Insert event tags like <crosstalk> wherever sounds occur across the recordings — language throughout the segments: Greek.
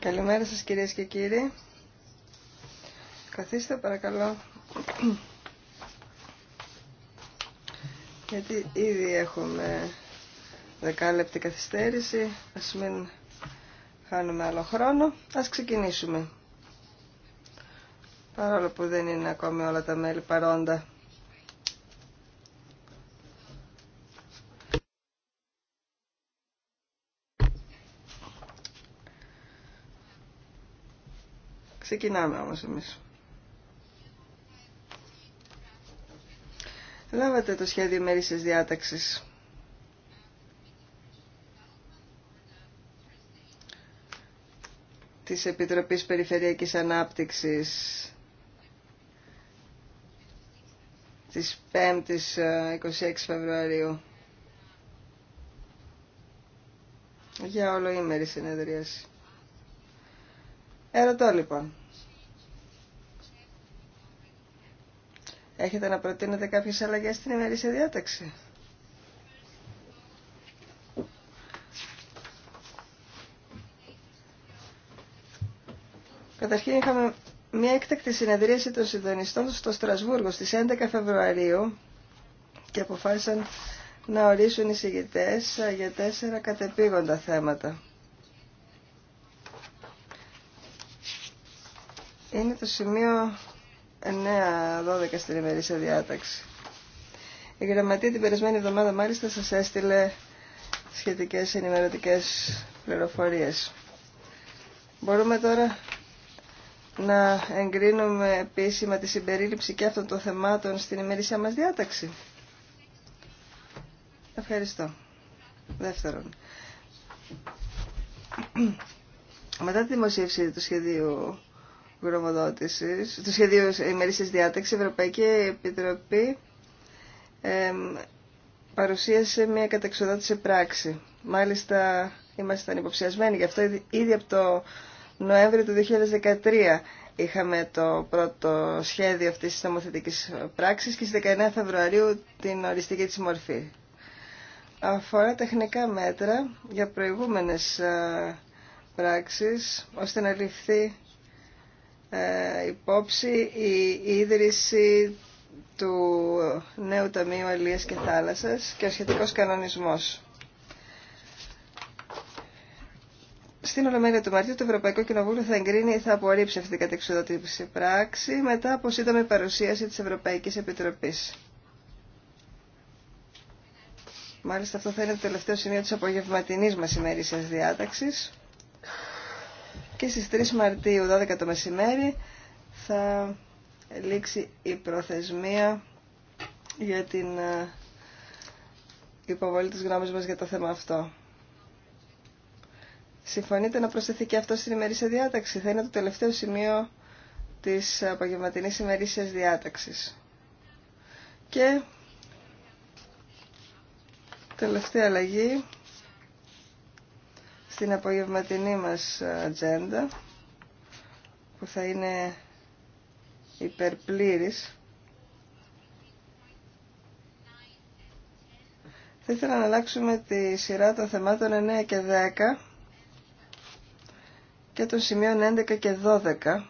Καλημέρα σας κυρίες και κύριοι. Καθίστε παρακαλώ. Γιατί ήδη έχουμε δεκάλεπτη καθυστέρηση. Ας μην χάνουμε άλλο χρόνο. Ας ξεκινήσουμε. Παρόλο που δεν είναι ακόμη όλα τα μέλη παρόντα. Ξεκινάμε όμως εμείς. Λάβατε το σχέδιο μέρησης διάταξης. της Επιτροπής Περιφερειακής Ανάπτυξης της 5ης 26 ε, Φεβρουαρίου για όλο ημέρη συνεδρίαση. Ερωτώ λοιπόν. Έχετε να προτείνετε κάποιες αλλαγές στην ημερήσια διάταξη. Καταρχήν είχαμε μια έκτακτη συνεδρίαση των συντονιστών στο Στρασβούργο στις 11 Φεβρουαρίου και αποφάσισαν να ορίσουν οι συγητές για τέσσερα κατεπήγοντα θέματα. Είναι το σημείο 9-12 στην ημερήσια διάταξη. Η γραμματεία την περασμένη εβδομάδα μάλιστα σας έστειλε σχετικές ενημερωτικές πληροφορίες. Μπορούμε τώρα να εγκρίνουμε επίσημα τη συμπερίληψη και αυτών των θεμάτων στην ημερήσια μας διάταξη. Ευχαριστώ. Δεύτερον. <clears throat> Μετά τη δημοσίευση του σχεδίου στο σχέδιο σχέδιο διάταξη, η Ευρωπαϊκή Επιτροπή παρουσίασε μια καταξοδότηση πράξη. Μάλιστα ήμασταν υποψιασμένοι γι' αυτό ήδη από το Νοέμβριο του 2013 είχαμε το πρώτο σχέδιο αυτής της νομοθετικής πράξης και στις 19 Φεβρουαρίου την οριστική της μορφή. Αφορά τεχνικά μέτρα για προηγούμενες ε, πράξεις ώστε να ληφθεί ε, υπόψη η ίδρυση του νέου Ταμείου Αλίας και Θάλασσας και ο σχετικός κανονισμός. Στην Ολομέλεια του Μαρτίου το Ευρωπαϊκό Κοινοβούλιο θα εγκρίνει ή θα απορρίψει αυτή την κατεξοδότηση πράξη μετά από σύντομη παρουσίαση της Ευρωπαϊκής Επιτροπής. Μάλιστα αυτό θα είναι το τελευταίο σημείο της απογευματινής μας ημερήσιας διάταξης και στις 3 Μαρτίου 12 το μεσημέρι θα λήξει η προθεσμία για την ε, υποβολή της γνώμης μας για το θέμα αυτό. Συμφωνείτε να προσθεθεί και αυτό στην ημερήσια διάταξη. Θα είναι το τελευταίο σημείο της απογευματινής ημερήσιας διάταξης. Και τελευταία αλλαγή στην απογευματινή μας ατζέντα που θα είναι υπερπλήρης. Θα ήθελα να αλλάξουμε τη σειρά των θεμάτων 9 και 10 και των σημείων 11 και 12.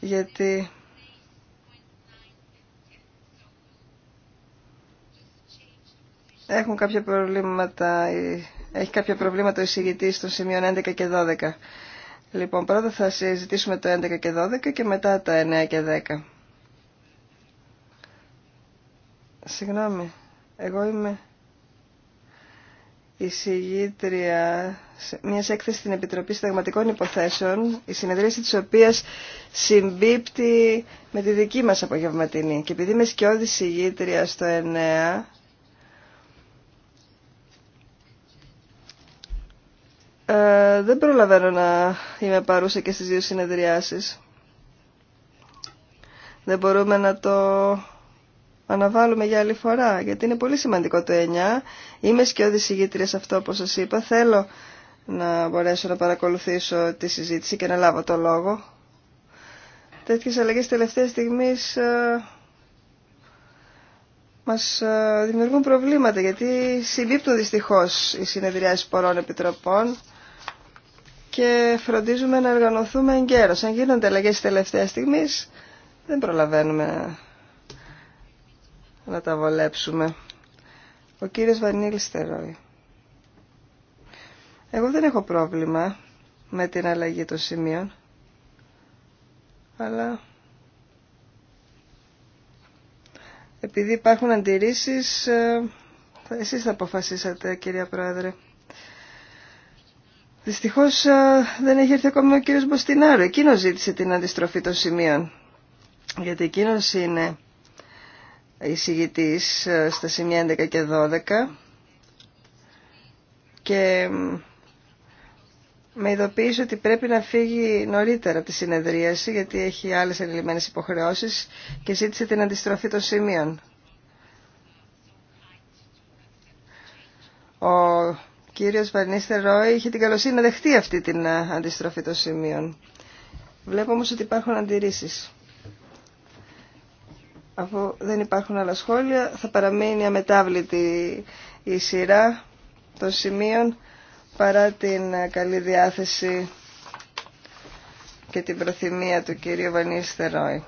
γιατί Έχουν κάποια προβλήματα, έχει κάποια προβλήματα ο εισηγητή των σημείων 11 και 12. Λοιπόν, πρώτα θα συζητήσουμε το 11 και 12 και μετά τα 9 και 10. Συγγνώμη, εγώ είμαι εισηγήτρια μια έκθεση στην Επιτροπή Συνταγματικών Υποθέσεων, η συνεδρίαση της οποίας συμπίπτει με τη δική μας απογευματινή. Και επειδή είμαι σκιώδη εισηγήτρια στο 9, Ε, δεν προλαβαίνω να είμαι παρούσα και στις δύο συνεδριάσεις. Δεν μπορούμε να το αναβάλουμε για άλλη φορά, γιατί είναι πολύ σημαντικό το 9. Είμαι σκιώδης ηγήτρια σε αυτό όπως σας είπα. Θέλω να μπορέσω να παρακολουθήσω τη συζήτηση και να λάβω το λόγο. Τέτοιες αλλαγές τελευταίες στιγμής ε, μας ε, δημιουργούν προβλήματα, γιατί συμπίπτουν δυστυχώς οι συνεδριάσεις πολλών επιτροπών και φροντίζουμε να οργανωθούμε εγκαίρως. Αν γίνονται αλλαγές τελευταία στιγμή, δεν προλαβαίνουμε να τα βολέψουμε. Ο κύριος Βανίλ Στερόι. Εγώ δεν έχω πρόβλημα με την αλλαγή των σημείων, αλλά επειδή υπάρχουν αντιρρήσεις, ε, εσείς θα αποφασίσατε κυρία Πρόεδρε. Δυστυχώς ε, δεν έχει έρθει ακόμα ο κύριος Μποστινάρου. Εκείνος ζήτησε την αντιστροφή των σημείων. Γιατί εκείνος είναι εισηγητής ε, στα σημεία 11 και 12 και με ειδοποίησε ότι πρέπει να φύγει νωρίτερα από τη συνεδρίαση γιατί έχει άλλες ενηλυμένες υποχρεώσεις και ζήτησε την αντιστροφή των σημείων. Ο κύριος Βανίστερ Ρόι είχε την καλοσύνη να δεχτεί αυτή την ε, αντιστροφή των σημείων. Βλέπω όμως ότι υπάρχουν αντιρρήσεις. Αφού δεν υπάρχουν άλλα σχόλια, θα παραμείνει αμετάβλητη η σειρά των σημείων παρά την ε, καλή διάθεση και την προθυμία του κύριου Βανίστερ Ρόι.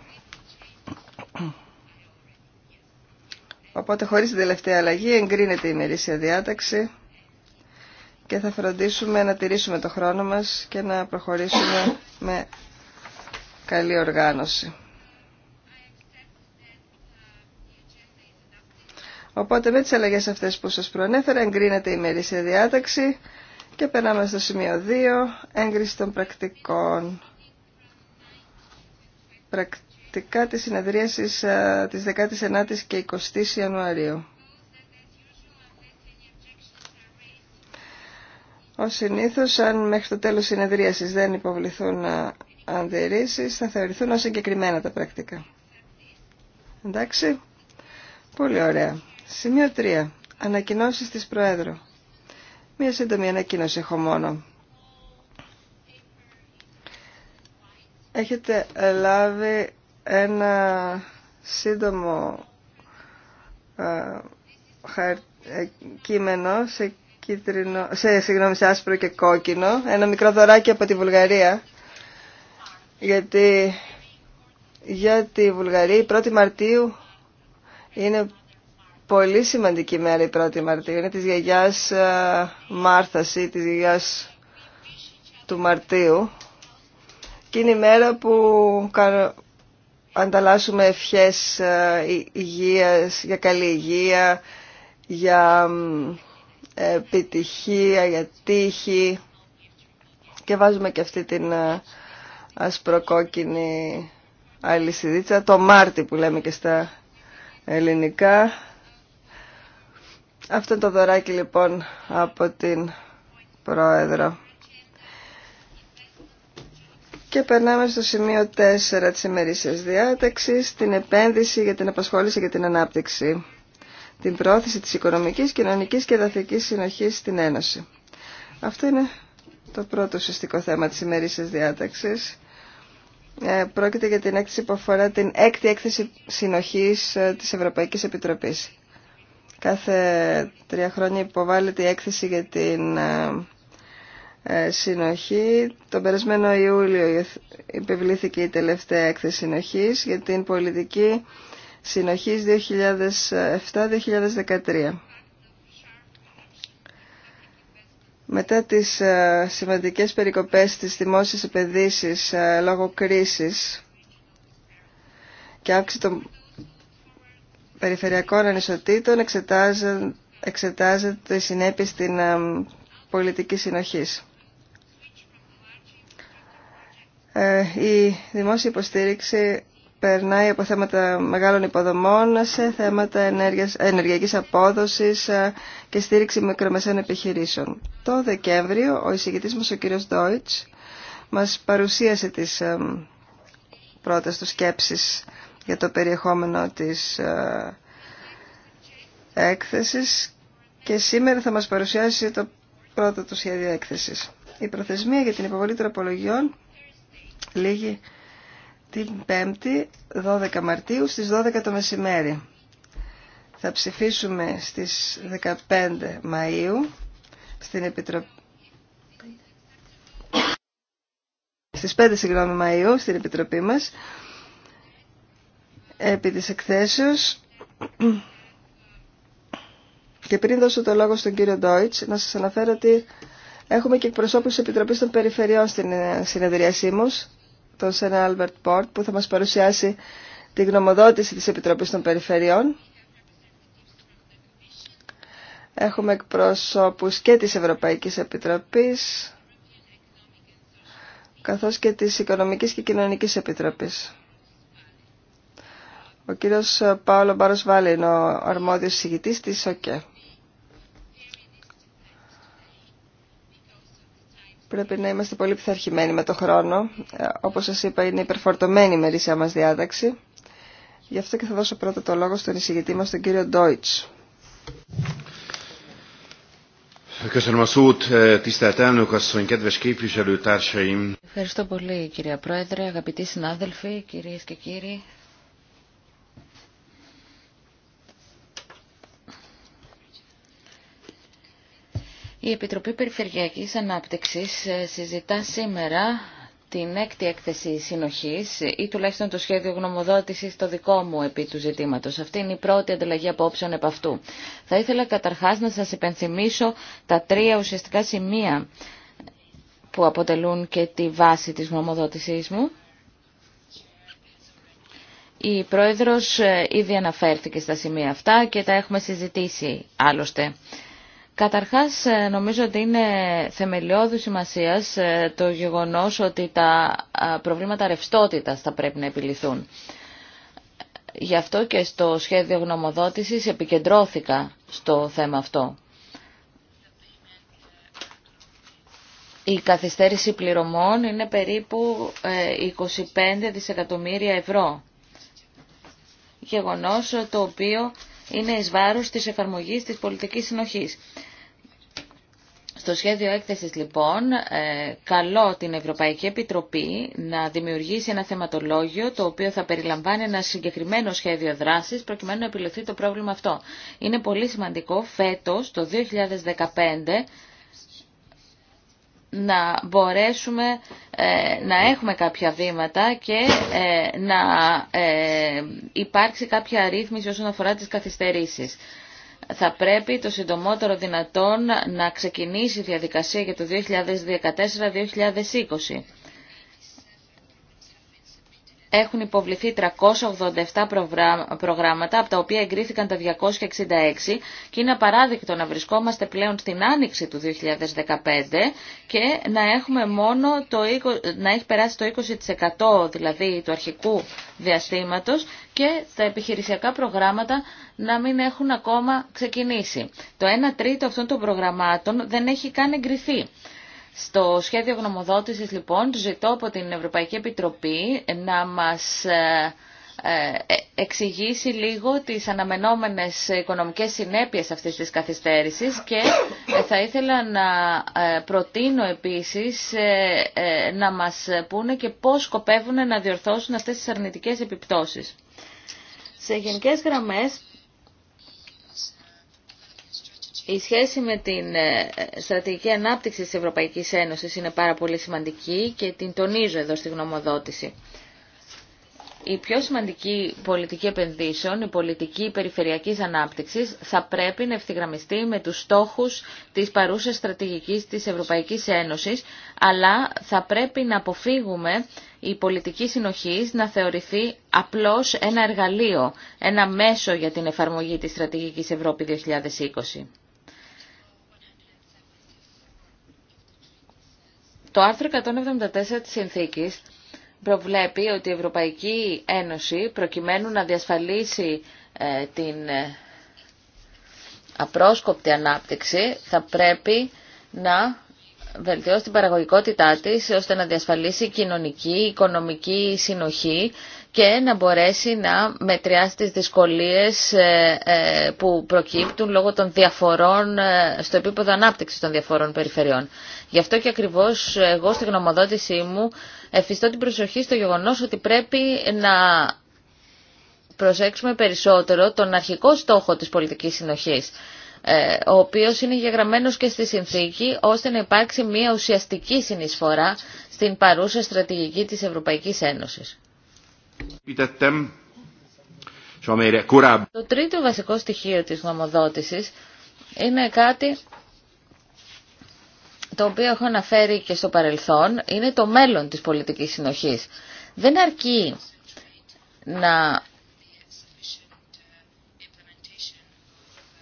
Οπότε χωρίς την τελευταία αλλαγή εγκρίνεται η ημερήσια διάταξη και θα φροντίσουμε να τηρήσουμε το χρόνο μας και να προχωρήσουμε με καλή οργάνωση. Οπότε με τις αλλαγές αυτές που σας προανέφερα εγκρίνεται η μερίσια διάταξη και περνάμε στο σημείο 2, έγκριση των πρακτικών. Πρακτικά της συνεδρίασης ε, της 19ης και 20ης Ιανουαρίου. Ως συνήθως, αν μέχρι το τέλος συνεδρίασης δεν υποβληθούν αντιρρήσεις, θα θεωρηθούν ως συγκεκριμένα τα πρακτικά. Εντάξει. Πολύ ωραία. Σημείο 3. Ανακοινώσεις της Προέδρου. Μία σύντομη ανακοίνωση έχω μόνο. Έχετε λάβει ένα σύντομο ε, κείμενο σε κίτρινο, σε, συγγνώμη, σε άσπρο και κόκκινο. Ένα μικρό δωράκι από τη Βουλγαρία. Γιατί για τη Βουλγαρία η 1η Μαρτίου είναι πολύ σημαντική μέρα η 1η Μαρτίου. Είναι της γιαγιάς ε, Μάρθας ή της γιαγιάς του Μαρτίου. Και είναι η μέρα που ανταλλάσσουμε ευχές ε, υγείας, για καλή υγεία, για επιτυχία, για τύχη και βάζουμε και αυτή την ε, ασπροκόκκινη αλυσιδίτσα, το Μάρτι που λέμε και στα ελληνικά. Αυτό το δωράκι λοιπόν από την Πρόεδρο. Και περνάμε στο σημείο 4 της ημερήσιας διάταξης, την επένδυση για την απασχόληση και την ανάπτυξη την πρόθεση της οικονομικής, κοινωνικής και εδαφικής συνοχής στην Ένωση. Αυτό είναι το πρώτο ουσιαστικό θέμα της ημερήσιας διάταξης. Ε, πρόκειται για την έκθεση που αφορά την έκτη έκθεση συνοχής ε, της Ευρωπαϊκής Επιτροπής. Κάθε τρία χρόνια υποβάλλεται η έκθεση για την ε, συνοχή. Τον περασμένο Ιούλιο υπευλήθηκε η τελευταία έκθεση συνοχής για την πολιτική συνοχής 2007-2013. Μετά τις ε, σημαντικές περικοπές της δημόσιας επενδύσεις ε, λόγω κρίσης και αύξηση των περιφερειακών ανισοτήτων εξετάζεται η συνέπεια στην ε, πολιτική συνοχής. Η δημόσια υποστήριξη περνάει από θέματα μεγάλων υποδομών σε θέματα ενέργειας, ενεργειακής απόδοσης ε, και στήριξη μικρομεσαίων επιχειρήσεων. Το Δεκέμβριο ο εισηγητής μας ο κύριος Ντόιτς μας παρουσίασε τις ε, πρώτες του σκέψεις για το περιεχόμενο της ε, έκθεσης και σήμερα θα μας παρουσιάσει το πρώτο του σχέδιο έκθεσης. Η προθεσμία για την υποβολή τροπολογιών λίγη την 5η 12 Μαρτίου στις 12 το μεσημέρι. Θα ψηφίσουμε στις 15 Μαΐου στην Επιτροπή στις 5 συγγνώμη Μαΐου στην Επιτροπή μας επί της εκθέσεως και πριν δώσω το λόγο στον κύριο Ντόιτς να σας αναφέρω ότι έχουμε και εκπροσώπους της Επιτροπής των Περιφερειών στην συνεδρίασή μας τον Σένα Άλμπερτ Πόρτ που θα μας παρουσιάσει τη γνωμοδότηση της Επιτροπής των Περιφερειών. Έχουμε εκπρόσωπους και της Ευρωπαϊκής Επιτροπής καθώς και της Οικονομικής και Κοινωνικής Επιτροπής. Ο κύριος Παύλο Μπάρος Βάλλη είναι ο αρμόδιος συγητής της ΟΚΕ. Πρέπει να είμαστε πολύ πειθαρχημένοι με το χρόνο. Ε, όπως σας είπα είναι υπερφορτωμένη η μερίσια μας διάταξη. Γι' αυτό και θα δώσω πρώτα το λόγο στον εισηγητή μας, τον κύριο Ντόιτς. Ε, Ευχαριστώ πολύ κύριε Πρόεδρε, αγαπητοί συνάδελφοι, κυρίες και κύριοι. Η Επιτροπή Περιφερειακής Ανάπτυξης ε, συζητά σήμερα την έκτη έκθεση συνοχής ή τουλάχιστον το σχέδιο γνωμοδότησης το δικό μου επί του ζητήματος. Αυτή είναι η πρώτη ανταλλαγή απόψεων επ' αυτού. Θα ήθελα καταρχάς να σας υπενθυμίσω τα τρία ουσιαστικά σημεία που αποτελούν και τη βάση της γνωμοδότησής μου. Η Πρόεδρος ε, ήδη αναφέρθηκε στα σημεία αυτά και τα έχουμε συζητήσει άλλωστε Καταρχάς, ε, νομίζω ότι είναι θεμελιώδη σημασίας ε, το γεγονός ότι τα προβλήματα ρευστότητας θα πρέπει να επιληθούν. Γι' αυτό και στο σχέδιο γνωμοδότησης επικεντρώθηκα στο θέμα αυτό. Η καθυστέρηση πληρωμών είναι περίπου 25 ε, δισεκατομμύρια ευρώ. Γεγονός το οποίο είναι εις βάρος της εφαρμογής της πολιτικής συνοχής. Στο σχέδιο έκθεσης λοιπόν ε, καλώ την Ευρωπαϊκή Επιτροπή να δημιουργήσει ένα θεματολόγιο το οποίο θα περιλαμβάνει ένα συγκεκριμένο σχέδιο δράσης προκειμένου να επιληθεί το πρόβλημα αυτό. Είναι πολύ σημαντικό φέτος το 2015 να μπορέσουμε ε, να έχουμε κάποια βήματα και ε, να ε, υπάρξει κάποια αρρύθμιση όσον αφορά τις καθυστερήσεις. Θα πρέπει το συντομότερο δυνατόν να ξεκινήσει η διαδικασία για το 2014-2020 έχουν υποβληθεί 387 προγράμματα, από τα οποία εγκρίθηκαν τα 266 και είναι απαράδεικτο να βρισκόμαστε πλέον στην άνοιξη του 2015 και να, έχουμε μόνο το, να έχει περάσει το 20% δηλαδή του αρχικού διαστήματος και τα επιχειρησιακά προγράμματα να μην έχουν ακόμα ξεκινήσει. Το 1 τρίτο αυτών των προγραμμάτων δεν έχει καν εγκριθεί. Στο σχέδιο γνωμοδότησης λοιπόν ζητώ από την Ευρωπαϊκή Επιτροπή να μας ε, ε, ε, εξηγήσει λίγο τις αναμενόμενες οικονομικές συνέπειες αυτής της καθυστέρησης και θα ήθελα να προτείνω επίσης να μας πούνε και πώς σκοπεύουν να διορθώσουν αυτές τις αρνητικές επιπτώσεις. Σε γενικές γραμμές η σχέση με την ε, στρατηγική ανάπτυξη της Ευρωπαϊκής Ένωσης είναι πάρα πολύ σημαντική και την τονίζω εδώ στη γνωμοδότηση. Η πιο σημαντική πολιτική επενδύσεων, η πολιτική περιφερειακής ανάπτυξης, θα πρέπει να ευθυγραμμιστεί με τους στόχους της παρούσας στρατηγικής της Ευρωπαϊκής Ένωσης, αλλά θα πρέπει να αποφύγουμε η πολιτική συνοχής να θεωρηθεί απλώς ένα εργαλείο, ένα μέσο για την εφαρμογή της στρατηγικής Ευρώπη 2020. Το άρθρο 174 της Συνθήκης προβλέπει ότι η Ευρωπαϊκή Ένωση προκειμένου να διασφαλίσει ε, την ε, απρόσκοπτη ανάπτυξη θα πρέπει να βελτιώσει την παραγωγικότητά της ώστε να διασφαλίσει κοινωνική, οικονομική συνοχή και να μπορέσει να μετριάσει τις δυσκολίες ε, ε, που προκύπτουν λόγω των διαφορών ε, στο επίπεδο ανάπτυξης των διαφορών περιφερειών. Γι' αυτό και ακριβώς εγώ στη γνωμοδότησή μου εφιστώ την προσοχή στο γεγονός ότι πρέπει να προσέξουμε περισσότερο τον αρχικό στόχο της πολιτικής συνοχής ε, ο οποίος είναι γεγραμμένος και στη συνθήκη, ώστε να υπάρξει μια ουσιαστική συνεισφορά στην παρούσα στρατηγική της Ευρωπαϊκής Ένωσης. Το τρίτο βασικό στοιχείο της νομοδότησης είναι κάτι το οποίο έχω αναφέρει και στο παρελθόν, είναι το μέλλον της πολιτικής συνοχής. Δεν αρκεί να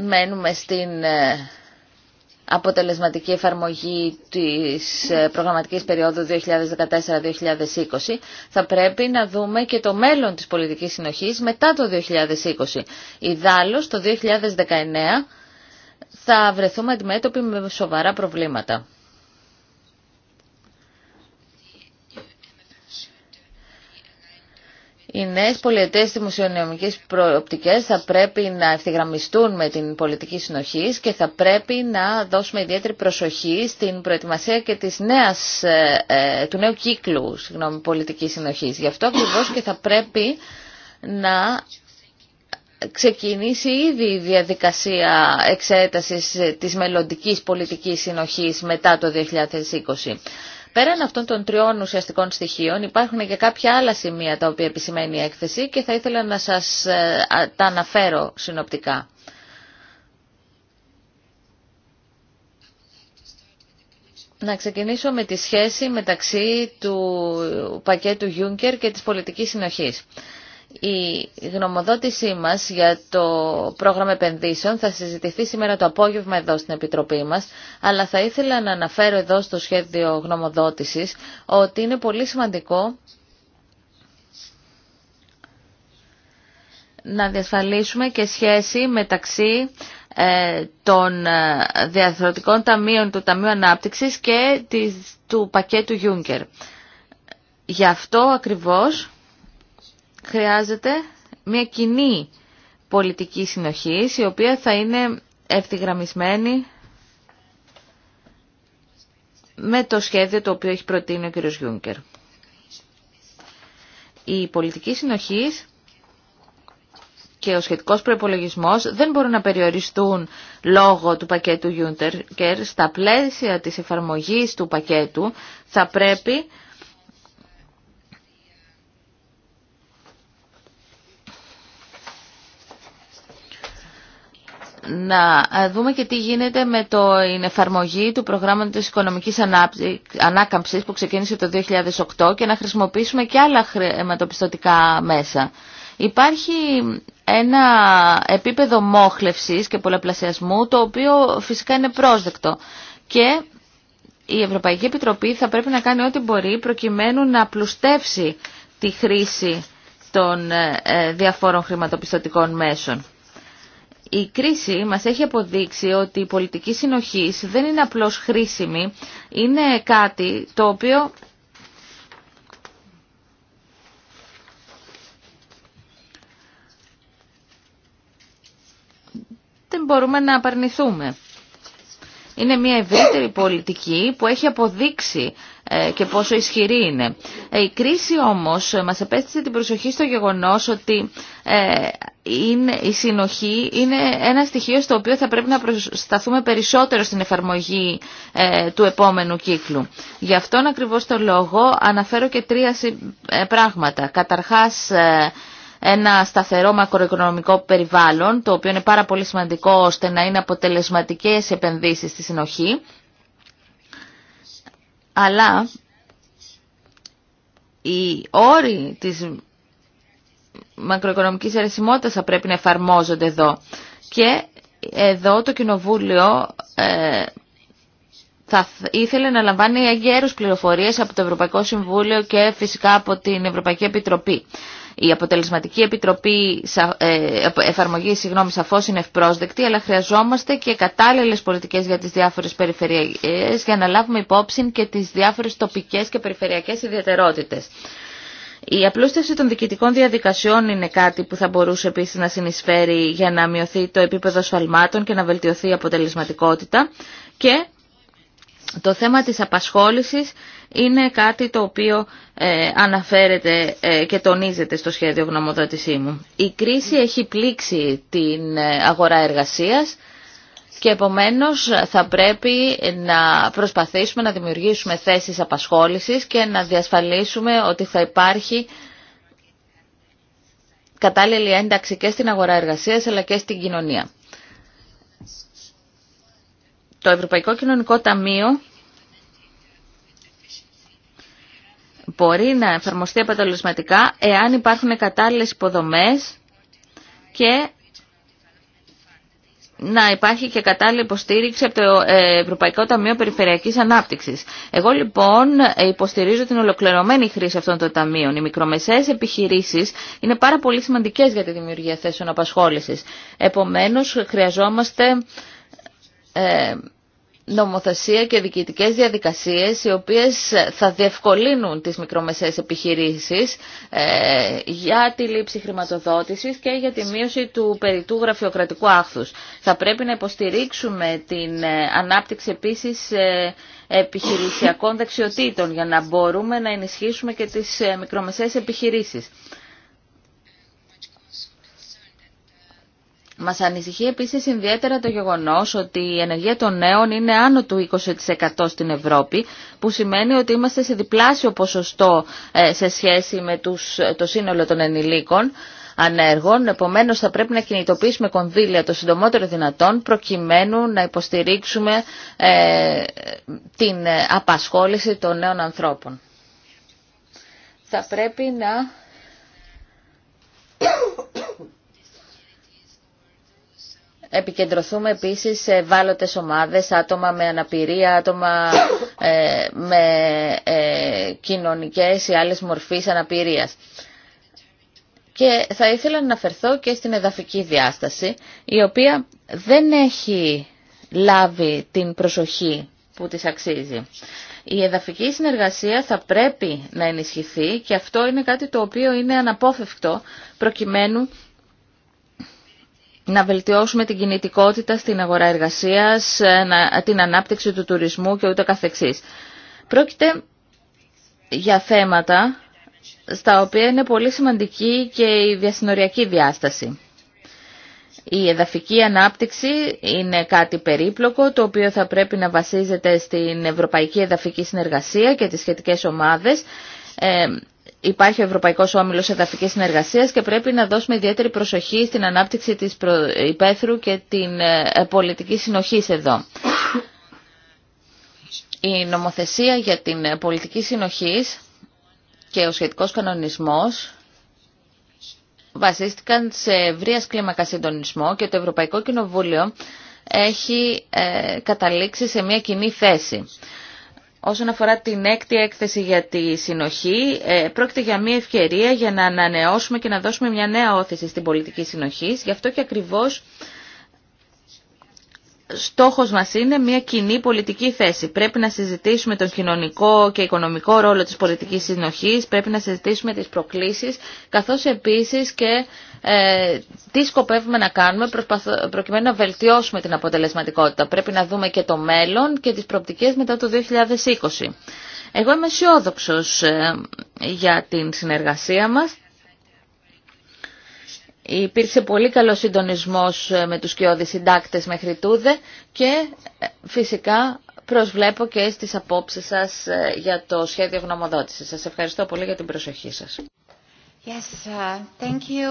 μένουμε στην ε, αποτελεσματική εφαρμογή της ε, προγραμματικής περίοδου 2014-2020, θα πρέπει να δούμε και το μέλλον της πολιτικής συνοχής μετά το 2020. Ιδάλλως, το 2019 θα βρεθούμε αντιμέτωποι με σοβαρά προβλήματα. Οι νέες πολιετές δημοσιονομικές προοπτικές θα πρέπει να ευθυγραμμιστούν με την πολιτική συνοχή και θα πρέπει να δώσουμε ιδιαίτερη προσοχή στην προετοιμασία και ε, ε, του νέου κύκλου συγγνώμη, πολιτικής συνοχής. Γι' αυτό ακριβώ και θα πρέπει να ξεκινήσει ήδη η διαδικασία εξέτασης της μελλοντικής πολιτικής συνοχής μετά το 2020. Πέραν αυτών των τριών ουσιαστικών στοιχείων υπάρχουν και κάποια άλλα σημεία τα οποία επισημαίνει η έκθεση και θα ήθελα να σας ε, τα αναφέρω συνοπτικά. Να ξεκινήσω με τη σχέση μεταξύ του πακέτου Juncker και της πολιτικής συνοχής. Η γνωμοδότησή μας για το πρόγραμμα επενδύσεων θα συζητηθεί σήμερα το απόγευμα εδώ στην Επιτροπή μας, αλλά θα ήθελα να αναφέρω εδώ στο σχέδιο γνωμοδότησης ότι είναι πολύ σημαντικό να διασφαλίσουμε και σχέση μεταξύ ε, των ε, διαθροτικών ταμείων του Ταμείου Ανάπτυξης και του πακέτου Juncker. Γι' αυτό ακριβώς χρειάζεται μια κοινή πολιτική συνοχή, η οποία θα είναι ευθυγραμμισμένη με το σχέδιο το οποίο έχει προτείνει ο κ. Γιούνκερ. Η πολιτική συνοχής και ο σχετικός προϋπολογισμός δεν μπορούν να περιοριστούν λόγω του πακέτου Γιούντερ και στα πλαίσια της εφαρμογής του πακέτου θα πρέπει να ε, δούμε και τι γίνεται με την εφαρμογή του προγράμματος οικονομικής ανάκαμψης που ξεκίνησε το 2008 και να χρησιμοποιήσουμε και άλλα χρηματοπιστωτικά μέσα. Υπάρχει ένα επίπεδο μόχλευσης και πολλαπλασιασμού το οποίο φυσικά είναι πρόσδεκτο και η Ευρωπαϊκή Επιτροπή θα πρέπει να κάνει ό,τι μπορεί προκειμένου να πλουστεύσει τη χρήση των ε, διαφόρων χρηματοπιστωτικών μέσων. Η κρίση μας έχει αποδείξει ότι η πολιτική συνοχής δεν είναι απλώς χρήσιμη, είναι κάτι το οποίο δεν μπορούμε να απαρνηθούμε είναι μια ευρύτερη πολιτική που έχει αποδείξει ε, και πόσο ισχυρή είναι. Ε, η κρίση όμως μας επέστησε την προσοχή στο γεγονός ότι ε, είναι, η συνοχή είναι ένα στοιχείο στο οποίο θα πρέπει να προσταθούμε περισσότερο στην εφαρμογή του επόμενου κύκλου. Γι' αυτόν ακριβώς τον λόγο αναφέρω και τρία πράγματα. Καταρχάς ένα σταθερό μακροοικονομικό περιβάλλον, το οποίο είναι πάρα πολύ σημαντικό ώστε να είναι αποτελεσματικές επενδύσεις στη συνοχή. Αλλά οι όροι της μακροοικονομικής αρεσιμότητας θα πρέπει να εφαρμόζονται εδώ. Και εδώ το Κοινοβούλιο ε, θα ήθελε να λαμβάνει αγκαίρους πληροφορίες από το Ευρωπαϊκό Συμβούλιο και φυσικά από την Ευρωπαϊκή Επιτροπή. Η αποτελεσματική επιτροπή ε, εφαρμογή συγγνώμη σαφώς είναι ευπρόσδεκτη, αλλά χρειαζόμαστε και κατάλληλες πολιτικές για τις διάφορες περιφερειακές για να λάβουμε υπόψη και τις διάφορες τοπικές και περιφερειακές ιδιαιτερότητες. Η απλούστευση των διοικητικών διαδικασιών είναι κάτι που θα μπορούσε επίσης να συνεισφέρει για να μειωθεί το επίπεδο ασφαλμάτων και να βελτιωθεί η αποτελεσματικότητα και το θέμα της απασχόλησης είναι κάτι το οποίο ε, αναφέρεται ε, και τονίζεται στο σχέδιο γνωμοδότησή μου. Η κρίση έχει πλήξει την ε, αγορά εργασίας και επομένως θα πρέπει να προσπαθήσουμε να δημιουργήσουμε θέσεις απασχόλησης και να διασφαλίσουμε ότι θα υπάρχει κατάλληλη ένταξη και στην αγορά εργασίας αλλά και στην κοινωνία. Το Ευρωπαϊκό Κοινωνικό Ταμείο μπορεί να εφαρμοστεί αποτελεσματικά εάν υπάρχουν κατάλληλες υποδομές και να υπάρχει και κατάλληλη υποστήριξη από το ε, Ευρωπαϊκό Ταμείο Περιφερειακής Ανάπτυξης. Εγώ λοιπόν ε, υποστηρίζω την ολοκληρωμένη χρήση αυτών των ταμείων. Οι μικρομεσαίες επιχειρήσεις είναι πάρα πολύ σημαντικές για τη δημιουργία θέσεων απασχόλησης. Επομένως χρειαζόμαστε ε, νομοθεσία και διοικητικές διαδικασίες οι οποίες θα διευκολύνουν τις μικρομεσαίες επιχειρήσεις ε, για τη λήψη χρηματοδότησης και για τη μείωση του περιτού γραφειοκρατικού άχθους. Θα πρέπει να υποστηρίξουμε την ε, ανάπτυξη επίσης ε, επιχειρησιακών δεξιοτήτων για να μπορούμε να ενισχύσουμε και τις μικρομεσαίες επιχειρήσεις. Μας ανησυχεί επίσης ιδιαίτερα το γεγονός ότι η ενεργεία των νέων είναι άνω του 20% στην Ευρώπη, που σημαίνει ότι είμαστε σε διπλάσιο ποσοστό ε, σε σχέση με τους, το σύνολο των ενηλίκων ανέργων. Επομένως θα πρέπει να κινητοποιήσουμε κονδύλια το συντομότερο δυνατόν προκειμένου να υποστηρίξουμε ε, την απασχόληση των νέων ανθρώπων. Θα πρέπει να επικεντρωθούμε επίσης σε ευάλωτες ομάδες, άτομα με αναπηρία, άτομα ε, με ε, κοινωνικές ή άλλες μορφής αναπηρίας. Και θα ήθελα να αναφερθώ και στην εδαφική διάσταση, η οποία δεν έχει λάβει την προσοχή που της αξίζει. Η εδαφική συνεργασία θα πρέπει να ενισχυθεί και αυτό είναι κάτι το οποίο είναι αναπόφευκτο προκειμένου να βελτιώσουμε την κινητικότητα στην αγορά εργασίας, την ανάπτυξη του τουρισμού και ούτε καθεξής. Πρόκειται για θέματα στα οποία είναι πολύ σημαντική και η διασυνοριακή διάσταση. Η εδαφική ανάπτυξη είναι κάτι περίπλοκο, το οποίο θα πρέπει να βασίζεται στην Ευρωπαϊκή Εδαφική Συνεργασία και τις σχετικές ομάδες ε, Υπάρχει ο Ευρωπαϊκό όμιλο Εδαφική συνεργασία και πρέπει να δώσουμε ιδιαίτερη προσοχή στην ανάπτυξη της υπαίθρου και την ε, πολιτική συνοχή εδώ. Η νομοθεσία για την ε, πολιτική συνοχή και ο σχετικό κανονισμός βασίστηκαν σε ευρεία κλίμακα συντονισμό και το Ευρωπαϊκό Κοινοβούλιο έχει ε, καταλήξει σε μια κοινή θέση. Όσον αφορά την έκτη έκθεση για τη συνοχή, ε, πρόκειται για μια ευκαιρία για να ανανεώσουμε και να δώσουμε μια νέα όθηση στην πολιτική συνοχή. Γι' αυτό και ακριβώς στόχος μας είναι μια κοινή πολιτική θέση. Πρέπει να συζητήσουμε τον κοινωνικό και οικονομικό ρόλο της πολιτικής συνοχής, πρέπει να συζητήσουμε τις προκλήσεις, καθώς επίσης και ε, τι σκοπεύουμε να κάνουμε προκειμένου να βελτιώσουμε την αποτελεσματικότητα. Πρέπει να δούμε και το μέλλον και τις προοπτικές μετά το 2020. Εγώ είμαι αισιόδοξο ε, για την συνεργασία μας. Υπήρξε πολύ καλός συντονισμός ε, με τους κοιόδη συντάκτες μέχρι τούδε και ε, φυσικά προσβλέπω και στις απόψεις σας για το σχέδιο γνωμοδότησης. Σας ευχαριστώ πολύ για την προσοχή σας. Yes, uh, thank you.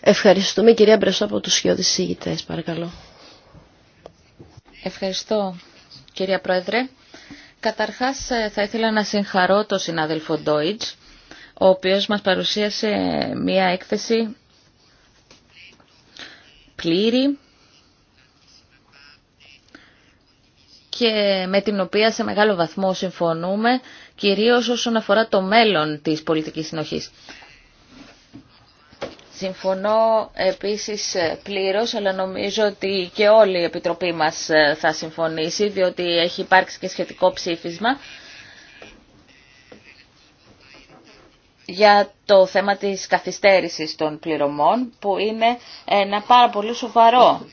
Ευχαριστούμε κυρία Μπρεσό από τους σιώδης συγητές, παρακαλώ. Ευχαριστώ κυρία Πρόεδρε. Καταρχάς ε, θα ήθελα να συγχαρώ τον συνάδελφο Ντόιτς, ο οποίος μας παρουσίασε μία έκθεση πλήρη και με την οποία σε μεγάλο βαθμό συμφωνούμε κυρίως όσον αφορά το μέλλον της πολιτικής συνοχής. Συμφωνώ επίσης πλήρως, αλλά νομίζω ότι και όλη η Επιτροπή μας ε, θα συμφωνήσει, διότι έχει υπάρξει και σχετικό ψήφισμα για το θέμα της καθυστέρησης των πληρωμών, που είναι ένα πάρα πολύ σοβαρό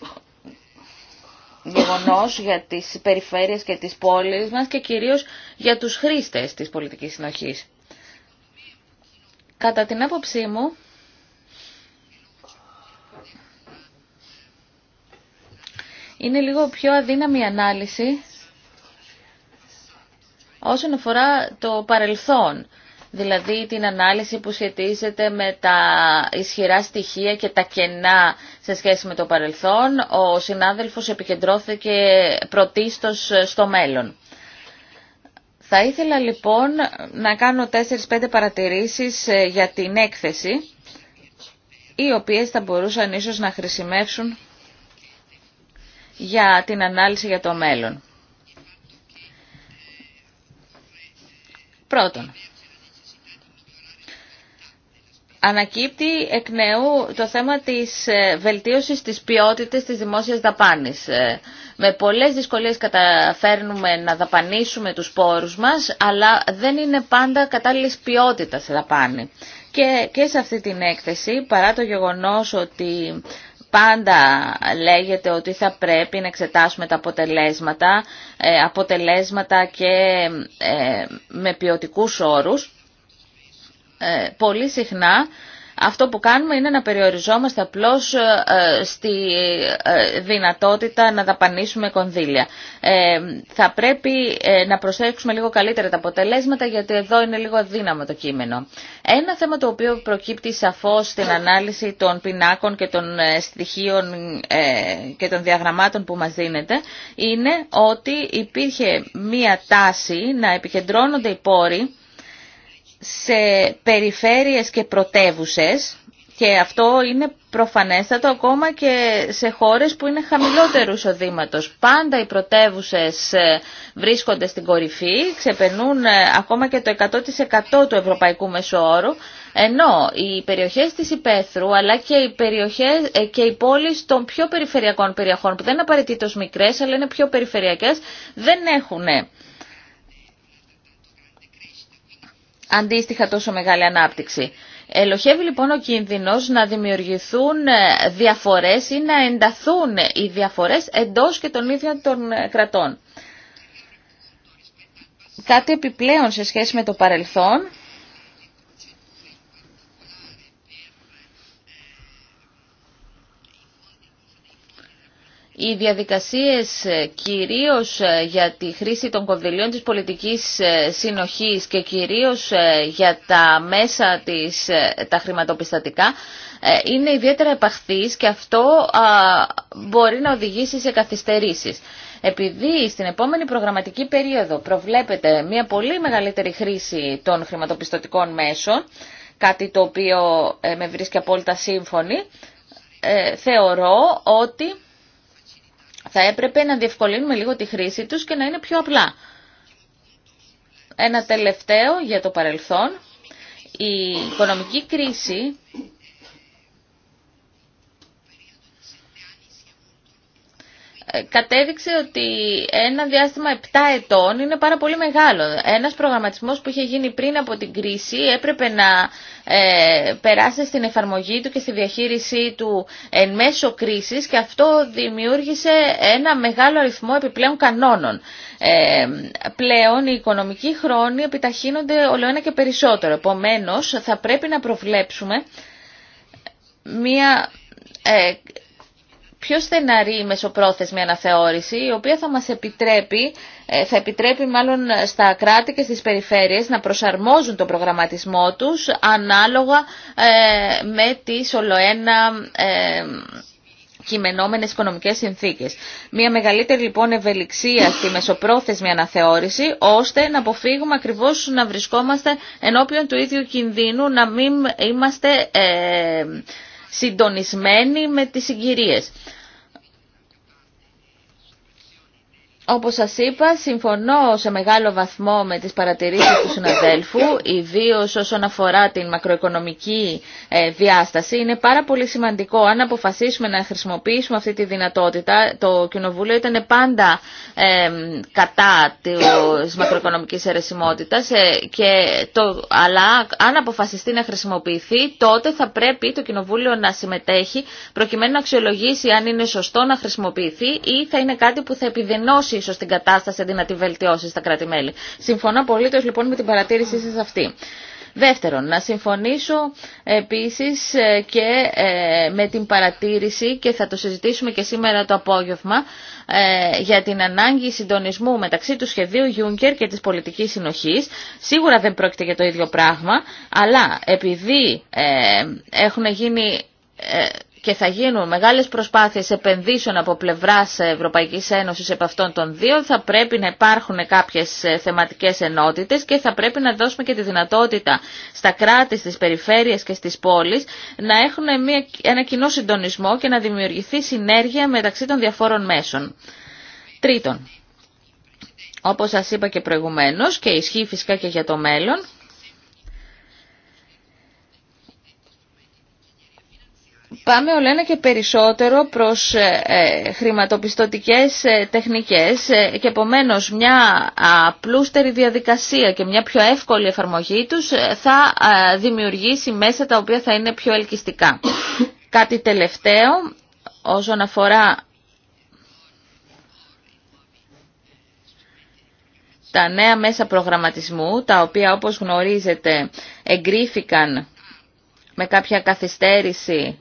για τις περιφέρειες και τις πόλεις μας και κυρίως για τους χρήστες της πολιτικής συνοχής. Κατά την άποψή μου, είναι λίγο πιο αδύναμη ανάλυση όσον αφορά το παρελθόν δηλαδή την ανάλυση που σχετίζεται με τα ισχυρά στοιχεία και τα κενά σε σχέση με το παρελθόν, ο συνάδελφος επικεντρώθηκε πρωτίστως στο μέλλον. Θα ήθελα λοιπόν να κάνω 4-5 παρατηρήσεις ε, για την έκθεση, οι οποίες θα μπορούσαν ίσως να χρησιμεύσουν για την ανάλυση για το μέλλον. Πρώτον, ανακύπτει εκ νέου το θέμα της ε, βελτίωσης της ποιότητας της δημόσιας δαπάνης. Ε, με πολλές δυσκολίες καταφέρνουμε να δαπανίσουμε τους πόρους μας, αλλά δεν είναι πάντα ποιότητα ποιότητας δαπάνη. Και, και σε αυτή την έκθεση, παρά το γεγονός ότι πάντα λέγεται ότι θα πρέπει να εξετάσουμε τα αποτελέσματα, ε, αποτελέσματα και με ποιοτικούς όρους, ε, πολύ συχνά αυτό που κάνουμε είναι να περιοριζόμαστε απλώς ε, στη ε, δυνατότητα να δαπανίσουμε κονδύλια. Θα πρέπει να προσέξουμε λίγο καλύτερα τα αποτελέσματα γιατί εδώ είναι λίγο αδύναμο το κείμενο. Ένα θέμα το οποίο προκύπτει σαφώς στην ανάλυση των πινάκων και των στοιχείων και των διαγραμμάτων που μας δίνεται είναι ότι υπήρχε μία τάση να επικεντρώνονται οι πόροι σε περιφέρειες και πρωτεύουσες και αυτό είναι προφανέστατο ακόμα και σε χώρες που είναι χαμηλότερου δήματος. Πάντα οι πρωτεύουσε ε, βρίσκονται στην κορυφή, ξεπερνούν ε, ακόμα και το 100% του ευρωπαϊκού μεσοόρου, ενώ οι περιοχές της Υπέθρου αλλά και οι, περιοχές, ε, και οι πόλεις των πιο περιφερειακών περιοχών που δεν είναι απαραίτητο μικρές αλλά είναι πιο περιφερειακές δεν έχουν αντίστοιχα τόσο μεγάλη ανάπτυξη. Ελοχεύει λοιπόν ο κίνδυνος να δημιουργηθούν ε, διαφορές ή να ενταθούν οι διαφορές εντός και των ίδιων των ε, κρατών. Κάτι επιπλέον σε σχέση με το παρελθόν οι διαδικασίες ε, κυρίως ε, για τη χρήση των κονδυλίων της πολιτικής ε, συνοχής και κυρίως για τα μέσα της, τα χρηματοπιστατικά είναι ιδιαίτερα επαχθείς και αυτό μπορεί να οδηγήσει σε καθυστερήσεις. Επειδή στην επόμενη προγραμματική περίοδο προβλέπεται μια πολύ μεγαλύτερη χρήση των χρηματοπιστωτικών μέσων, κάτι το οποίο με βρίσκει απόλυτα σύμφωνη, θεωρώ ότι θα έπρεπε να διευκολύνουμε λίγο τη χρήση τους και να είναι πιο απλά. Ένα τελευταίο για το παρελθόν. Η οικονομική κρίση Ε, κατέδειξε ότι ένα διάστημα 7 ετών είναι πάρα πολύ μεγάλο. Ένας προγραμματισμός που είχε γίνει πριν από την κρίση έπρεπε να ε, περάσει στην εφαρμογή του και στη διαχείρισή του εν μέσω κρίσης και αυτό δημιούργησε ένα μεγάλο αριθμό επιπλέον κανόνων. Ε, πλέον οι οικονομικοί χρόνοι επιταχύνονται ολοένα και περισσότερο. Επομένως θα πρέπει να προβλέψουμε μία ε, πιο στεναρή μεσοπρόθεσμη αναθεώρηση, η οποία θα μας επιτρέπει, ε, θα επιτρέπει μάλλον στα κράτη και στις περιφέρειες να προσαρμόζουν τον προγραμματισμό τους ανάλογα ε, με τις ολοένα ε, κειμενόμενες οικονομικές συνθήκες. Μια μεγαλύτερη λοιπόν ευελιξία στη μεσοπρόθεσμη αναθεώρηση, ώστε να αποφύγουμε ακριβώς να βρισκόμαστε ενώπιον του ίδιου κινδύνου, να μην είμαστε συντονισμένη με τις συγκυρίες. Όπως σας είπα, συμφωνώ σε μεγάλο βαθμό με τις παρατηρήσεις του συναδέλφου, ιδίω όσον αφορά την μακροοικονομική ε, διάσταση. Είναι πάρα πολύ σημαντικό αν αποφασίσουμε να χρησιμοποιήσουμε αυτή τη δυνατότητα. Το Κοινοβούλιο ήταν πάντα κατά της μακροοικονομικής αιρεσιμότητας, ε, και το, αλλά αν αποφασιστεί να χρησιμοποιηθεί, τότε θα πρέπει το Κοινοβούλιο να συμμετέχει προκειμένου να αξιολογήσει αν είναι σωστό να χρησιμοποιηθεί ή θα είναι κάτι που θα επιδενώσει ίσω την κατάσταση αντί να τη βελτιώσει στα κράτη-μέλη. Συμφωνώ απολύτω λοιπόν με την παρατήρησή σα αυτή. Δεύτερον, να συμφωνήσω επίσης ε, και ε, με την παρατήρηση και θα το συζητήσουμε και σήμερα το απόγευμα ε, για την ανάγκη συντονισμού μεταξύ του σχεδίου Juncker και της πολιτικής συνοχής. Σίγουρα δεν πρόκειται για το ίδιο πράγμα, αλλά επειδή έχουν γίνει και θα γίνουν μεγάλες προσπάθειες επενδύσεων από πλευράς Ευρωπαϊκής Ένωσης επ' αυτών των δύο, θα πρέπει να υπάρχουν κάποιες ε, θεματικές ενότητες και θα πρέπει να δώσουμε και τη δυνατότητα στα κράτη, στις περιφέρειες και στις πόλεις να έχουν ένα κοινό συντονισμό και να δημιουργηθεί συνέργεια μεταξύ των διαφόρων μέσων. Τρίτον, όπως σας είπα και προηγουμένως και ισχύει φυσικά και για το μέλλον, Πάμε όλο ένα και περισσότερο προς ε, ε, χρηματοπιστωτικές ε, τεχνικές και επομένως μια απλούστερη διαδικασία και μια πιο εύκολη εφαρμογή τους θα δημιουργήσει μέσα τα οποία θα είναι πιο ελκυστικά. Κάτι τελευταίο όσον αφορά τα νέα μέσα προγραμματισμού, τα οποία όπως γνωρίζετε εγκρίθηκαν με κάποια καθυστέρηση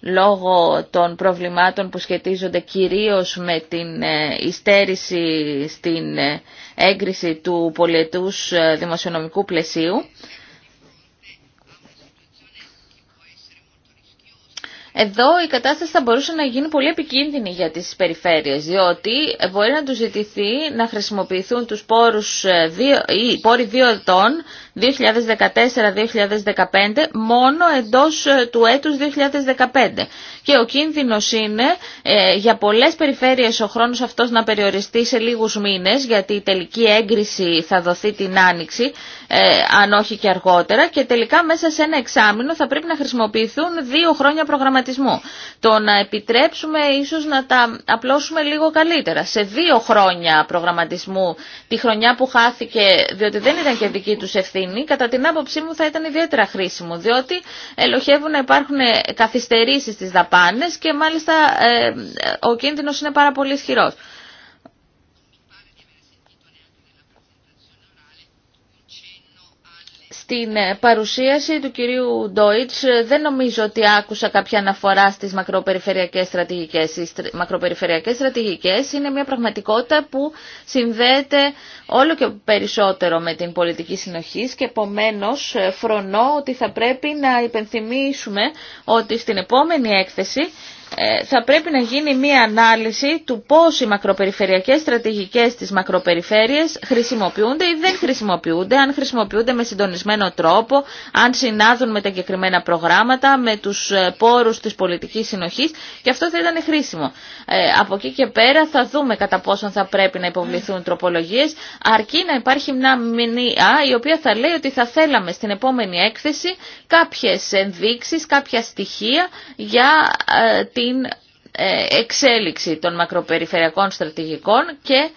λόγω των προβλημάτων που σχετίζονται κυρίως με την ιστέρηση ε, στην ε, έγκριση του πολιετούς ε, δημοσιονομικού πλαισίου. Εδώ η κατάσταση θα μπορούσε να γίνει πολύ επικίνδυνη για τις περιφέρειες, διότι μπορεί να τους ζητηθεί να χρησιμοποιηθούν τους πόρους δύο, ή πόροι δύο ετών 2014-2015 μόνο εντός ε, του έτους 2015. Και ο κίνδυνος είναι ε, για πολλές περιφέρειες ο χρόνος αυτός να περιοριστεί σε λίγους μήνες γιατί η τελική έγκριση θα δοθεί την άνοιξη ε, αν όχι και αργότερα και τελικά μέσα σε ένα εξάμεινο θα πρέπει να χρησιμοποιηθούν δύο χρόνια προγραμματισμού. Το να επιτρέψουμε ίσως να τα απλώσουμε λίγο καλύτερα. Σε δύο χρόνια προγραμματισμού τη χρονιά που χάθηκε διότι δεν ήταν και δική τους ευθύνη κατά την άποψή μου θα ήταν ιδιαίτερα χρήσιμο, διότι ελοχεύουν να υπάρχουν καθυστερήσεις στις δαπάνες και μάλιστα ε, ε, ο κίνδυνος είναι πάρα πολύ ισχυρός. Στην ε, παρουσίαση του κυρίου Ντόιτς ε, δεν νομίζω ότι άκουσα κάποια αναφορά στις μακροπεριφερειακές στρατηγικές. Οι μακροπεριφερειακές στρατηγικές είναι μια πραγματικότητα που συνδέεται όλο και περισσότερο με την πολιτική συνοχή και επομένως ε, φρονώ ότι θα πρέπει να υπενθυμίσουμε ότι στην επόμενη έκθεση ε, θα πρέπει να γίνει μία ανάλυση του πώς οι μακροπεριφερειακές στρατηγικές της μακροπεριφέρειες χρησιμοποιούνται ή δεν χρησιμοποιούνται, αν χρησιμοποιούνται με συντονισμένο τρόπο, αν συνάδουν με τα εγκεκριμένα προγράμματα, με τους ε, πόρους της πολιτικής συνοχής και αυτό θα ήταν χρήσιμο. Ε, από εκεί και πέρα θα δούμε κατά πόσον θα πρέπει να υποβληθούν τροπολογίες, αρκεί να υπάρχει μια μηνύα η οποία θα λέει ότι θα θέλαμε στην επόμενη έκθεση κάποιες ενδείξεις, κάποια στοιχεία για την ε, εξέλιξη των μακροπεριφερειακών στρατηγικών και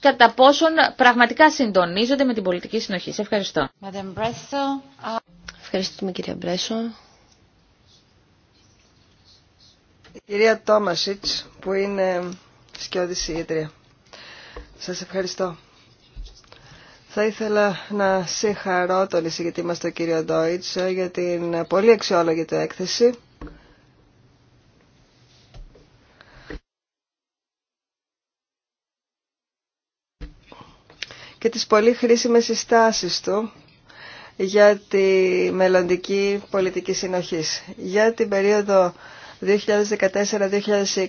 κατά πόσον πραγματικά συντονίζονται με την πολιτική συνοχή. Σε ευχαριστώ. Ευχαριστούμε κυρία Μπρέσο. Η κυρία Τόμασιτς που είναι σκιώδης συγγετρία. Σας ευχαριστώ. Θα ήθελα να συγχαρώ τον εισηγητή μας τον κύριο Ντόιτς για την πολύ αξιόλογη του έκθεση. και τις πολύ χρήσιμες συστάσεις του για τη μελλοντική πολιτική συνοχής. Για την περίοδο 2014-2020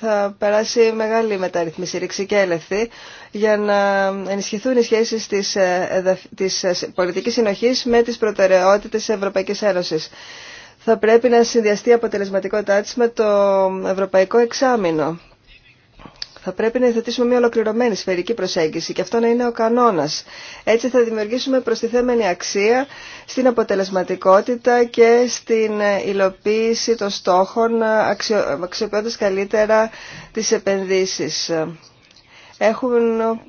θα περάσει μεγάλη μεταρρυθμίση ρηξη και έλευθη για να ενισχυθούν οι σχέσεις της, ε, της ε, πολιτικής συνοχής με τις προτεραιότητες της Ευρωπαϊκής Ένωσης. Θα πρέπει να συνδυαστεί η αποτελεσματικότητά με το Ευρωπαϊκό Εξάμεινο θα πρέπει να υιοθετήσουμε μια ολοκληρωμένη σφαιρική προσέγγιση και αυτό να είναι ο κανόνα. Έτσι θα δημιουργήσουμε προστιθέμενη αξία στην αποτελεσματικότητα και στην υλοποίηση των στόχων, αξιοποιώντα καλύτερα τι επενδύσει.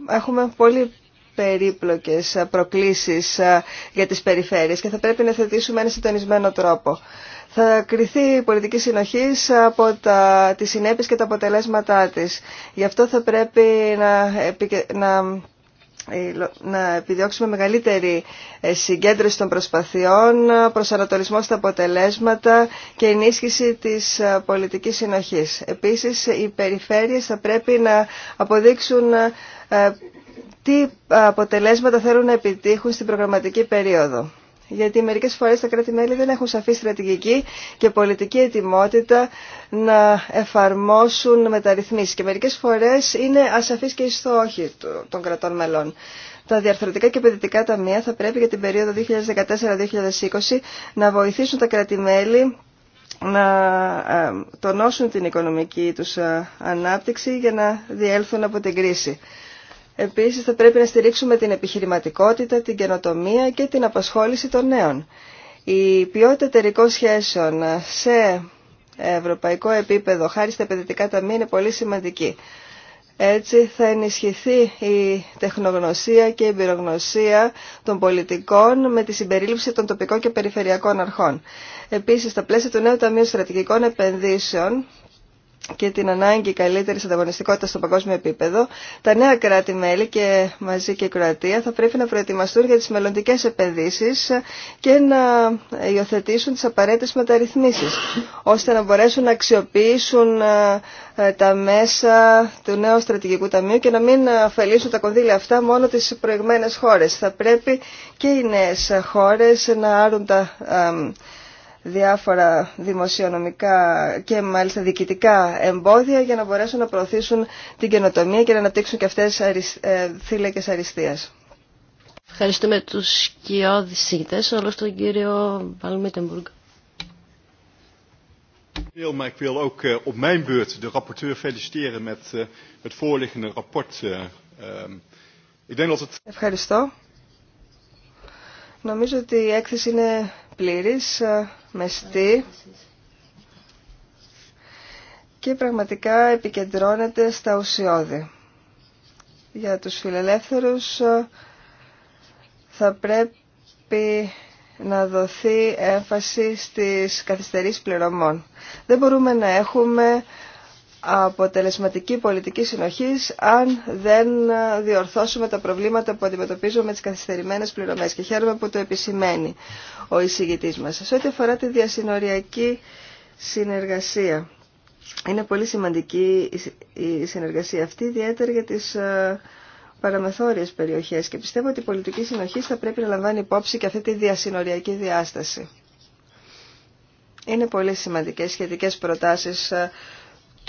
Έχουμε πολύ περίπλοκες προκλήσεις για τις περιφέρειες και θα πρέπει να θετήσουμε ένα συντονισμένο τρόπο θα κριθεί η πολιτική συνοχή από τα, τις συνέπειες και τα αποτελέσματά της. Γι' αυτό θα πρέπει να, ε, να, επιδιώξουμε μεγαλύτερη ε, συγκέντρωση των προσπαθειών, προσανατολισμό στα αποτελέσματα και ενίσχυση της ε, πολιτικής συνοχής. Επίσης, οι περιφέρειες θα πρέπει να αποδείξουν τι αποτελέσματα θέλουν να επιτύχουν στην προγραμματική περίοδο γιατί μερικές φορές τα κράτη-μέλη δεν έχουν σαφή στρατηγική και πολιτική ετοιμότητα να εφαρμόσουν μεταρρυθμίσεις και μερικές φορές είναι ασαφής και οι στόχοι των κρατών μελών. Τα διαρθρωτικά και παιδιτικά ταμεία θα πρέπει για την περίοδο 2014-2020 να βοηθήσουν τα κράτη-μέλη να ε, τονώσουν την οικονομική τους ε, ανάπτυξη για να διέλθουν από την κρίση. Επίσης θα πρέπει να στηρίξουμε την επιχειρηματικότητα, την καινοτομία και την απασχόληση των νέων. Η ποιότητα εταιρικών σχέσεων σε ευρωπαϊκό επίπεδο χάρη στα επενδυτικά ταμεία είναι πολύ σημαντική. Έτσι θα ενισχυθεί η τεχνογνωσία και η εμπειρογνωσία των πολιτικών με τη συμπερίληψη των τοπικών και περιφερειακών αρχών. Επίσης, στα πλαίσια του νέου Ταμείου Στρατηγικών Επενδύσεων και την ανάγκη καλύτερης ανταγωνιστικότητα στο παγκόσμιο επίπεδο, τα νέα κράτη-μέλη και μαζί και η Κροατία θα πρέπει να προετοιμαστούν για τις μελλοντικέ επενδύσει και να υιοθετήσουν τις απαραίτητες μεταρρυθμίσει, ώστε να μπορέσουν να αξιοποιήσουν ε, τα μέσα του νέου στρατηγικού ταμείου και να μην αφαιρήσουν τα κονδύλια αυτά μόνο τι προηγμένες χώρε. Θα πρέπει και οι νέε χώρε να άρουν τα ε, διάφορα δημοσιονομικά και μάλιστα διοικητικά εμπόδια για να μπορέσουν να προωθήσουν την καινοτομία και να αναπτύξουν και αυτές ε, θύλακες αριστείας. Ευχαριστούμε τους σκιώδης ηγητές, όλος τον κύριο Βαλμίτεμπουργκ. Maar ik wil ook eh, op mijn beurt de rapporteur feliciteren met eh, het voorliggende rapport. Eh, ehm. Ik denk dat het... Ευχαριστώ. Νομίζω ότι η έκθεση είναι πλήρης, ε, μεστή και πραγματικά επικεντρώνεται στα ουσιώδη. Για τους φιλελεύθερους ε, θα πρέπει να δοθεί έμφαση στις καθυστερείς πληρωμών. Δεν μπορούμε να έχουμε αποτελεσματική πολιτική συνοχής αν δεν διορθώσουμε τα προβλήματα που αντιμετωπίζουμε με τις καθυστερημένες πληρωμές και χαίρομαι που το επισημαίνει ο εισηγητής μας. Σε ό,τι αφορά τη διασυνοριακή συνεργασία. Είναι πολύ σημαντική η συνεργασία αυτή, ιδιαίτερα για τις ε, παραμεθόριες περιοχές και πιστεύω ότι η πολιτική συνοχή θα πρέπει να λαμβάνει υπόψη και αυτή τη διασυνοριακή διάσταση. Είναι πολύ σημαντικές σχετικές προτάσεις ε,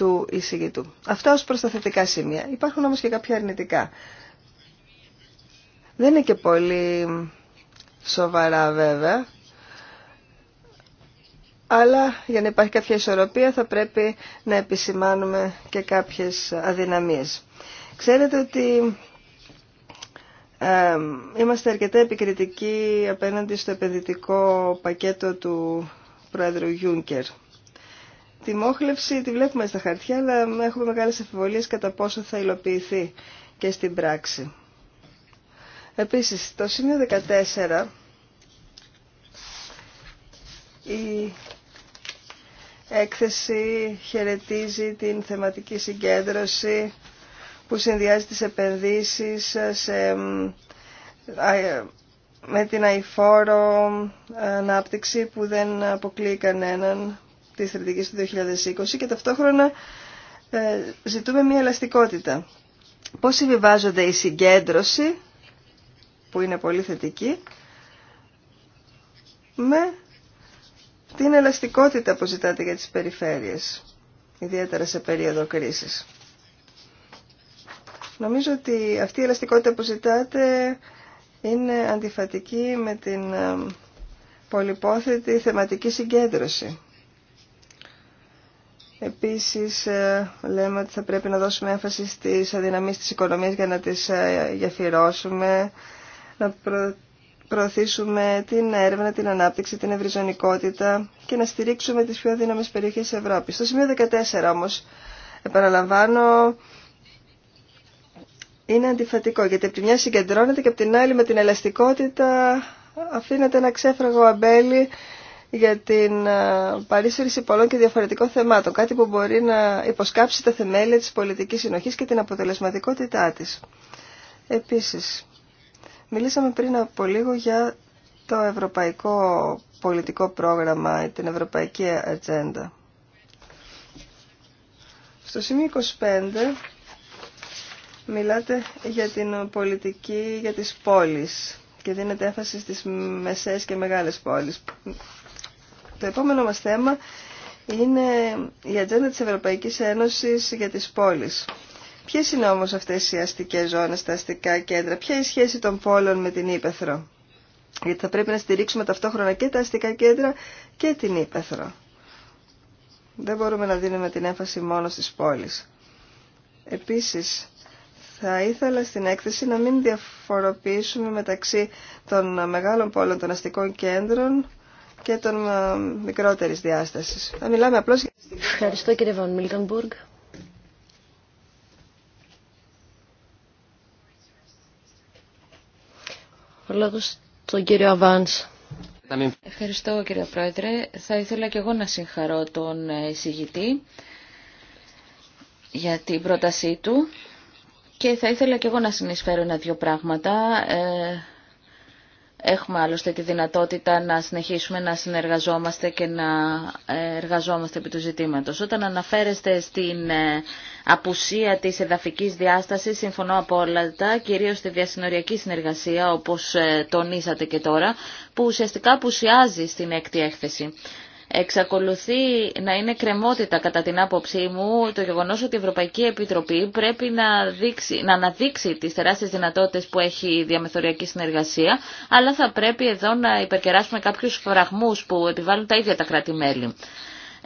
του εισηγητού. Αυτά ως προς σημεία. Υπάρχουν όμως και κάποια αρνητικά. Δεν είναι και πολύ σοβαρά βέβαια, αλλά για να υπάρχει κάποια ισορροπία θα πρέπει να επισημάνουμε και κάποιες αδυναμίες. Ξέρετε ότι είμαστε αρκετά επικριτικοί απέναντι στο επενδυτικό πακέτο του Πρόεδρου Γιούνκερ. Τη μόχλευση τη βλέπουμε στα χαρτιά, αλλά έχουμε μεγάλες αφιβολίες κατά πόσο θα υλοποιηθεί και στην πράξη. Επίσης, το σημείο 14, η έκθεση χαιρετίζει την θεματική συγκέντρωση που συνδυάζει τις επενδύσεις με την αηφόρο ανάπτυξη που δεν αποκλείει κανέναν τη στρατηγική του 2020 και ταυτόχρονα ε, ζητούμε μια ελαστικότητα. Πώς συμβιβάζονται η συγκέντρωση, που είναι πολύ θετική, με την ελαστικότητα που ζητάτε για τις περιφέρειες, ιδιαίτερα σε περίοδο κρίσης. Νομίζω ότι αυτή η ελαστικότητα που ζητάτε είναι αντιφατική με την ε, πολυπόθετη θεματική συγκέντρωση. Επίσης ε, λέμε ότι θα πρέπει να δώσουμε έμφαση στις αδυναμίες της οικονομίας για να τις ε, γεφυρώσουμε, να προωθήσουμε την έρευνα, την ανάπτυξη, την ευρυζωνικότητα και να στηρίξουμε τις πιο δύναμες περιοχές της Ευρώπης. Στο σημείο 14 όμως, επαναλαμβάνω, είναι αντιφατικό γιατί από τη μια συγκεντρώνεται και από την άλλη με την ελαστικότητα αφήνεται ένα ξέφραγο αμπέλι για την ε, παρήσυρση πολλών και διαφορετικών θεμάτων, κάτι που μπορεί να υποσκάψει τα θεμέλια της πολιτικής συνοχής και την αποτελεσματικότητά της. Επίσης, μιλήσαμε πριν από λίγο για το Ευρωπαϊκό Πολιτικό Πρόγραμμα, την Ευρωπαϊκή Ατζέντα. Στο σημείο 25 μιλάτε για την πολιτική για τις πόλεις και δίνεται έμφαση στις μεσαίες και μεγάλες πόλεις. Το επόμενο μας θέμα είναι η ατζέντα της Ευρωπαϊκής Ένωσης για τις πόλεις. Ποιες είναι όμως αυτές οι αστικές ζώνες, τα αστικά κέντρα, ποια είναι η σχέση των πόλων με την Ήπεθρο. Γιατί θα πρέπει να στηρίξουμε ταυτόχρονα και τα αστικά κέντρα και την Ήπεθρο. Δεν μπορούμε να δίνουμε την έμφαση μόνο στις πόλεις. Επίσης, θα ήθελα στην έκθεση να μην διαφοροποιήσουμε μεταξύ των μεγάλων πόλων των αστικών κέντρων και των ε, μικρότερης διάστασης. Θα μιλάμε απλώς για... Ευχαριστώ κύριε Βαν Μίλτονμπουργκ. Ο λόγος στον κύριο Αβάνς. Ευχαριστώ κύριε Πρόεδρε. Θα ήθελα και εγώ να συγχαρώ τον ε, εισηγητή για την πρότασή του και θα ήθελα και εγώ να συνεισφέρω ένα-δυο πράγματα. Ε, Έχουμε άλλωστε τη δυνατότητα να συνεχίσουμε να συνεργαζόμαστε και να ε, εργαζόμαστε επί του ζητήματος. Όταν αναφέρεστε στην ε, απουσία της εδαφικής διάστασης, συμφωνώ τα κυρίως στη διασυνοριακή συνεργασία, όπως ε, τονίσατε και τώρα, που ουσιαστικά απουσιάζει στην έκτη έκθεση. Εξακολουθεί να είναι κρεμότητα κατά την άποψή μου το γεγονός ότι η Ευρωπαϊκή Επιτροπή πρέπει να, δείξει, να αναδείξει τις τεράστιες δυνατότητες που έχει η διαμεθοριακή συνεργασία, αλλά θα πρέπει εδώ να υπερκεράσουμε κάποιους φραγμούς που επιβάλλουν τα ίδια τα κράτη-μέλη.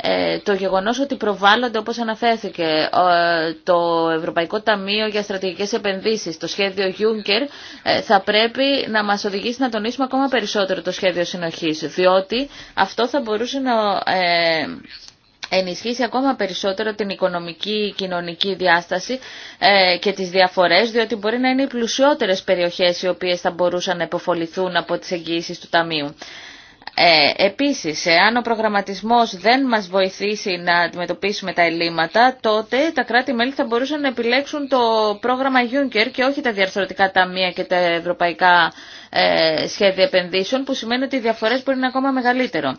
Ε, το γεγονός ότι προβάλλονται, όπως αναφέρθηκε, το Ευρωπαϊκό Ταμείο για Στρατηγικές Επενδύσεις, το σχέδιο Juncker, ε, θα πρέπει να μας οδηγήσει να τονίσουμε ακόμα περισσότερο το σχέδιο συνοχής, διότι αυτό θα μπορούσε να ε, ενισχύσει ακόμα περισσότερο την οικονομική κοινωνική διάσταση και τις διαφορές, διότι μπορεί να είναι οι πλουσιότερες περιοχές οι οποίες θα μπορούσαν να υποφοληθούν από τις εγγύησεις του Ταμείου. Ε, επίσης, εάν ο προγραμματισμός δεν μας βοηθήσει να αντιμετωπίσουμε τα ελλείμματα, τότε τα κράτη-μέλη θα μπορούσαν να επιλέξουν το πρόγραμμα Juncker και όχι τα διαρθρωτικά ταμεία και τα ευρωπαϊκά ε, σχέδια επενδύσεων, που σημαίνει ότι οι διαφορές μπορεί να είναι ακόμα μεγαλύτερο.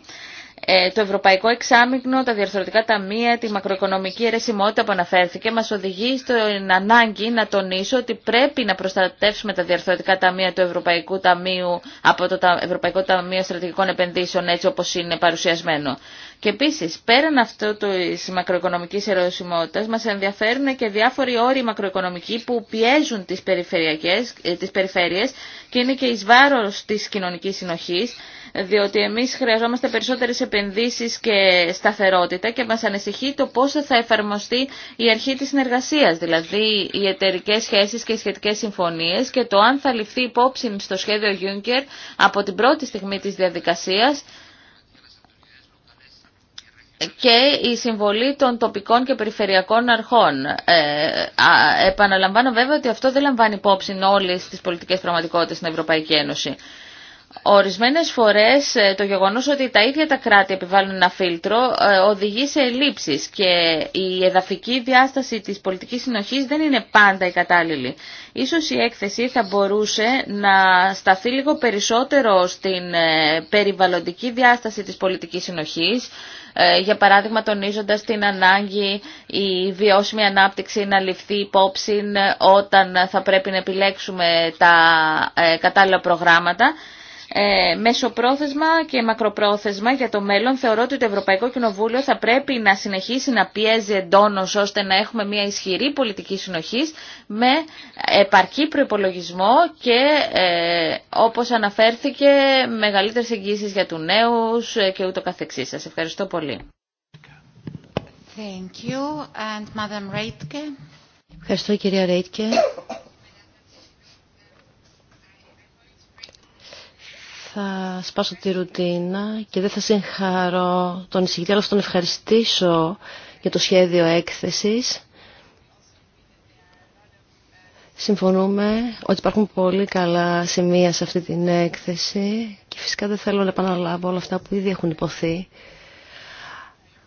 Ε, το Ευρωπαϊκό Εξάμειγνο, τα διαρθρωτικά ταμεία, τη μακροοικονομική αιρεσιμότητα που αναφέρθηκε, μας οδηγεί στην ανάγκη να τονίσω ότι πρέπει να προστατεύσουμε τα διαρθρωτικά ταμεία του Ευρωπαϊκού Ταμείου από το Ευρωπαϊκό Ταμείο Στρατηγικών Επενδύσεων έτσι όπως είναι παρουσιασμένο. Και επίση, πέραν αυτό τη μακροοικονομική ερωσιμότητα, μα ενδιαφέρουν και διάφοροι όροι μακροοικονομικοί που πιέζουν τι περιφερειακές, ε, περιφέρειες και είναι και ει βάρο τη κοινωνική συνοχή, διότι εμεί χρειαζόμαστε περισσότερε επενδύσει και σταθερότητα και μα ανησυχεί το πώ θα εφαρμοστεί η αρχή τη συνεργασία, δηλαδή οι εταιρικέ σχέσει και οι σχετικέ συμφωνίε, και το αν θα ληφθεί υπόψη στο σχέδιο Juncker από την πρώτη στιγμή τη διαδικασία και η συμβολή των τοπικών και περιφερειακών αρχών. Ε, α, επαναλαμβάνω βέβαια ότι αυτό δεν λαμβάνει υπόψη όλες τις πολιτικές πραγματικότητες στην Ευρωπαϊκή Ένωση. Ορισμένες φορές ε, το γεγονός ότι τα ίδια τα κράτη επιβάλλουν ένα φίλτρο ε, οδηγεί σε ελλείψεις και η εδαφική διάσταση της πολιτικής συνοχή δεν είναι πάντα η κατάλληλη. Ίσως η έκθεση θα μπορούσε να σταθεί λίγο περισσότερο στην ε, περιβαλλοντική διάσταση της πολιτικής συνοχής, ε, για παράδειγμα τονίζοντας την ανάγκη η βιώσιμη ανάπτυξη να ληφθεί υπόψη ε, όταν θα πρέπει να επιλέξουμε τα ε, κατάλληλα προγράμματα ε, μεσοπρόθεσμα και μακροπρόθεσμα για το μέλλον θεωρώ ότι το Ευρωπαϊκό Κοινοβούλιο θα πρέπει να συνεχίσει να πιέζει εντόνω ώστε να έχουμε μια ισχυρή πολιτική συνοχή με επαρκή προπολογισμό και ε, όπως αναφέρθηκε μεγαλύτερε εγγύσει για του νέου και ούτω καθεξή. σα. ευχαριστώ πολύ. Thank you. And Madam Ευχαριστώ θα σπάσω τη ρουτίνα και δεν θα συγχαρώ τον εισηγητή, αλλά θα τον ευχαριστήσω για το σχέδιο έκθεσης. Συμφωνούμε ότι υπάρχουν πολύ καλά σημεία σε αυτή την έκθεση και φυσικά δεν θέλω να επαναλάβω όλα αυτά που ήδη έχουν υποθεί.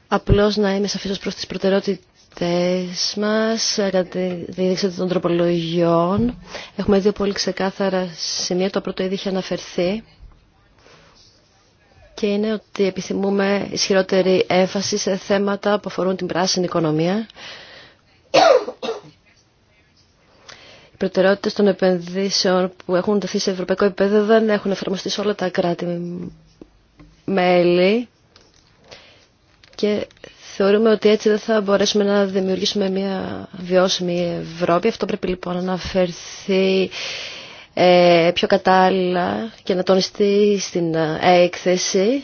Απλώς να είμαι σαφής προς τις προτεραιότητες μας κατά τη δίδυξη των τροπολογιών. Έχουμε δύο πολύ ξεκάθαρα σημεία. Το πρώτο ήδη είχε αναφερθεί και είναι ότι επιθυμούμε ισχυρότερη έμφαση σε θέματα που αφορούν την πράσινη οικονομία. Οι προτεραιότητες των επενδύσεων που έχουν δοθεί σε ευρωπαϊκό επίπεδο δεν έχουν εφαρμοστεί σε όλα τα κράτη-μέλη και θεωρούμε ότι έτσι δεν θα μπορέσουμε να δημιουργήσουμε μια βιώσιμη Ευρώπη. Αυτό πρέπει λοιπόν να αναφερθεί ε, πιο κατάλληλα και να τονιστεί στην ε, έκθεση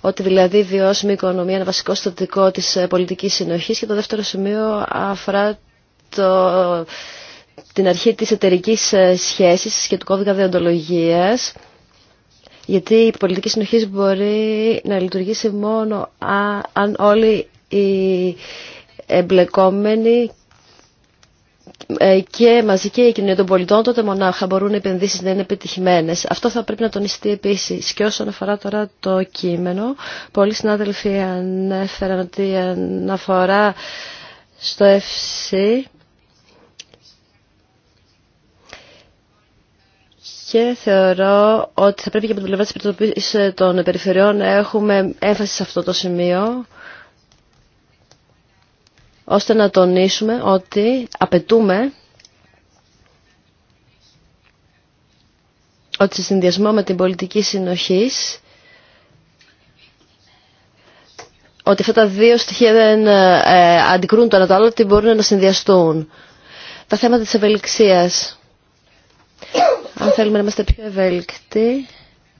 ότι δηλαδή η βιώσιμη οικονομία είναι βασικό στατικό της ε, πολιτικής συνοχής και το δεύτερο σημείο αφορά το, την αρχή της εταιρικής σχέσης και του κώδικα διοντολογίας γιατί η πολιτική συνοχή μπορεί να λειτουργήσει μόνο αν όλοι οι εμπλεκόμενοι ε, και μαζική κοινωνία των πολιτών, τότε μονάχα μπορούν οι επενδύσει να είναι επιτυχημένες. Αυτό θα πρέπει να τονιστεί επίσης. Και όσον αφορά τώρα το κείμενο, πολλοί συνάδελφοι ανέφεραν ότι αναφορά στο FC και θεωρώ ότι θα πρέπει και από την πλευρά τη των Περιφερειών να έχουμε έμφαση σε αυτό το σημείο ώστε να τονίσουμε ότι απαιτούμε ότι σε συνδυασμό με την πολιτική συνοχής ότι αυτά τα δύο στοιχεία δεν ε, αντικρούν το ένα το άλλο, ότι μπορούν να συνδυαστούν. Τα θέματα της ευελιξίας. Αν θέλουμε να είμαστε πιο ευέλικτοι,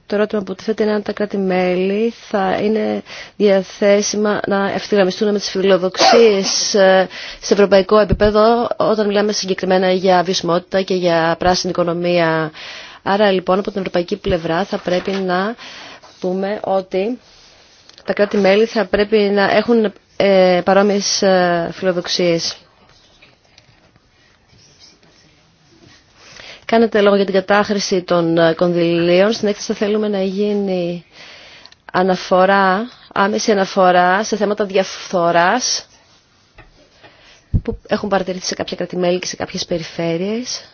το ερώτημα που θέτει είναι αν τα κράτη-μέλη θα είναι διαθέσιμα να ευθυγραμμιστούν με τις φιλοδοξίες ε, σε ευρωπαϊκό επίπεδο όταν μιλάμε συγκεκριμένα για βιωσιμότητα και για πράσινη οικονομία. Άρα λοιπόν από την ευρωπαϊκή πλευρά θα πρέπει να πούμε ότι τα κράτη-μέλη θα πρέπει να έχουν ε, παρόμοιες ε, φιλοδοξίες. Κάνετε λόγο για την κατάχρηση των ε, κονδυλίων. Στην έκθεση θα θέλουμε να γίνει αναφορά, άμεση αναφορά σε θέματα διαφθοράς που έχουν παρατηρηθεί σε κάποια κρατημέλη και σε κάποιες περιφέρειες.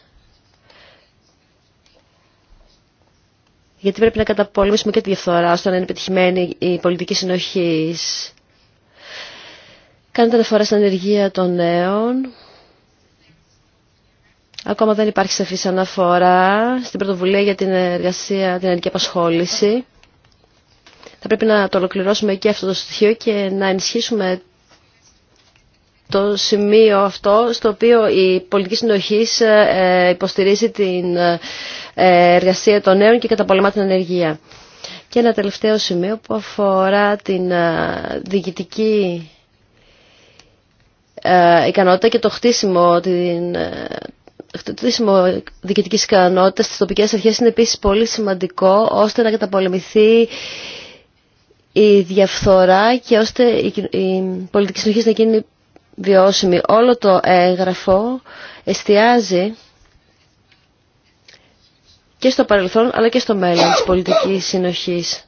Γιατί πρέπει να καταπολεμήσουμε και τη διαφθορά ώστε να είναι η πολιτική συνοχής. Κάνετε αναφορά στην ενεργεία των νέων. Ακόμα δεν υπάρχει σαφή αναφορά στην πρωτοβουλία για την εργασία, την ελληνική απασχόληση. Θα πρέπει να το ολοκληρώσουμε και αυτό το στοιχείο και να ενισχύσουμε το σημείο αυτό στο οποίο η πολιτική συνοχή ε, υποστηρίζει την ε, εργασία των νέων και καταπολεμά την ανεργία. Και ένα τελευταίο σημείο που αφορά την ε, διοικητική ικανότητα και το χτίσιμο το τίσιμο διοικητική ικανότητα στι τοπικέ αρχέ είναι επίση πολύ σημαντικό ώστε να καταπολεμηθεί η διαφθορά και ώστε η πολιτική συνοχή να γίνει βιώσιμη. Όλο το έγγραφο εστιάζει και στο παρελθόν αλλά και στο μέλλον της πολιτικής συνοχής.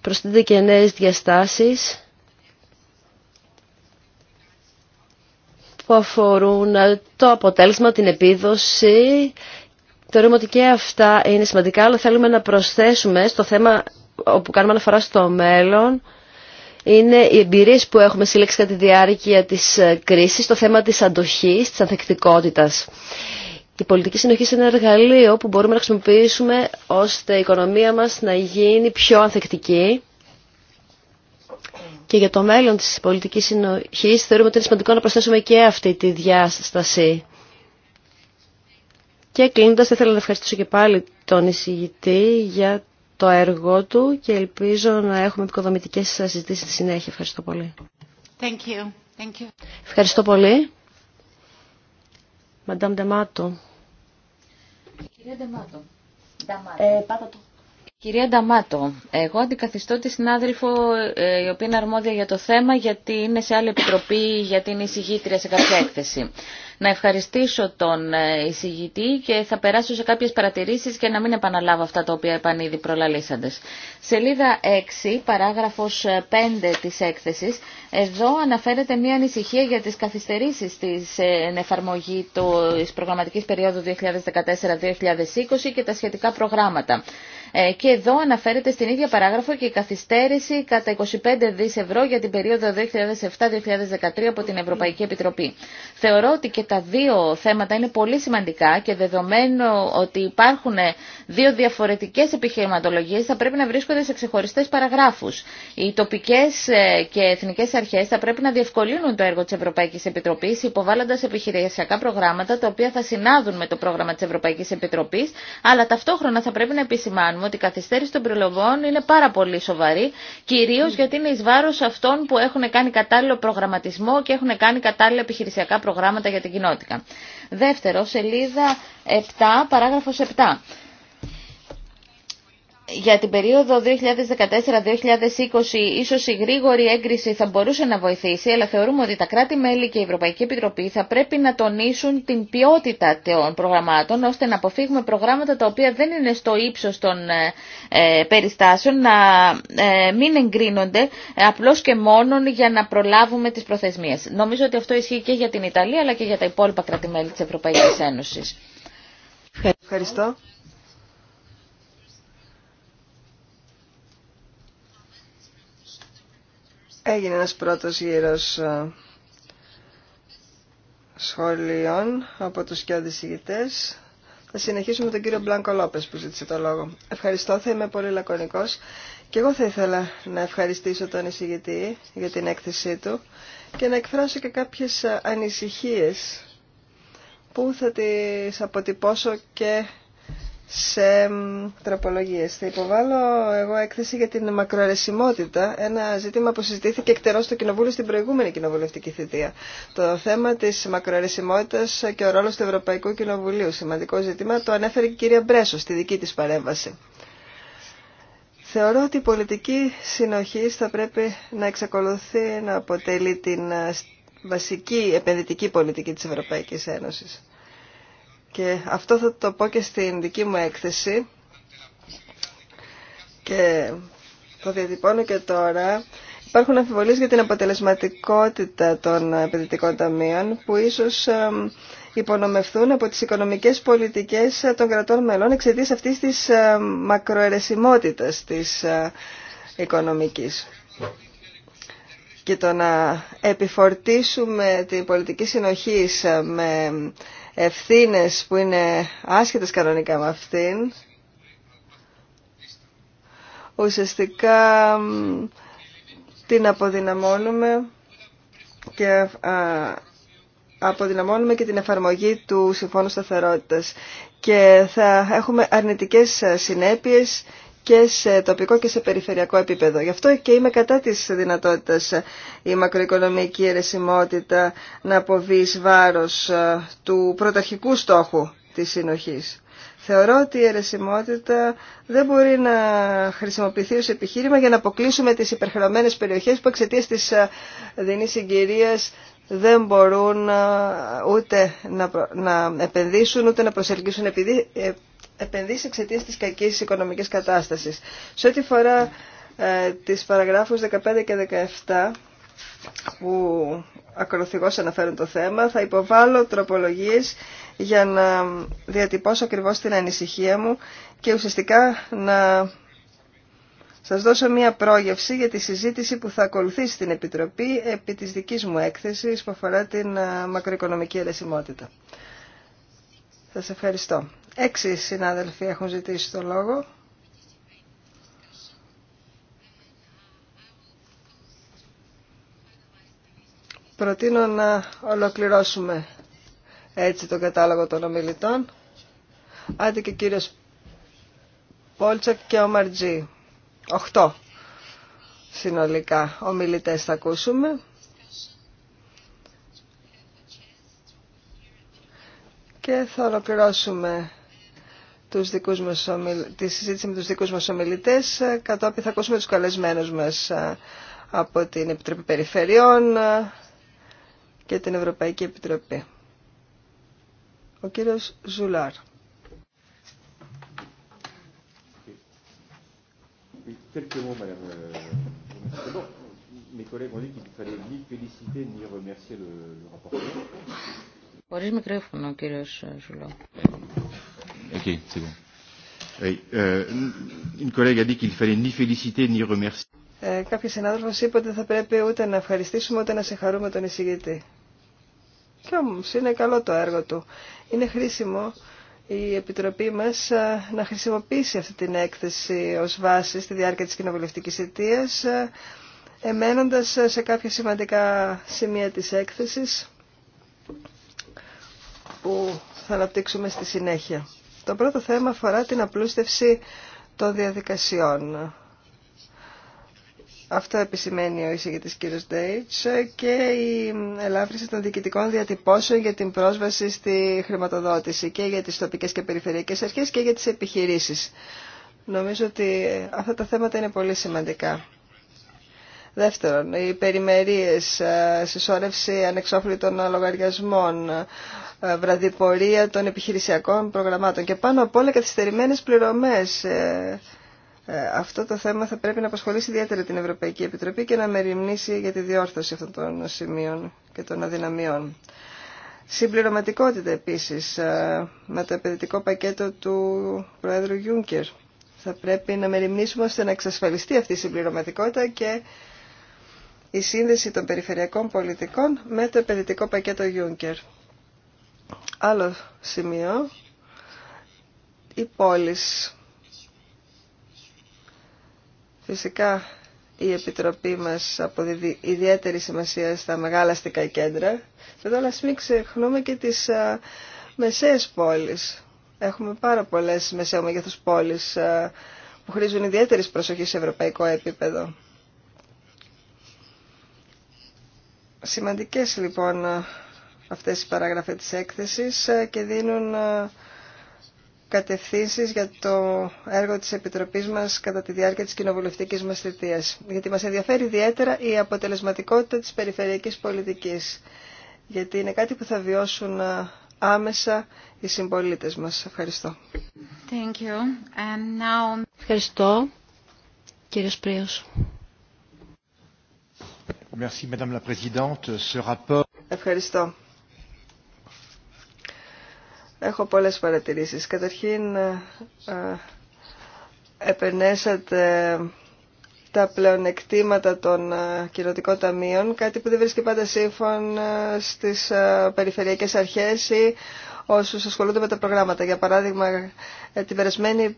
Προσθέτει και νέες διαστάσεις που αφορούν ε, το αποτέλεσμα, την επίδοση. Θεωρούμε ότι και αυτά είναι σημαντικά, αλλά θέλουμε να προσθέσουμε στο θέμα όπου κάνουμε αναφορά στο μέλλον, είναι οι εμπειρίες που έχουμε σύλλεξει κατά τη διάρκεια της ε, κρίσης, το θέμα της αντοχής, της ανθεκτικότητας. Η πολιτική συνοχή είναι ένα εργαλείο που μπορούμε να χρησιμοποιήσουμε ώστε η οικονομία μας να γίνει πιο ανθεκτική και για το μέλλον της πολιτικής συνοχής θεωρούμε ότι είναι σημαντικό να προσθέσουμε και αυτή τη διάσταση. Και κλείνοντας, ήθελα να ευχαριστήσω και πάλι τον εισηγητή για το έργο του και ελπίζω να έχουμε επικοδομητικές συζητήσεις στη συνέχεια. Ευχαριστώ πολύ. Thank you. Thank you. Ευχαριστώ πολύ. Μαντάμ Ντεμάτο. Κυρία Ντεμάτο. Ε, πάτα Κυρία Νταμάτο, εγώ αντικαθιστώ τη συνάδελφο ε, η οποία είναι αρμόδια για το θέμα γιατί είναι σε άλλη επιτροπή γιατί είναι εισηγήτρια σε κάποια έκθεση. Να ευχαριστήσω τον ε, εισηγητή και θα περάσω σε κάποιες παρατηρήσεις και να μην επαναλάβω αυτά τα οποία είπαν ήδη προλαλήσαντες. Σελίδα 6, παράγραφος 5 ε, της έκθεσης, εδώ αναφέρεται μια ανησυχία για τις καθυστερήσεις της εφαρμογή της προγραμματικής περίοδου 2014-2020 και τα σχετικά προγράμματα. Ε, και εδώ αναφέρεται στην ίδια παράγραφο και η καθυστέρηση κατά 25 δις ευρώ για την περίοδο 2007-2013 από την Ευρωπαϊκή Επιτροπή. Θεωρώ ότι και τα δύο θέματα είναι πολύ σημαντικά και δεδομένου ότι υπάρχουν δύο διαφορετικές επιχειρηματολογίες θα πρέπει να βρίσκονται σε ξεχωριστές παραγράφους. Οι τοπικές ε, και εθνικές αρχές θα πρέπει να διευκολύνουν το έργο της Ευρωπαϊκής Επιτροπής υποβάλλοντας επιχειρησιακά προγράμματα τα οποία θα συνάδουν με το πρόγραμμα της Ευρωπαϊκής Επιτροπής αλλά ταυτόχρονα θα πρέπει να επισημάνουν κάνουμε ότι η καθυστέρηση των προλογών είναι πάρα πολύ σοβαρή, κυρίως mm. γιατί είναι εις αυτών που έχουν κάνει κατάλληλο προγραμματισμό και έχουν κάνει κατάλληλα επιχειρησιακά προγράμματα για την κοινότητα. Δεύτερο, σελίδα 7, παράγραφος 7 για την περίοδο 2014-2020 ίσως η γρήγορη έγκριση θα μπορούσε να βοηθήσει, αλλά θεωρούμε ότι τα κράτη-μέλη και η Ευρωπαϊκή Επιτροπή θα πρέπει να τονίσουν την ποιότητα των προγραμμάτων, ώστε να αποφύγουμε προγράμματα τα οποία δεν είναι στο ύψος των ε, ε, περιστάσεων, να ε, μην εγκρίνονται απλώς και μόνον για να προλάβουμε τις προθεσμίες. Νομίζω ότι αυτό ισχύει και για την Ιταλία, αλλά και για τα υπόλοιπα κράτη-μέλη της Ευρωπαϊκής Ένωσης. Ευχαριστώ. Έγινε ένας πρώτος γύρος ε, σχολείων από τους και αντισηγητές. Θα συνεχίσουμε με τον κύριο Μπλάνκο Λόπες που ζήτησε το λόγο. Ευχαριστώ, θα είμαι πολύ λακωνικός. Και εγώ θα ήθελα να ευχαριστήσω τον εισηγητή για την έκθεσή του και να εκφράσω και κάποιες ε, ανησυχίες που θα τις αποτυπώσω και σε τροπολογίες. Θα υποβάλω εγώ έκθεση για την μακροαρεσιμότητα, ένα ζήτημα που συζητήθηκε εκτερό στο Κοινοβούλιο στην προηγούμενη κοινοβουλευτική θητεία. Το θέμα της μακροαρεσιμότητας και ο ρόλος του Ευρωπαϊκού Κοινοβουλίου, σημαντικό ζήτημα, το ανέφερε και η κυρία Μπρέσο στη δική της παρέμβαση. Θεωρώ ότι η πολιτική συνοχή θα πρέπει να εξακολουθεί να αποτελεί την ε, βασική επενδυτική πολιτική της Ευρωπαϊκής Ένωσης. Και αυτό θα το πω και στην δική μου έκθεση και το διατυπώνω και τώρα. Υπάρχουν αμφιβολίες για την αποτελεσματικότητα των επενδυτικών ταμείων που ίσως υπονομευθούν από τις οικονομικές πολιτικές των κρατών μελών εξαιτίας αυτής της μακροαιρεσιμότητας της ε, οικονομικής. Και το να επιφορτήσουμε την πολιτική συνοχής ε, με ευθύνες που είναι άσχετες κανονικά με αυτήν, ουσιαστικά την αποδυναμώνουμε και αποδυναμώνουμε και την εφαρμογή του Συμφώνου Σταθερότητας και θα έχουμε αρνητικές ε, συνέπειες και σε τοπικό και σε περιφερειακό επίπεδο. Γι' αυτό και είμαι κατά της δυνατότητας ε, η μακροοικονομική ερεσιμότητα να αποβεί βάρος ε, του πρωταρχικού στόχου της συνοχής. Θεωρώ ότι η αιρεσιμότητα δεν μπορεί να χρησιμοποιηθεί ως επιχείρημα για να αποκλείσουμε τις υπερχρεωμένες περιοχές που εξαιτία της ε, δινής συγκυρίας δεν μπορούν ούτε να επενδύσουν ούτε να προσελκύσουν επενδύσεις εξαιτία τη κακή οικονομική κατάσταση. Σε ό,τι φορά ε, τις παραγράφους 15 και 17 που ακολουθώ αναφέρουν το θέμα, θα υποβάλω τροπολογίε για να διατυπώσω ακριβώ την ανησυχία μου και ουσιαστικά να σας δώσω μία πρόγευση για τη συζήτηση που θα ακολουθήσει την Επιτροπή επί της δικής μου έκθεσης που αφορά την ε, μακροοικονομική αιρεσιμότητα. Σας ευχαριστώ. Έξι συνάδελφοι έχουν ζητήσει το λόγο. Προτείνω να ολοκληρώσουμε έτσι τον κατάλογο των ομιλητών. Άντε και κύριος Πόλτσακ και ο Μαρτζή. Οχτώ συνολικά ομιλητές θα ακούσουμε. Και θα ολοκληρώσουμε τους δικούς μας ομιλ... τη συζήτηση με τους δικούς μας ομιλητές. Ε, κατόπιν θα ακούσουμε τους καλεσμένους μας ε, από την Επιτροπή Περιφερειών ε, και την Ευρωπαϊκή Επιτροπή. Ο κύριος Ζουλάρ. Χωρίς μικρόφωνο ο κύριος Ζουλάρ. Ok, c'est bon. Oui, euh, une collègue a dit qu'il fallait ni féliciter ni remercier. Ε, κάποιος συνάδελφος είπε ότι θα πρέπει ούτε να ευχαριστήσουμε ούτε να συγχαρούμε τον εισηγητή. Κι όμως είναι καλό το έργο του. Είναι χρήσιμο η Επιτροπή μας ε, να χρησιμοποιήσει αυτή την έκθεση ως βάση στη διάρκεια της κοινοβουλευτικής αιτίας, ε, εμένοντας σε κάποια σημαντικά σημεία της έκθεσης που θα αναπτύξουμε στη συνέχεια. Το πρώτο θέμα αφορά την απλούστευση των διαδικασιών. Αυτό επισημαίνει ο εισηγητής κ. Ντέιτς και η ελάφρυνση των διοικητικών διατυπώσεων για την πρόσβαση στη χρηματοδότηση και για τις τοπικές και περιφερειακές αρχές και για τις επιχειρήσεις. Νομίζω ότι αυτά τα θέματα είναι πολύ σημαντικά. Δεύτερον, οι περιμερίες, ε, συσσόρευση ανεξόφλητων λογαριασμών, ε, βραδιπορία των επιχειρησιακών προγραμμάτων και πάνω απ' όλα καθυστερημένες πληρωμές. Ε, αυτό το θέμα θα πρέπει να απασχολήσει ιδιαίτερα την Ευρωπαϊκή Επιτροπή και να μεριμνήσει για τη διόρθωση αυτών των σημείων και των αδυναμιών. Συμπληρωματικότητα επίσης με το επενδυτικό πακέτο του Προέδρου Γιούνκερ. Θα πρέπει να μεριμνήσουμε ώστε να εξασφαλιστεί αυτή η συμπληρωματικότητα και η σύνδεση των περιφερειακών πολιτικών με το επενδυτικό πακέτο Juncker. Άλλο σημείο, οι πόλεις. Φυσικά η Επιτροπή μας αποδίδει ιδιαίτερη σημασία στα μεγάλα αστικά κέντρα. Εδώ όλα μην ξεχνούμε και τις α, μεσαίες πόλεις. Έχουμε πάρα πολλές μεσαίου μεγέθους πόλεις που χρήζουν ιδιαίτερης προσοχής σε ευρωπαϊκό επίπεδο. Σημαντικές λοιπόν αυτές οι παράγραφες της έκθεσης ε, και δίνουν ε, κατευθύνσεις για το έργο της Επιτροπής μας κατά τη διάρκεια της κοινοβουλευτικής μας θητείας. Γιατί μας ενδιαφέρει ιδιαίτερα η αποτελεσματικότητα της περιφερειακής πολιτικής. Γιατί είναι κάτι που θα βιώσουν ε, άμεσα οι συμπολίτες μας. Ευχαριστώ. Thank you. And now... Ευχαριστώ, κύριος Πρίος. Ευχαριστώ. Έχω πολλές παρατηρήσεις. Καταρχήν, ε, ε, επενέσατε τα πλεονεκτήματα των ε, κοινωτικών ταμείων, κάτι που δεν βρίσκει πάντα σύμφων στις περιφερειακές αρχές ή όσους ασχολούνται με τα προγράμματα. Για παράδειγμα, την περασμένη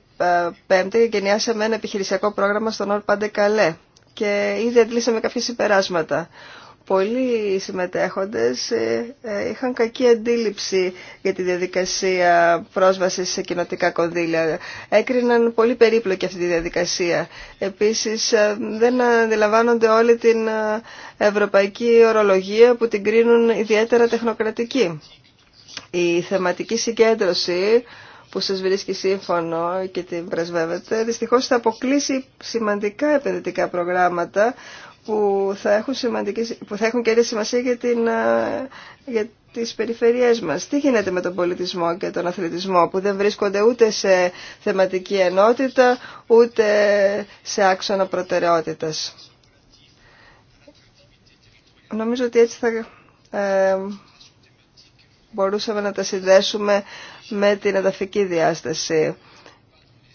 Πέμπτη γενιάσαμε ένα επιχειρησιακό πρόγραμμα στον Όρπαντε Πάντε Καλέ και ήδη αντλήσαμε κάποια συμπεράσματα. Πολλοί συμμετέχοντες ε, ε, είχαν κακή αντίληψη για τη διαδικασία πρόσβασης σε κοινοτικά κονδύλια. Έκριναν πολύ περίπλοκη αυτή τη διαδικασία. Επίσης ε, δεν αντιλαμβάνονται όλη την ευρωπαϊκή ορολογία που την κρίνουν ιδιαίτερα τεχνοκρατική. Η θεματική συγκέντρωση που σας βρίσκει σύμφωνο και την πρεσβεύετε, δυστυχώς θα αποκλείσει σημαντικά επενδυτικά προγράμματα που θα έχουν, που θα έχουν και σημασία για, την, ε, για τις περιφερειές μας. Τι γίνεται με τον πολιτισμό και τον αθλητισμό που δεν βρίσκονται ούτε σε θεματική ενότητα, ούτε σε άξονα προτεραιότητας. Νομίζω ότι έτσι θα ε, μπορούσαμε να τα συνδέσουμε με την εδαφική διάσταση.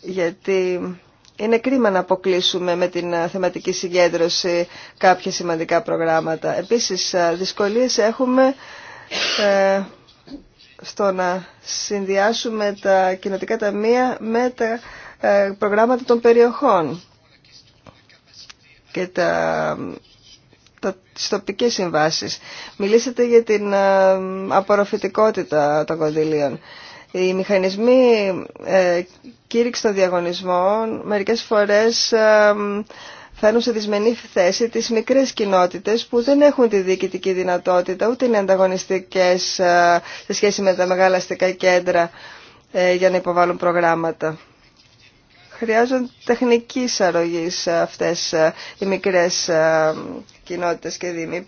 Γιατί είναι κρίμα να αποκλείσουμε με την θεματική συγκέντρωση κάποια σημαντικά προγράμματα. Επίσης, δυσκολίες έχουμε ε, στο να συνδυάσουμε τα κοινοτικά ταμεία με τα ε, προγράμματα των περιοχών και τα, τα, τις τοπικές συμβάσεις. Μιλήσατε για την ε, απορροφητικότητα των κονδυλίων. Οι μηχανισμοί ε, κήρυξη των διαγωνισμών μερικές φορές ε, φέρνουν σε δυσμενή θέση τις μικρές κοινότητες που δεν έχουν τη διοικητική δυνατότητα ούτε είναι ανταγωνιστικές ε, σε σχέση με τα μεγάλα αστικά κέντρα ε, για να υποβάλουν προγράμματα. Χρειάζονται τεχνικής αρρωγής αυτές ε, οι μικρές κοινότητες και δήμοι.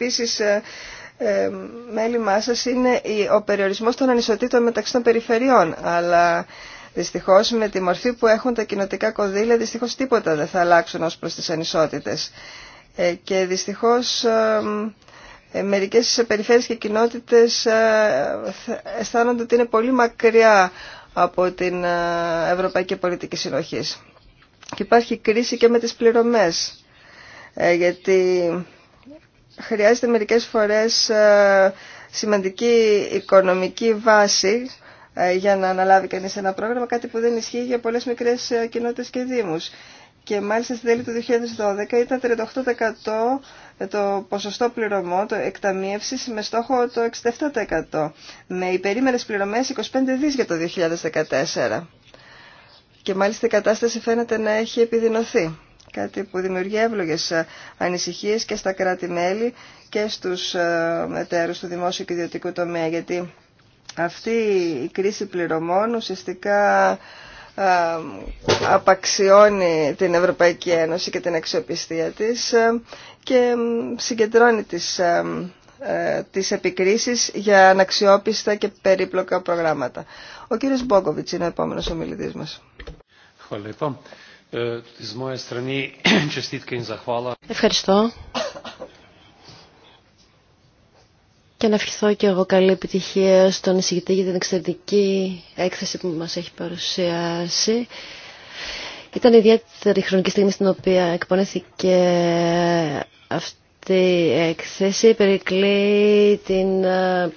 Ε, μέλημά σας είναι ο περιορισμός των ανισοτήτων μεταξύ των περιφερειών. Αλλά δυστυχώς με τη μορφή που έχουν τα κοινοτικά κονδύλια δυστυχώς τίποτα δεν θα αλλάξουν ως προς τις ανισότητες. Ε, και δυστυχώς ε, μερικές περιφέρειες και κοινότητες αισθάνονται ότι είναι πολύ μακριά από την Ευρωπαϊκή Πολιτική Συνοχή. Και υπάρχει κρίση και με τις πληρωμές. γιατί χρειάζεται μερικές φορές ε, σημαντική οικονομική βάση ε, για να αναλάβει κανείς ένα πρόγραμμα, κάτι που δεν ισχύει για πολλές μικρές ε, κοινότητες και δήμους. Και μάλιστα στη τέλη του 2012 ήταν 38% το ποσοστό πληρωμό, το εκταμίευσης με στόχο το 67%. Με υπερήμερες πληρωμές 25 δις για το 2014. Και μάλιστα η κατάσταση φαίνεται να έχει επιδεινωθεί κάτι που δημιουργεί εύλογες ε, ανησυχίες και στα κράτη-μέλη και στους ε, εταίρους του δημόσιου και ιδιωτικού τομέα, γιατί αυτή η κρίση πληρωμών ουσιαστικά ε, απαξιώνει την Ευρωπαϊκή Ένωση και την αξιοπιστία της και συγκεντρώνει τις, τις επικρίσεις για αναξιόπιστα και περίπλοκα προγράμματα. Ο κύριος Μπόγκοβιτς είναι ο επόμενος ομιλητής μας. <clears throat> Ευχαριστώ. Και να ευχηθώ και εγώ καλή επιτυχία στον εισηγητή για την εξαιρετική έκθεση που μας έχει παρουσιάσει. Ήταν ιδιαίτερη χρονική στιγμή στην οποία εκπονέθηκε αυτή η έκθεση. Περικλεί την, ε,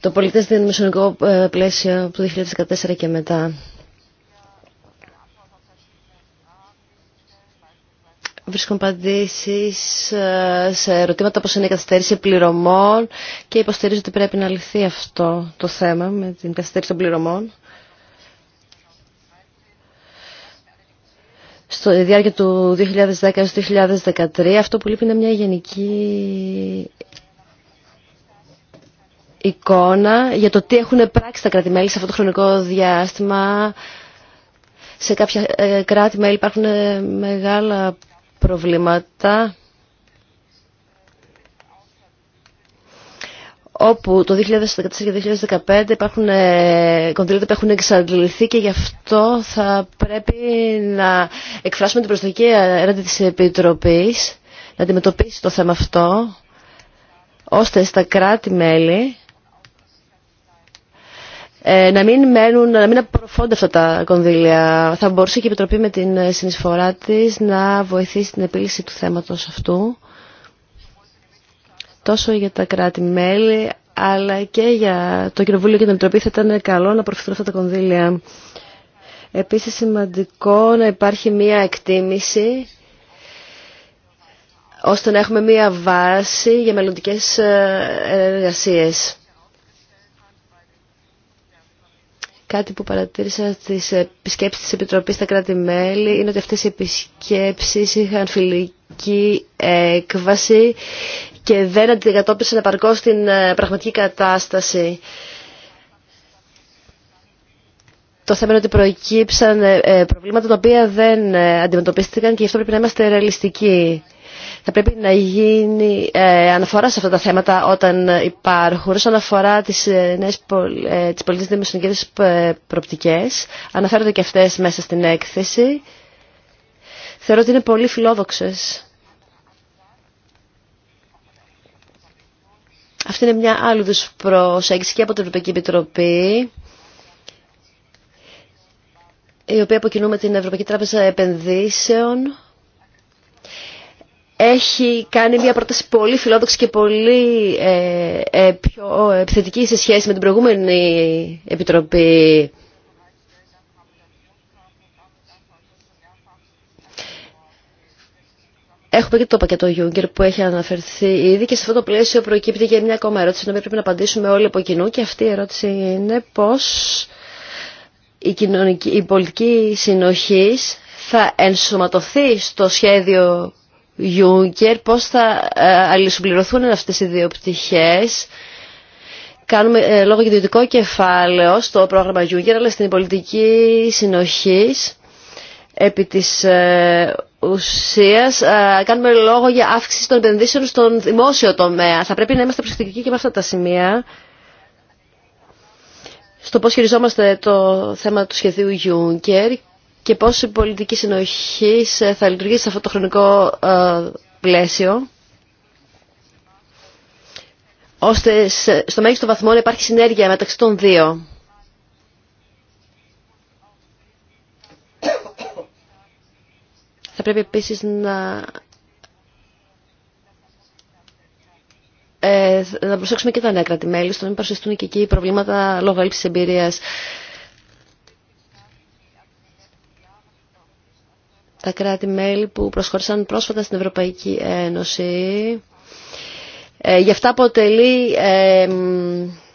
το πολιτές δημοσιονομικό ε, πλαίσιο του 2014 και μετά. βρίσκουν απαντήσει ε, σε ερωτήματα όπως είναι η καθυστέρηση πληρωμών και υποστηρίζω ότι πρέπει να λυθεί αυτό το θέμα με την καθυστέρηση των πληρωμών. Στο διάρκεια του 2010 2013 αυτό που λείπει είναι μια γενική εικόνα για το τι έχουν πράξει τα κρατη σε αυτό το χρονικό διάστημα. Σε κάποια ε, κράτη-μέλη υπάρχουν ε, μεγάλα προβλήματα όπου το 2014 και 2015 υπάρχουν ε, κονδύλια που έχουν εξαντληθεί και γι' αυτό θα πρέπει να εκφράσουμε την προσδοκία έναντι της Επιτροπής να αντιμετωπίσει το θέμα αυτό ώστε στα κράτη-μέλη ε, να μην, μένουν, να μην απορροφώνται αυτά τα κονδύλια. Θα μπορούσε και η Επιτροπή με την ε, συνεισφορά της να βοηθήσει την επίλυση του θέματος αυτού τόσο για τα κράτη-μέλη αλλά και για το Κοινοβούλιο και την Επιτροπή θα ήταν καλό να προφηθούν αυτά τα κονδύλια. Επίσης σημαντικό να υπάρχει μία εκτίμηση ώστε να έχουμε μία βάση για μελλοντικές ε, εργασίες. Κάτι που παρατήρησα στις επισκέψεις της Επιτροπής στα κράτη-μέλη είναι ότι αυτές οι επισκέψεις είχαν φιλική έκβαση και δεν αντικατόπισαν επαρκώς την ε, πραγματική κατάσταση. Το θέμα είναι ότι προκύψαν ε, ε, προβλήματα τα οποία δεν αντιμετωπίστηκαν και γι' αυτό πρέπει να είμαστε ρεαλιστικοί θα πρέπει να γίνει ε, αναφορά σε αυτά τα θέματα όταν υπάρχουν. Όσον αφορά τις, ε, νέες, ε, τις πολιτικές δημοσιονομικές ε, προπτικές, αναφέρονται και αυτές μέσα στην έκθεση. Θεωρώ ότι είναι πολύ φιλόδοξες. Αυτή είναι μια άλλη προσέγγιση και από την Ευρωπαϊκή Επιτροπή η οποία αποκοινούμε την Ευρωπαϊκή Τράπεζα Επενδύσεων έχει κάνει μια πρόταση πολύ φιλόδοξη και πολύ ε, ε, πιο ε, επιθετική σε σχέση με την προηγούμενη Επιτροπή. Έχουμε και το πακέτο Γιούγκερ που έχει αναφερθεί ήδη και σε αυτό το πλαίσιο προκύπτει και μια ακόμα ερώτηση, την πρέπει να απαντήσουμε όλοι από κοινού και αυτή η ερώτηση είναι πώς η, κοινωνική, η πολιτική συνοχής θα ενσωματωθεί στο σχέδιο Γιούγκερ, πώς θα ε, αλληλοσυμπληρωθούν αυτές οι δύο πτυχές. Κάνουμε ε, λόγο για ιδιωτικό κεφάλαιο στο πρόγραμμα Juncker αλλά στην πολιτική συνοχής επί της ε, ουσίας κάνουμε λόγο για αύξηση των επενδύσεων στον δημόσιο τομέα. Θα πρέπει να είμαστε προσεκτικοί και με αυτά τα σημεία στο πώς χειριζόμαστε το θέμα του σχεδίου Juncker και πώς η πολιτική συνοχή θα λειτουργήσει σε αυτό το χρονικό ε, πλαίσιο ώστε στο μέγιστο βαθμό να υπάρχει συνέργεια μεταξύ των δύο. Θα πρέπει επίσης να, ε, να προσέξουμε και τα νέα κράτη-μέλη, στο να μην παρουσιαστούν και εκεί προβλήματα λόγω έλλειψης εμπειρίας. τα κράτη-μέλη που προσχώρησαν πρόσφατα στην Ευρωπαϊκή Ένωση. Ε, γι' αυτά αποτελεί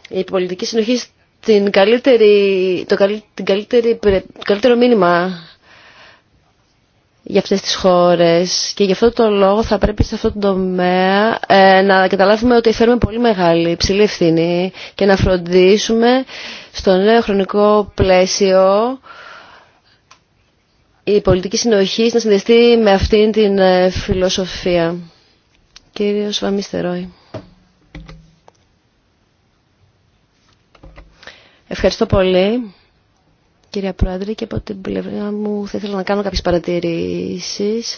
η πολιτική συνοχή την το, καλύτερο μήνυμα για αυτές τις χώρες και γι' αυτό το λόγο θα πρέπει σε αυτό το τομέα ε, να καταλάβουμε ότι φέρουμε πολύ μεγάλη υψηλή ευθύνη και να φροντίσουμε στο νέο χρονικό πλαίσιο η πολιτική συνοχή να συνδεθεί με αυτήν την ε, φιλοσοφία. Κύριος Βαμίστερόη. Ευχαριστώ πολύ. Κυρία Πρόεδρε, και από την πλευρά μου θα ήθελα να κάνω κάποιες παρατηρήσεις.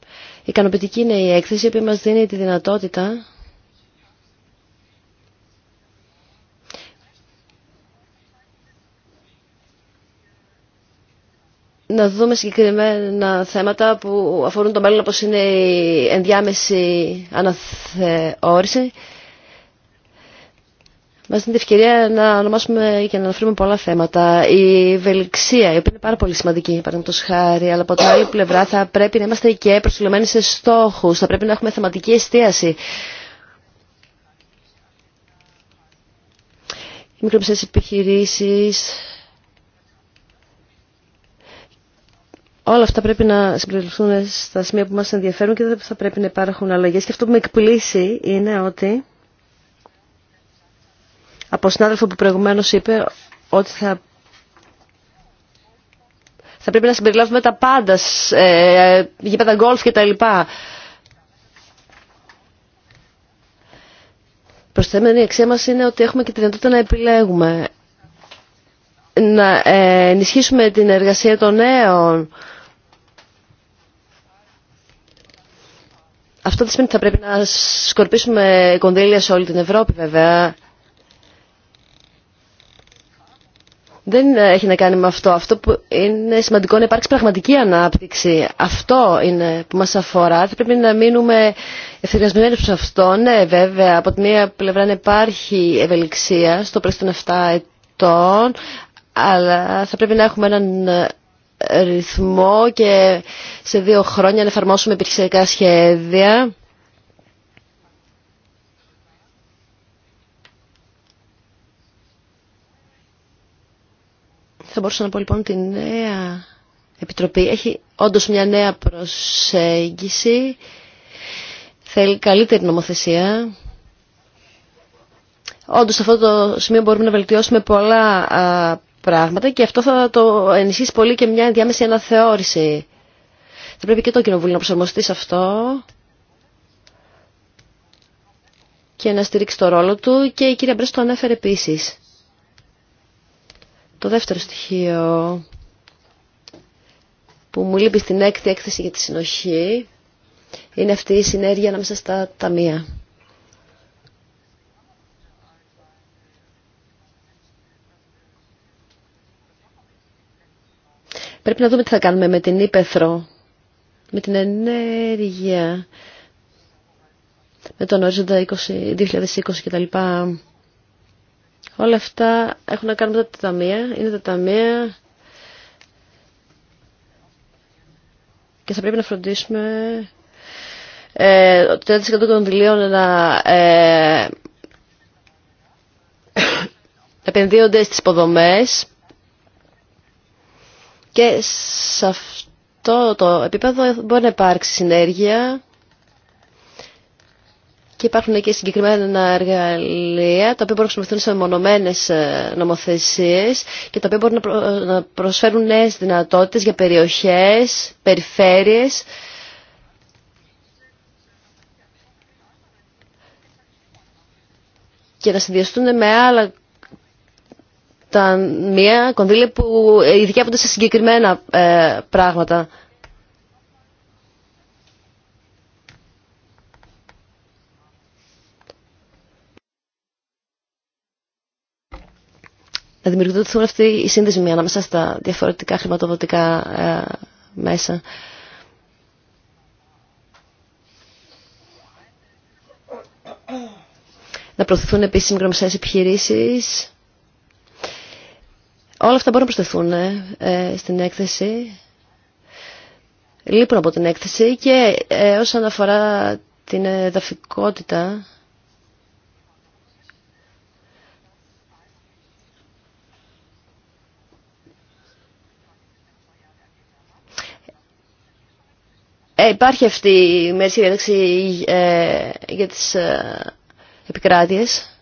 Η ικανοποιητική είναι η έκθεση οποία μας δίνει τη δυνατότητα να δούμε συγκεκριμένα θέματα που αφορούν το μέλλον όπως είναι η ενδιάμεση αναθεώρηση. Μας δίνει την ευκαιρία να ονομάσουμε και να αναφέρουμε πολλά θέματα. Η ευελιξία, η οποία είναι πάρα πολύ σημαντική, παραδείγματο χάρη, αλλά από την άλλη πλευρά θα πρέπει να είμαστε και προσυλλομένοι σε στόχους, θα πρέπει να έχουμε θεματική εστίαση. Οι μικρομεσαίες επιχειρήσει. Όλα αυτά πρέπει να συμπεριληφθούν στα σημεία που μας ενδιαφέρουν και δεν θα πρέπει να υπάρχουν αλλαγές. Και αυτό που με εκπλήσει είναι ότι από συνάδελφο που προηγουμένως είπε ότι θα θα πρέπει να συμπεριλάβουμε τα πάντα, ε, γήπεδα γκολφ και τα λοιπά. Προσθέμενη αξία μας είναι ότι έχουμε και τη δυνατότητα να επιλέγουμε. Να ε, ενισχύσουμε την εργασία των νέων, Αυτό δεν σημαίνει ότι θα πρέπει να σκορπίσουμε κονδύλια σε όλη την Ευρώπη βέβαια. Δεν έχει να κάνει με αυτό. Αυτό που είναι σημαντικό είναι να υπάρξει πραγματική ανάπτυξη. Αυτό είναι που μας αφορά. Θα πρέπει να μείνουμε ευθυγραμμισμένοι προς αυτό. Ναι, βέβαια, από τη μία πλευρά υπάρχει ευελιξία στο πλαίσιο των 7 ετών, αλλά θα πρέπει να έχουμε έναν ρυθμό και σε δύο χρόνια να εφαρμόσουμε επιχειρησιακά σχέδια. Θα μπορούσα να πω λοιπόν τη νέα επιτροπή. Έχει όντως μια νέα προσέγγιση. Θέλει καλύτερη νομοθεσία. Όντως σε αυτό το σημείο μπορούμε να βελτιώσουμε πολλά πράγματα και αυτό θα το ενισχύσει πολύ και μια ενδιάμεση αναθεώρηση. Θα πρέπει και το Κοινοβούλιο να προσαρμοστεί σε αυτό και να στηρίξει το ρόλο του και η κυρία Μπρέστο το ανέφερε επίσης. Το δεύτερο στοιχείο που μου λείπει στην έκτη έκθεση για τη συνοχή είναι αυτή η συνέργεια ανάμεσα στα ταμεία. Πρέπει να δούμε τι θα κάνουμε με την ύπεθρο, με την ενέργεια, με τον ορίζοντα 20, 2020 κτλ. Όλα αυτά έχουν να κάνουν με τα ταμεία. Είναι τα ταμεία και θα πρέπει να φροντίσουμε ε, το 30% των δηλίων να ε, <coughs> επενδύονται στις υποδομές και σε αυτό το επίπεδο μπορεί να υπάρξει συνέργεια και υπάρχουν και συγκεκριμένα εργαλεία τα οποία μπορούν να χρησιμοποιηθούν σε μονομένες ε, νομοθεσίες και τα οποία μπορούν να προσφέρουν νέες δυνατότητες για περιοχές, περιφέρειες και να συνδυαστούν με άλλα τα μία κονδύλια που ειδικεύονται σε συγκεκριμένα ε, πράγματα. Να δημιουργηθούν αυτοί οι σύνδεσμοι ανάμεσα στα διαφορετικά χρηματοδοτικά ε, μέσα. Να προωθηθούν επίσης μικρομεσαίες επιχειρήσεις. Όλα αυτά μπορούν να προσθεθούν ε, ε, στην έκθεση. Λείπουν από την έκθεση και ε, όσον αφορά την εδαφικότητα, Ε, υπάρχει αυτή η μέση διάταξη ε, για τις επικράτειες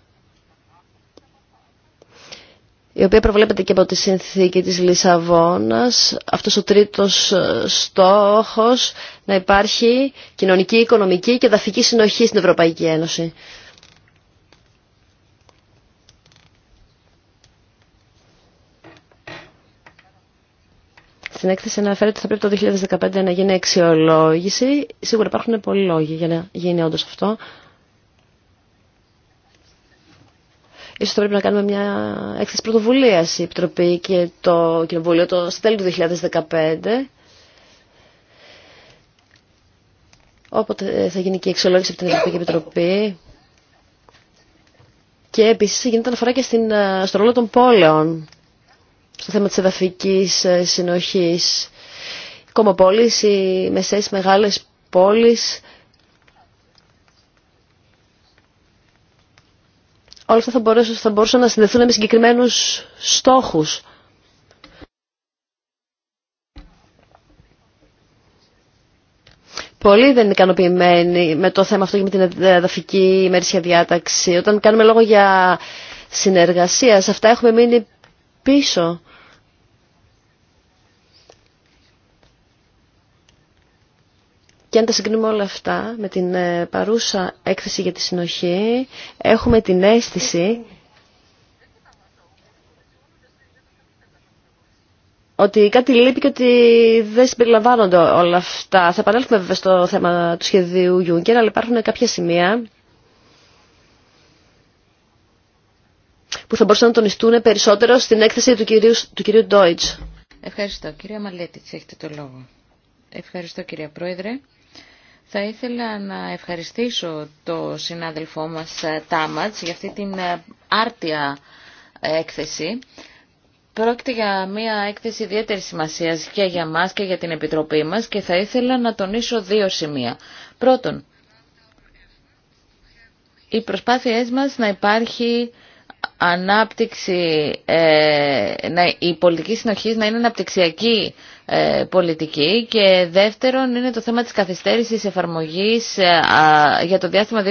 η οποία προβλέπεται και από τη συνθήκη της Λισαβόνας, αυτός ο τρίτος ε, στόχος να υπάρχει κοινωνική, οικονομική και δαφική συνοχή στην Ευρωπαϊκή Ένωση. Στην έκθεση αναφέρεται ότι θα πρέπει το 2015 να γίνει αξιολόγηση. Σίγουρα υπάρχουν πολλοί λόγοι για να γίνει όντως αυτό. Ίσως θα πρέπει να κάνουμε μια έκθεση πρωτοβουλίας η Επιτροπή και το Κοινοβούλιο το, στα του 2015. Όποτε θα γίνει και η εξολόγηση από την Ευρωπαϊκή Επιτροπή. Και επίσης γίνεται αναφορά και στην, στο ρόλο των πόλεων στο θέμα της εδαφικής ε, συνοχής. Κομοπόλεις, οι μεσαίες μεγάλες πόλεις όλα αυτά θα μπορούσαν, θα μπορούσαν να συνδεθούν με συγκεκριμένου στόχους. Πολλοί δεν είναι ικανοποιημένοι με το θέμα αυτό και με την εδαφική ημερήσια διάταξη. Όταν κάνουμε λόγο για συνεργασία, σε αυτά έχουμε μείνει πίσω. Και αν τα συγκρίνουμε όλα αυτά με την ε, παρούσα έκθεση για τη συνοχή, έχουμε την αίσθηση ότι κάτι λείπει και ότι δεν συμπεριλαμβάνονται όλα αυτά. Θα επανέλθουμε βέβαια στο θέμα του σχεδίου Juncker, αλλά υπάρχουν κάποια σημεία που θα μπορούσαν να τονιστούν περισσότερο στην έκθεση του κυρίου, του κυρίου Deutsch. Ευχαριστώ. Κυρία Μαλέτη, έχετε το λόγο. Ευχαριστώ κυρία Πρόεδρε. Θα ήθελα να ευχαριστήσω το συνάδελφό μας ε, Τάματς για αυτή την ε, άρτια ε, έκθεση. Πρόκειται για μια έκθεση ιδιαίτερη σημασία και για μας και για την Επιτροπή μας και θα ήθελα να τονίσω δύο σημεία. Πρώτον, οι προσπάθειές μας να υπάρχει ανάπτυξη, ε, η πολιτική συνοχής να είναι αναπτυξιακή ε, πολιτική και δεύτερον είναι το θέμα της καθυστέρησης εφαρμογής ε, για το διάστημα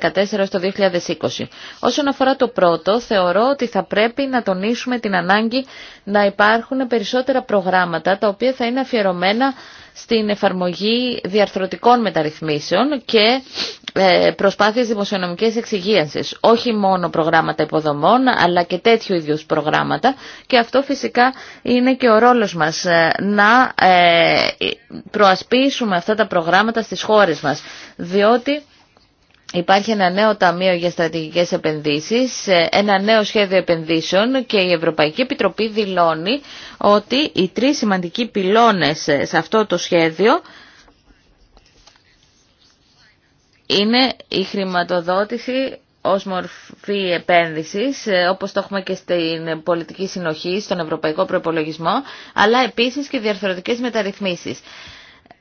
2014 έως το 2020. Όσον αφορά το πρώτο, θεωρώ ότι θα πρέπει να τονίσουμε την ανάγκη να υπάρχουν περισσότερα προγράμματα τα οποία θα είναι αφιερωμένα στην εφαρμογή διαρθρωτικών μεταρρυθμίσεων και ε, προσπάθειες δημοσιονομικής εξυγίανσης, όχι μόνο προγράμματα υποδομών, αλλά και τέτοιου ίδιους προγράμματα και αυτό φυσικά είναι και ο ρόλος μας, ε, να ε, προασπίσουμε αυτά τα προγράμματα στις χώρες μας, διότι... Υπάρχει ένα νέο ταμείο για στρατηγικές επενδύσεις, ένα νέο σχέδιο επενδύσεων και η Ευρωπαϊκή Επιτροπή δηλώνει ότι οι τρεις σημαντικοί πυλώνες σε αυτό το σχέδιο είναι η χρηματοδότηση ως μορφή επένδυσης, ε, όπως το έχουμε και στην πολιτική συνοχή, στον ευρωπαϊκό προπολογισμό, αλλά επίσης και διαρθρωτικές μεταρρυθμίσεις.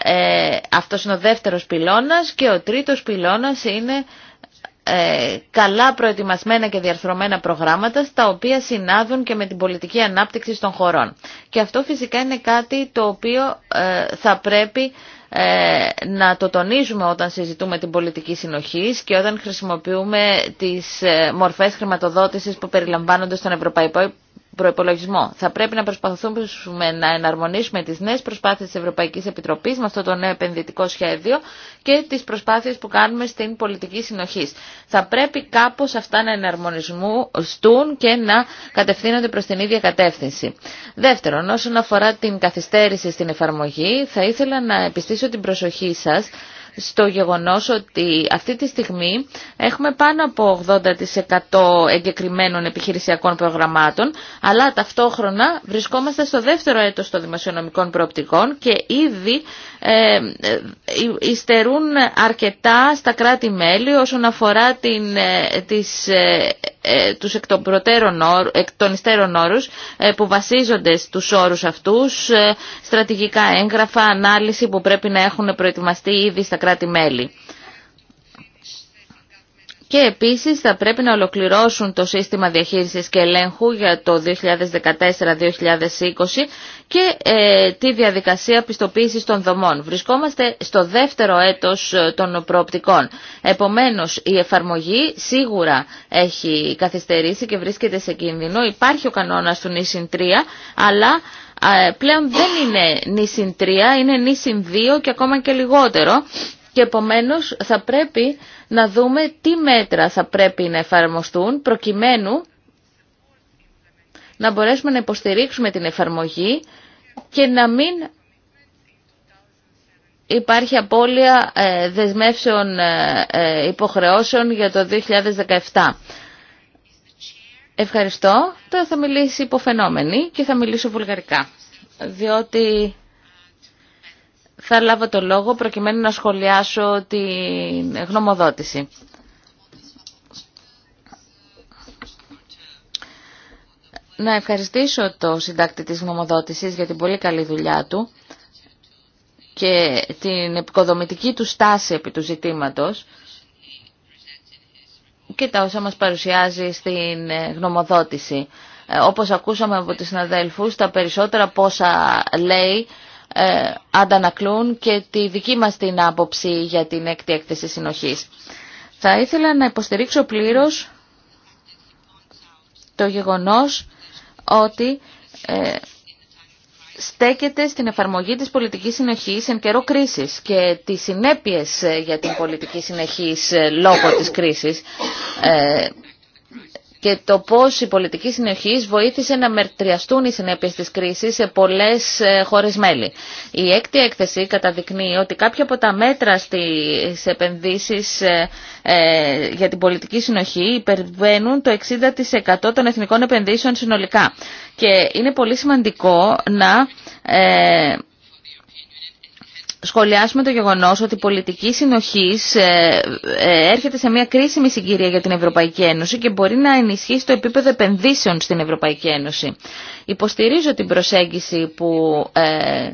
Ε, αυτός είναι ο δεύτερος πυλώνας και ο τρίτος πυλώνας είναι ε, καλά προετοιμασμένα και διαρθρωμένα προγράμματα τα οποία συνάδουν και με την πολιτική ανάπτυξη των χωρών. Και αυτό φυσικά είναι κάτι το οποίο ε, θα πρέπει ε, να το τονίζουμε όταν συζητούμε την πολιτική συνοχή και όταν χρησιμοποιούμε τις ε, μορφές χρηματοδότησης που περιλαμβάνονται στον Ευρωπαϊκό θα πρέπει να προσπαθούμε να εναρμονίσουμε τις νέε προσπάθειες τη Ευρωπαϊκής Επιτροπής με αυτό το νέο επενδυτικό σχέδιο και τις προσπάθειες που κάνουμε στην πολιτική συνοχή. Θα πρέπει κάπως αυτά να εναρμονιστούν και να κατευθύνονται προς την ίδια κατεύθυνση. Δεύτερον, όσον αφορά την καθυστέρηση στην εφαρμογή, θα ήθελα να επιστήσω την προσοχή σα στο γεγονός ότι αυτή τη στιγμή έχουμε πάνω από 80% εγκεκριμένων επιχειρησιακών προγραμμάτων, αλλά ταυτόχρονα βρισκόμαστε στο δεύτερο έτος των δημοσιονομικών προοπτικών και ήδη ε, ε υστερούν αρκετά στα κράτη-μέλη όσον αφορά την, ε, τις ε, ε, τους εκ των, όρους ε, που βασίζονται στους όρους αυτούς, ε, στρατηγικά έγγραφα, ανάλυση που πρέπει να έχουν προετοιμαστεί ήδη στα κράτη-μέλη. Και επίσης θα πρέπει να ολοκληρώσουν το σύστημα διαχείρισης και ελέγχου για το 2014-2020 και ε, τη διαδικασία πιστοποίησης των δομών. Βρισκόμαστε στο δεύτερο έτος ε, των προοπτικών. Επομένως, η εφαρμογή σίγουρα έχει καθυστερήσει και βρίσκεται σε κίνδυνο. Υπάρχει ο κανόνας του νησιν 3, αλλά ε, πλέον δεν είναι νησιν 3, είναι νησιν 2 και ακόμα και λιγότερο και επομένως θα πρέπει να δούμε τι μέτρα θα πρέπει να εφαρμοστούν προκειμένου να μπορέσουμε να υποστηρίξουμε την εφαρμογή και να μην υπάρχει απώλεια ε, δεσμεύσεων ε, ε, υποχρεώσεων για το 2017. Ευχαριστώ. Τώρα θα μιλήσει υποφαινόμενη και θα μιλήσω βουλγαρικά. Διότι θα λάβω το λόγο προκειμένου να σχολιάσω την γνωμοδότηση. Να ευχαριστήσω το συντάκτη της γνωμοδότησης για την πολύ καλή δουλειά του και την επικοδομητική του στάση επί του ζητήματος και τα όσα μας παρουσιάζει στην γνωμοδότηση. Ε, όπως ακούσαμε από τις συναδέλφους, τα περισσότερα πόσα λέει ε, αντανακλούν και τη δική μας την άποψη για την έκτη έκθεση συνοχής. Θα ήθελα να υποστηρίξω πλήρως το γεγονός ότι ε, στέκεται στην εφαρμογή της πολιτικής συνοχής εν καιρό κρίσης και τις συνέπειες ε, για την πολιτική συνοχής λόγω της κρίσης και το πώς η πολιτική συνοχή βοήθησε να μετριαστούν οι συνέπειες της κρίσης σε πολλές ε, χώρες μέλη. Η έκτη έκθεση καταδεικνύει ότι κάποια από τα μέτρα στις επενδύσεις ε, ε, για την πολιτική συνοχή υπερβαίνουν το 60% των εθνικών επενδύσεων συνολικά. Και είναι πολύ σημαντικό να σχολιάσουμε το γεγονός ότι η πολιτική συνοχής ε, ε, έρχεται σε μια κρίσιμη συγκυρία για την Ευρωπαϊκή Ένωση και μπορεί να ενισχύσει το επίπεδο επενδύσεων στην Ευρωπαϊκή Ένωση. Υποστηρίζω την προσέγγιση που ε,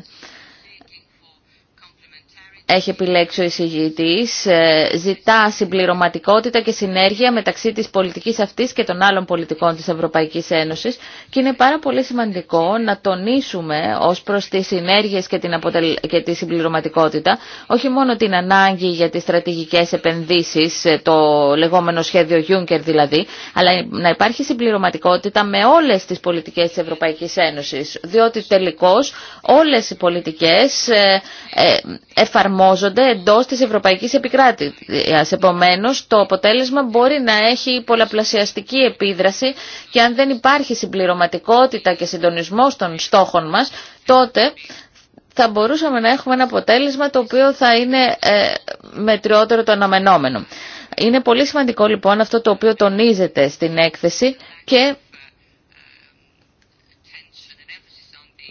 έχει επιλέξει ο εισηγητής ε, ζητά συμπληρωματικότητα και συνέργεια μεταξύ της πολιτικής αυτής και των άλλων πολιτικών της Ευρωπαϊκής Ένωσης και είναι πάρα πολύ σημαντικό να τονίσουμε ως προς τις συνέργειες και, την και τη συμπληρωματικότητα όχι μόνο την ανάγκη για τις στρατηγικές επενδύσεις, ε, το λεγόμενο σχέδιο Juncker δηλαδή, αλλά να υπάρχει συμπληρωματικότητα με όλες τις πολιτικές της Ευρωπαϊκής Ένωσης, διότι τελικώς όλες οι πολιτικές ε, εφαρμόζονται εφαρμόζονται εντός της ευρωπαϊκής επικράτειας. Επομένως, το αποτέλεσμα μπορεί να έχει πολλαπλασιαστική επίδραση και αν δεν υπάρχει συμπληρωματικότητα και συντονισμός των στόχων μας, τότε θα μπορούσαμε να έχουμε ένα αποτέλεσμα το οποίο θα είναι ε, μετριότερο το αναμενόμενο. Είναι πολύ σημαντικό λοιπόν αυτό το οποίο τονίζεται στην έκθεση και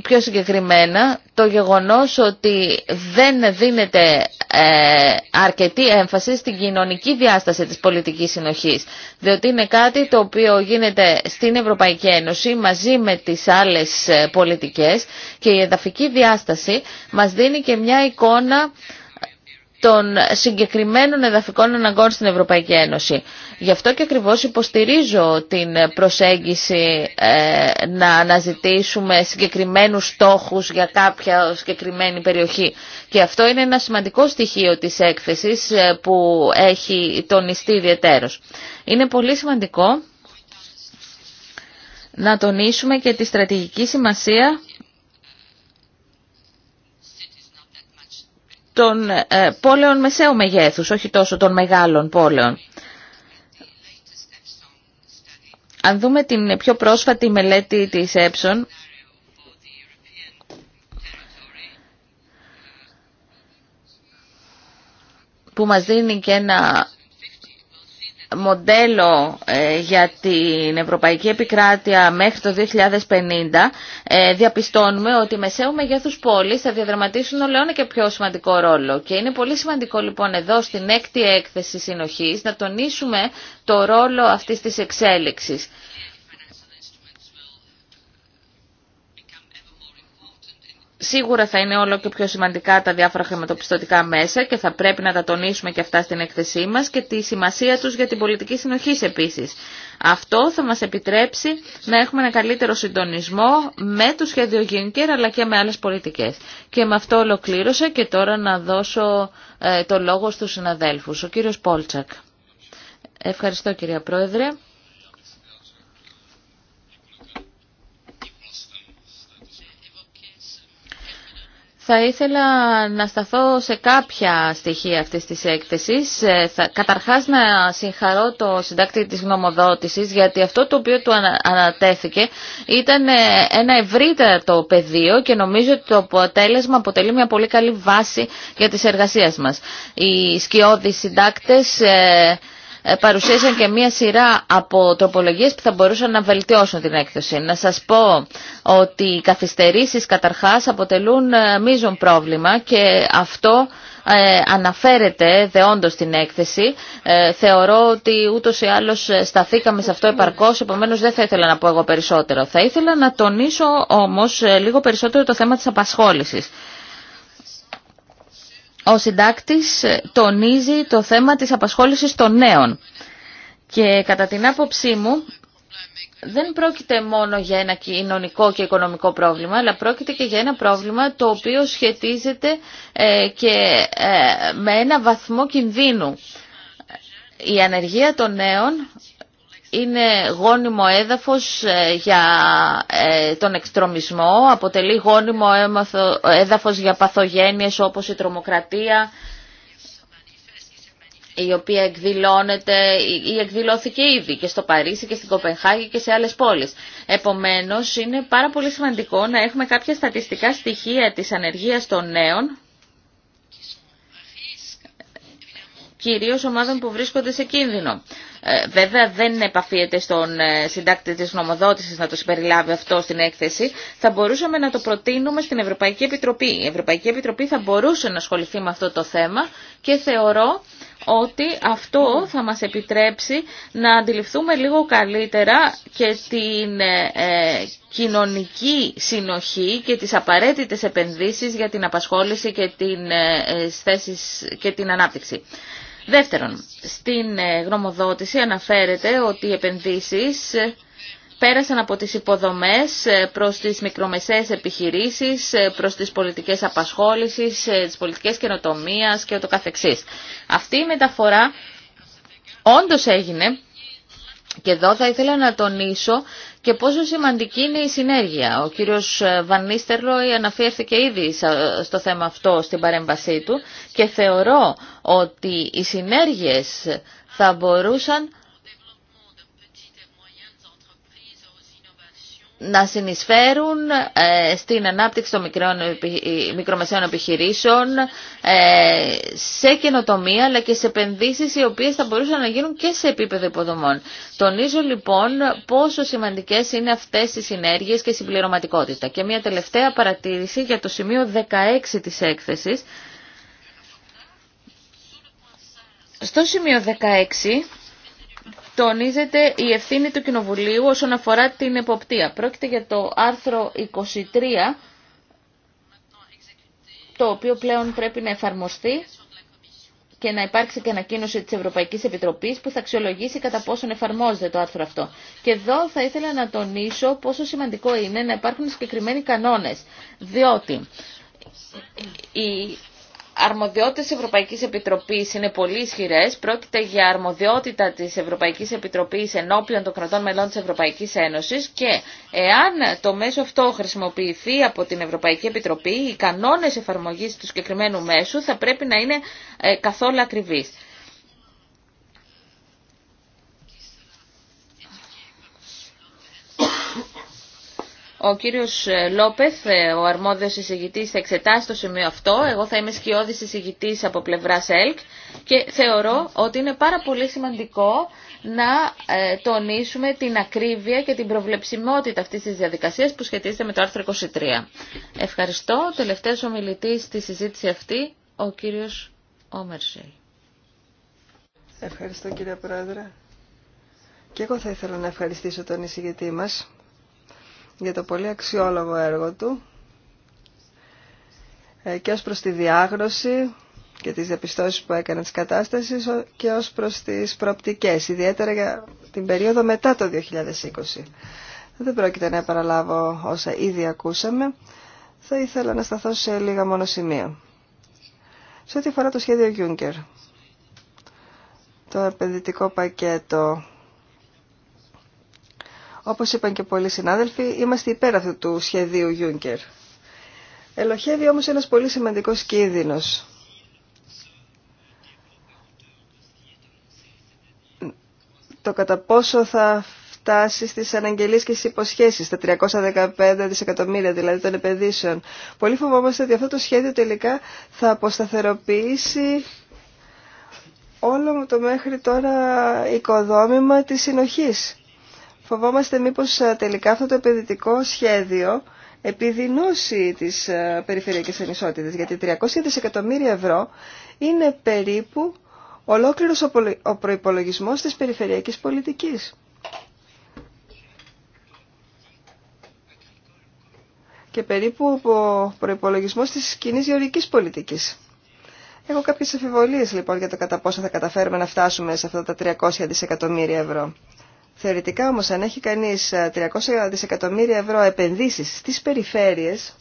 πιο συγκεκριμένα το γεγονός ότι δεν δίνεται ε, αρκετή έμφαση στην κοινωνική διάσταση της πολιτικής συνοχής, διότι είναι κάτι το οποίο γίνεται στην Ευρωπαϊκή Ένωση μαζί με τις άλλες ε, πολιτικές και η εδαφική διάσταση μας δίνει και μια εικόνα των συγκεκριμένων εδαφικών αναγκών στην Ευρωπαϊκή Ένωση. Γι' αυτό και ακριβώς υποστηρίζω την προσέγγιση ε, να αναζητήσουμε συγκεκριμένους στόχους για κάποια συγκεκριμένη περιοχή. Και αυτό είναι ένα σημαντικό στοιχείο της έκθεσης ε, που έχει τονιστεί ιδιαιτέρως. Είναι πολύ σημαντικό να τονίσουμε και τη στρατηγική σημασία των ε, πόλεων μεσαίου μεγέθους, όχι τόσο των μεγάλων πόλεων. Αν δούμε την πιο πρόσφατη μελέτη της Epson, που μας δίνει και ένα μοντέλο ε, για την Ευρωπαϊκή Επικράτεια μέχρι το 2050 ε, διαπιστώνουμε ότι οι μεσαίου μεγέθους πόλεις θα διαδραματίσουν όλο και πιο σημαντικό ρόλο. Και είναι πολύ σημαντικό λοιπόν εδώ στην έκτη έκθεση συνοχής να τονίσουμε το ρόλο αυτής της εξέλιξης. Σίγουρα θα είναι όλο και πιο σημαντικά τα διάφορα χρηματοπιστωτικά μέσα και θα πρέπει να τα τονίσουμε και αυτά στην έκθεσή μας και τη σημασία τους για την πολιτική συνοχής επίσης. Αυτό θα μας επιτρέψει να έχουμε ένα καλύτερο συντονισμό με το σχέδιο Γίνκερ αλλά και με άλλες πολιτικές. Και με αυτό ολοκλήρωσα και τώρα να δώσω ε, το λόγο στους συναδέλφους. Ο κύριος Πόλτσακ. Ευχαριστώ κυρία Πρόεδρε. Θα ήθελα να σταθώ σε κάποια στοιχεία αυτής της έκθεσης. Ε, θα, καταρχάς να συγχαρώ το συντάκτη της γνωμοδότησης γιατί αυτό το οποίο του ανατέθηκε ήταν ε, ένα ευρύτερο πεδίο και νομίζω ότι το αποτέλεσμα αποτελεί μια πολύ καλή βάση για τις εργασίες μας. Οι σκιώδεις συντάκτες... Ε, ε, παρουσίασαν και μία σειρά από τροπολογίες που θα μπορούσαν να βελτιώσουν την έκθεση. Να σας πω ότι οι καθυστερήσεις καταρχάς αποτελούν ε, μείζον πρόβλημα και αυτό ε, αναφέρεται δεόντως στην έκθεση. θεωρώ ότι ούτως ή άλλως σταθήκαμε σε αυτό επαρκώς, επομένως δεν θα ήθελα να πω εγώ περισσότερο. Θα ήθελα να τονίσω όμως λίγο περισσότερο το θέμα της απασχόλησης ο συντάκτης τονίζει το θέμα της απασχόλησης των νέων. Και κατά την άποψή μου δεν πρόκειται μόνο για ένα κοινωνικό και οικονομικό πρόβλημα, αλλά πρόκειται και για ένα πρόβλημα το οποίο σχετίζεται ε, και ε, με ένα βαθμό κινδύνου. Η ανεργία των νέων είναι γόνιμο έδαφος ε, για ε, τον εξτρομισμό, αποτελεί γόνιμο έδαφος για παθογένειες όπως η τρομοκρατία, η οποία εκδηλώνεται ή εκδηλώθηκε ήδη και στο Παρίσι και στην Κοπενχάγη και σε άλλες πόλεις. Επομένως, είναι πάρα πολύ σημαντικό να έχουμε κάποια στατιστικά στοιχεία της ανεργίας των νέων κυρίως ομάδων που βρίσκονται σε κίνδυνο. Ε, βέβαια δεν επαφίεται στον ε, συντάκτη της νομοδότησης να το συμπεριλάβει αυτό στην έκθεση. Θα μπορούσαμε να το προτείνουμε στην Ευρωπαϊκή Επιτροπή. Η Ευρωπαϊκή Επιτροπή θα μπορούσε να ασχοληθεί με αυτό το θέμα και θεωρώ ότι αυτό θα μας επιτρέψει να αντιληφθούμε λίγο καλύτερα και την ε, κοινωνική συνοχή και τις απαραίτητες επενδύσεις για την απασχόληση και την, και την ανάπτυξη. Δεύτερον, στην ε, γνωμοδότηση αναφέρεται ότι οι επενδύσεις ε, πέρασαν από τις υποδομές ε, προς τις μικρομεσαίες επιχειρήσεις, προς τις πολιτικές απασχόλησης, τις πολιτικές καινοτομίας και ούτω καθεξής. Αυτή η μεταφορά όντως έγινε και εδώ θα ήθελα να τονίσω και πόσο σημαντική είναι η συνέργεια. Ο κύριος Βανίστερλοϊ αναφέρθηκε ήδη στο θέμα αυτό στην παρέμβασή του και θεωρώ ότι οι συνέργειες θα μπορούσαν να συνεισφέρουν ε, στην ανάπτυξη των μικρών, μικρομεσαίων επιχειρήσεων ε, σε καινοτομία αλλά και σε επενδύσεις οι οποίες θα μπορούσαν να γίνουν και σε επίπεδο υποδομών. Τονίζω λοιπόν πόσο σημαντικές είναι αυτές οι συνέργειες και η συμπληρωματικότητα. Και μια τελευταία παρατήρηση για το σημείο 16 της έκθεσης. Στο σημείο 16 τονίζεται η ευθύνη του Κοινοβουλίου όσον αφορά την εποπτεία. Πρόκειται για το άρθρο 23, το οποίο πλέον πρέπει να εφαρμοστεί και να υπάρξει και ανακοίνωση της Ευρωπαϊκής Επιτροπής που θα αξιολογήσει κατά πόσον εφαρμόζεται το άρθρο αυτό. Και εδώ θα ήθελα να τονίσω πόσο σημαντικό είναι να υπάρχουν συγκεκριμένοι κανόνες, διότι η αρμοδιότητες Ευρωπαϊκής Επιτροπής είναι πολύ ισχυρέ. Πρόκειται για αρμοδιότητα της Ευρωπαϊκής Επιτροπής ενώπιον των κρατών μελών της Ευρωπαϊκής Ένωσης και εάν το μέσο αυτό χρησιμοποιηθεί από την Ευρωπαϊκή Επιτροπή, οι κανόνες εφαρμογής του συγκεκριμένου μέσου θα πρέπει να είναι ε, καθόλου ακριβείς. Ο κύριος ε, Λόπεθ, ε, ο αρμόδιος εισηγητής, θα εξετάσει το σημείο αυτό. Εγώ θα είμαι σκιώδης εισηγητής από πλευράς ΕΛΚ και θεωρώ ότι είναι πάρα πολύ σημαντικό να ε, τονίσουμε την ακρίβεια και την προβλεψιμότητα αυτής της διαδικασίας που σχετίζεται με το άρθρο 23. Ευχαριστώ. Τελευταίος ομιλητή στη συζήτηση αυτή, ο κύριος Όμερσελ. Ευχαριστώ κύριε Πρόεδρε. Και εγώ θα ήθελα να ευχαριστήσω τον εισηγητή μας για το πολύ αξιόλογο έργο του ε, και ως προς τη διάγνωση και τις διαπιστώσεις που έκανε της κατάστασης και ως προς τις προοπτικές, ιδιαίτερα για την περίοδο μετά το 2020. Δεν πρόκειται να επαναλάβω όσα ήδη ακούσαμε. Θα ήθελα να σταθώ σε λίγα μόνο σημεία. Σε ό,τι αφορά το σχέδιο Juncker, το επενδυτικό πακέτο όπως είπαν και πολλοί συνάδελφοι, είμαστε υπέρ αυτού του σχεδίου Juncker. Ελοχεύει όμως ένας πολύ σημαντικός κίνδυνος. Το κατά πόσο θα φτάσει στις αναγγελίες και στις υποσχέσεις, τα 315 δισεκατομμύρια δηλαδή των επενδύσεων. Πολύ φοβόμαστε ότι αυτό το σχέδιο τελικά θα αποσταθεροποιήσει όλο το μέχρι τώρα οικοδόμημα της συνοχής φοβόμαστε μήπως ε, τελικά αυτό το επενδυτικό σχέδιο επιδεινώσει τις ε, περιφερειακές ανισότητες, γιατί 300 δισεκατομμύρια ευρώ είναι περίπου ολόκληρος ο προϋπολογισμός της περιφερειακής πολιτικής. και περίπου ο προϋπολογισμός της κοινή γεωργικής πολιτικής. Έχω κάποιες αφιβολίες λοιπόν για το κατά πόσο θα καταφέρουμε να φτάσουμε σε αυτά τα 300 δισεκατομμύρια ευρώ. Θεωρητικά όμως αν έχει κανείς 300 ε, δισεκατομμύρια ευρώ επενδύσεις στις περιφέρειες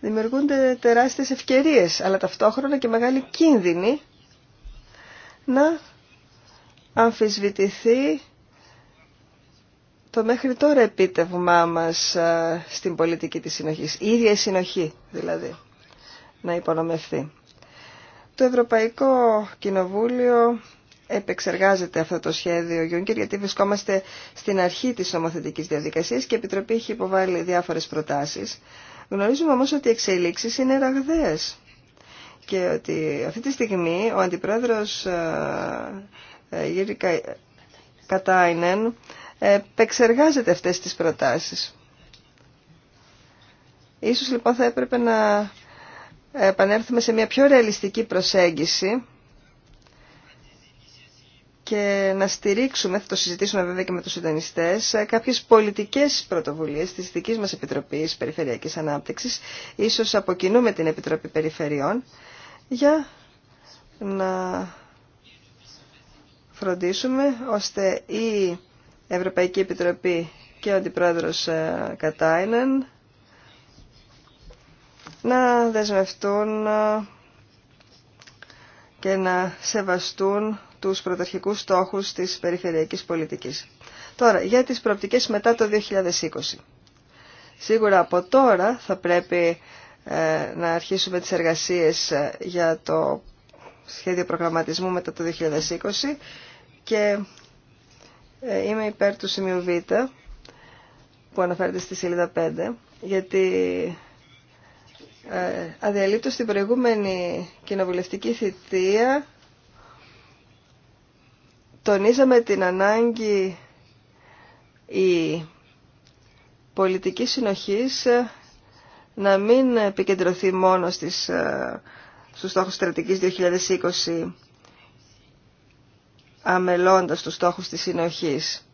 δημιουργούνται τεράστιες ευκαιρίες αλλά ταυτόχρονα και μεγάλη κίνδυνη να αμφισβητηθεί το μέχρι τώρα επίτευγμά μας ε, στην πολιτική της συνοχής. Η ίδια η συνοχή δηλαδή να υπονομευθεί. Το Ευρωπαϊκό Κοινοβούλιο επεξεργάζεται αυτό το σχέδιο Γιούνκερ γιατί βρισκόμαστε στην αρχή της νομοθετικής διαδικασίας και η Επιτροπή έχει υποβάλει διάφορες προτάσεις. Γνωρίζουμε όμως ότι οι εξελίξεις είναι ραγδαίες και ότι αυτή τη στιγμή ο Αντιπρόεδρος ε, ε, κατά Κατάινεν επεξεργάζεται αυτές τις προτάσεις. Ίσως λοιπόν θα έπρεπε να επανέλθουμε σε μια πιο ρεαλιστική προσέγγιση και να στηρίξουμε, θα το συζητήσουμε βέβαια και με τους συντονιστές, ε, κάποιες πολιτικές πρωτοβουλίες της δικής μας Επιτροπής Περιφερειακής Ανάπτυξης, ίσως αποκινούμε την Επιτροπή Περιφερειών, για να φροντίσουμε ώστε η Ευρωπαϊκή Επιτροπή και ο Αντιπρόεδρος ε, Κατάινεν να δεσμευτούν ε, και να σεβαστούν τους πρωταρχικούς στόχους της περιφερειακής πολιτικής. Τώρα, για τις προοπτικές μετά το 2020. Σίγουρα από τώρα θα πρέπει ε, να αρχίσουμε τις εργασίες ε, για το σχέδιο προγραμματισμού μετά το 2020 και ε, είμαι υπέρ του σημείου Β που αναφέρεται στη σελίδα 5 γιατί ε, αδιαλείπτω στην προηγούμενη κοινοβουλευτική θητεία τονίζαμε την ανάγκη η πολιτική συνοχής να μην επικεντρωθεί μόνο στις, ε, στους στόχους στρατηγικής 2020 αμελώντας τους στόχους της συνοχής,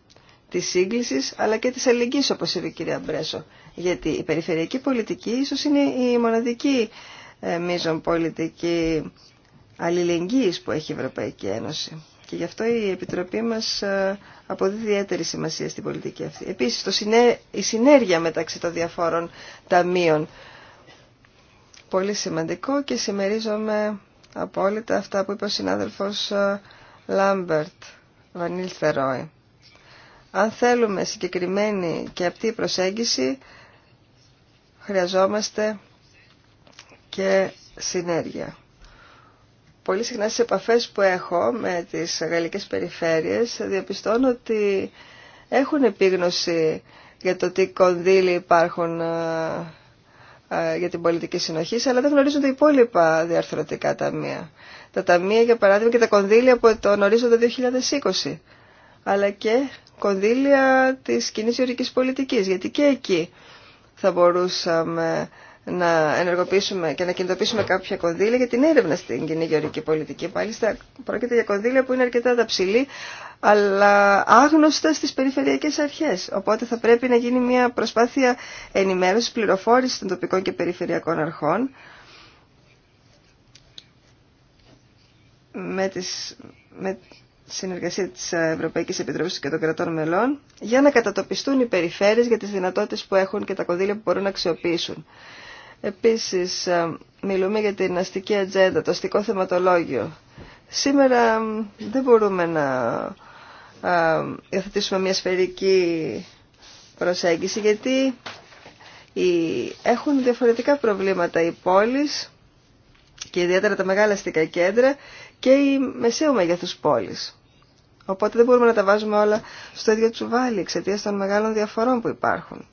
της σύγκλησης αλλά και της αλληλεγγύης όπως είπε η κυρία Μπρέσο. Γιατί η περιφερειακή πολιτική ίσως είναι η μοναδική ε, μείζον πολιτική αλληλεγγύης που έχει η Ευρωπαϊκή Ένωση. Και γι' αυτό η Επιτροπή μας ε, αποδίδει ιδιαίτερη σημασία στην πολιτική αυτή. Επίσης, το συνέ... η συνέργεια μεταξύ των διαφόρων ταμείων. Πολύ σημαντικό και συμμερίζομαι απόλυτα αυτά που είπε ο συνάδελφος ε, Λάμπερτ Βανίλ Αν θέλουμε συγκεκριμένη και αυτή προσέγγιση, χρειαζόμαστε και συνέργεια πολύ συχνά στις επαφές που έχω με τις γαλλικές περιφέρειες διαπιστώνω ότι έχουν επίγνωση για το τι κονδύλοι υπάρχουν ε, ε, για την πολιτική συνοχή, αλλά δεν γνωρίζουν τα υπόλοιπα διαρθρωτικά ταμεία. Τα ταμεία, για παράδειγμα, και τα κονδύλια που τον ορίζοντα 2020, αλλά και κονδύλια της κοινή ιωρικής πολιτικής, γιατί και εκεί θα μπορούσαμε να ενεργοποιήσουμε και να κινητοποιήσουμε κάποια κονδύλια για την έρευνα στην κοινή γεωρική πολιτική. Μάλιστα, πρόκειται για κονδύλια που είναι αρκετά ταψιλή, αλλά άγνωστα στι περιφερειακέ αρχέ. Οπότε θα πρέπει να γίνει μια προσπάθεια ενημέρωση, πληροφόρηση των τοπικών και περιφερειακών αρχών. Με, τις, με συνεργασία της Ευρωπαϊκής Επιτροπής και των κρατών μελών για να κατατοπιστούν οι περιφέρειες για τις δυνατότητες που έχουν και τα κονδύλια που μπορούν να αξιοποιήσουν. Επίσης, ε, μιλούμε για την αστική ατζέντα, το αστικό θεματολόγιο. Σήμερα δεν μπορούμε να ε, υιοθετήσουμε μια σφαιρική προσέγγιση, γιατί έχουν διαφορετικά προβλήματα οι πόλεις και ιδιαίτερα τα μεγάλα αστικά κέντρα και οι μεσαίου μεγέθους πόλεις. Οπότε δεν μπορούμε να τα βάζουμε όλα στο ίδιο τσουβάλι εξαιτία των μεγάλων διαφορών που υπάρχουν.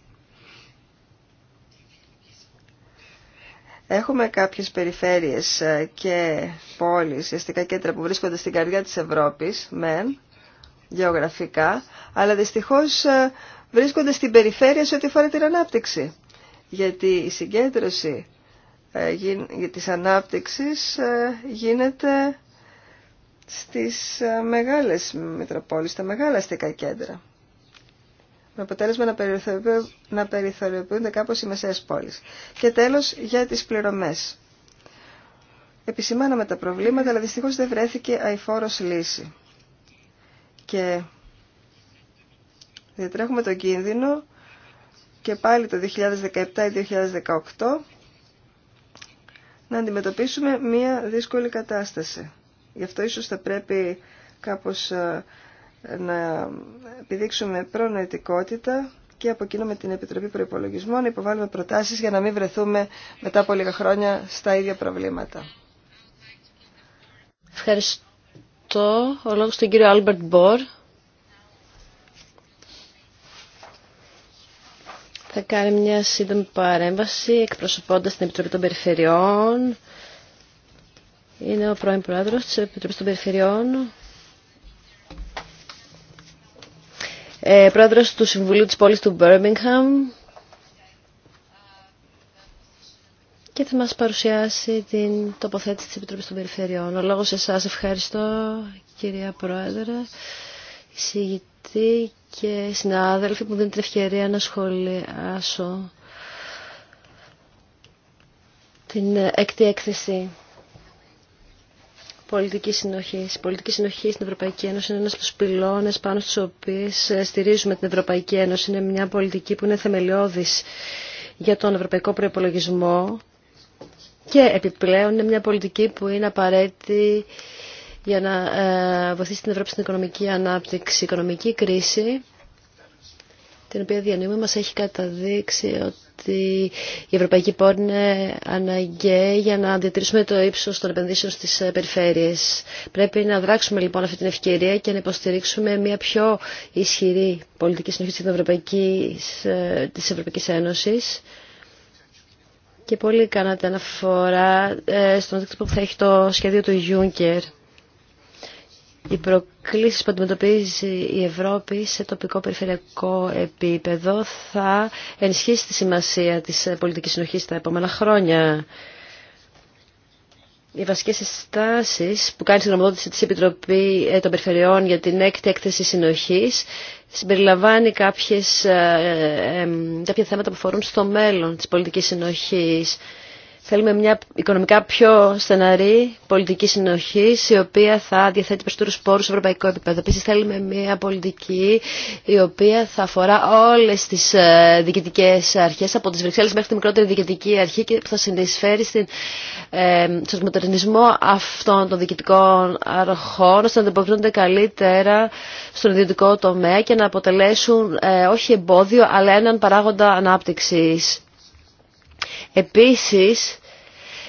Έχουμε κάποιες περιφέρειες ε, και πόλεις, αστικά κέντρα που βρίσκονται στην καρδιά της Ευρώπης, μεν, γεωγραφικά, αλλά δυστυχώς ε, βρίσκονται στην περιφέρεια σε ό,τι αφορά την ανάπτυξη. Γιατί η συγκέντρωση ε, της ανάπτυξης γίνεται στις μεγάλες μετροπόλεις, στα μεγάλα αστικά κέντρα με αποτέλεσμα να, να περιθωριοποιούνται κάπως οι μεσαίες πόλεις. Και τέλος, για τις πληρωμές. Επισημάναμε τα προβλήματα, αλλά δυστυχώς δεν βρέθηκε αηφόρος λύση. Και διατρέχουμε τον κίνδυνο και πάλι το 2017 ή 2018 να αντιμετωπίσουμε μία δύσκολη κατάσταση. Γι' αυτό ίσως θα πρέπει κάπως ε, να επιδείξουμε προνοητικότητα και από εκείνο με την Επιτροπή Προϋπολογισμών να υποβάλουμε προτάσεις για να μην βρεθούμε μετά από λίγα χρόνια στα ίδια προβλήματα. Ευχαριστώ. Ο λόγος του κύριο Άλμπερτ Μπορ. Θα κάνει μια σύντομη παρέμβαση εκπροσωπώντας την Επιτροπή των Περιφερειών. Είναι ο πρώην Πρόεδρος της Επιτροπής των Περιφερειών. Ε, πρόεδρος του Συμβουλίου της πόλης του Birmingham και θα μας παρουσιάσει την τοποθέτηση της Επιτροπής των Περιφερειών. Ο λόγος ευχαριστώ κυρία Πρόεδρε, εισηγητή και συνάδελφοι που δίνουν την ευκαιρία να σχολιάσω την έκτη έκθεση πολιτική συνοχή. Η πολιτική συνοχή στην Ευρωπαϊκή Ένωση είναι ένα από του πυλώνε πάνω στου οποίου ε, στηρίζουμε την Ευρωπαϊκή Ένωση. Είναι μια πολιτική που είναι θεμελιώδη για τον ευρωπαϊκό προπολογισμό και επιπλέον είναι μια πολιτική που είναι απαραίτητη για να ε, βοηθήσει την Ευρώπη στην οικονομική ανάπτυξη. Η οικονομική κρίση την οποία διανύουμε μας έχει καταδείξει ότι η ευρωπαϊκή Πόρνη είναι αναγκαία για να διατηρήσουμε το ύψος των επενδύσεων στις ε, περιφέρειες. Πρέπει να δράξουμε λοιπόν αυτή την ευκαιρία και να υποστηρίξουμε μια πιο ισχυρή πολιτική συνοχή της Ευρωπαϊκής, ε, της Ευρωπαϊκής Ένωσης. Και πολύ κάνατε αναφορά ε, στον αντίκτυπο που θα έχει το σχέδιο του Juncker οι προκλήσεις που αντιμετωπίζει η Ευρώπη σε τοπικό περιφερειακό επίπεδο θα ενισχύσει τη σημασία της πολιτικής συνοχής τα επόμενα χρόνια. Οι βασικές συστάσεις που κάνει στην γνωμοδότηση της Επιτροπή ε, των Περιφερειών για την έκτη έκθεση συνοχής συμπεριλαμβάνει κάποιες, ε, ε, κάποια θέματα που αφορούν στο μέλλον της πολιτικής συνοχής. Θέλουμε μια οικονομικά πιο στεναρή πολιτική συνοχή, η οποία θα διαθέτει περισσότερου πόρου σε ευρωπαϊκό επίπεδο. Επίση, θέλουμε μια πολιτική η οποία θα αφορά όλε τι ε, διοικητικέ αρχέ, από τι Βρυξέλλε μέχρι τη μικρότερη διοικητική αρχή και που θα συνεισφέρει στην, ε, στον μοτερνισμό αυτών των διοικητικών αρχών, ώστε να ανταποκρίνονται καλύτερα στον ιδιωτικό τομέα και να αποτελέσουν ε, όχι εμπόδιο, αλλά έναν παράγοντα ανάπτυξη Επίσης,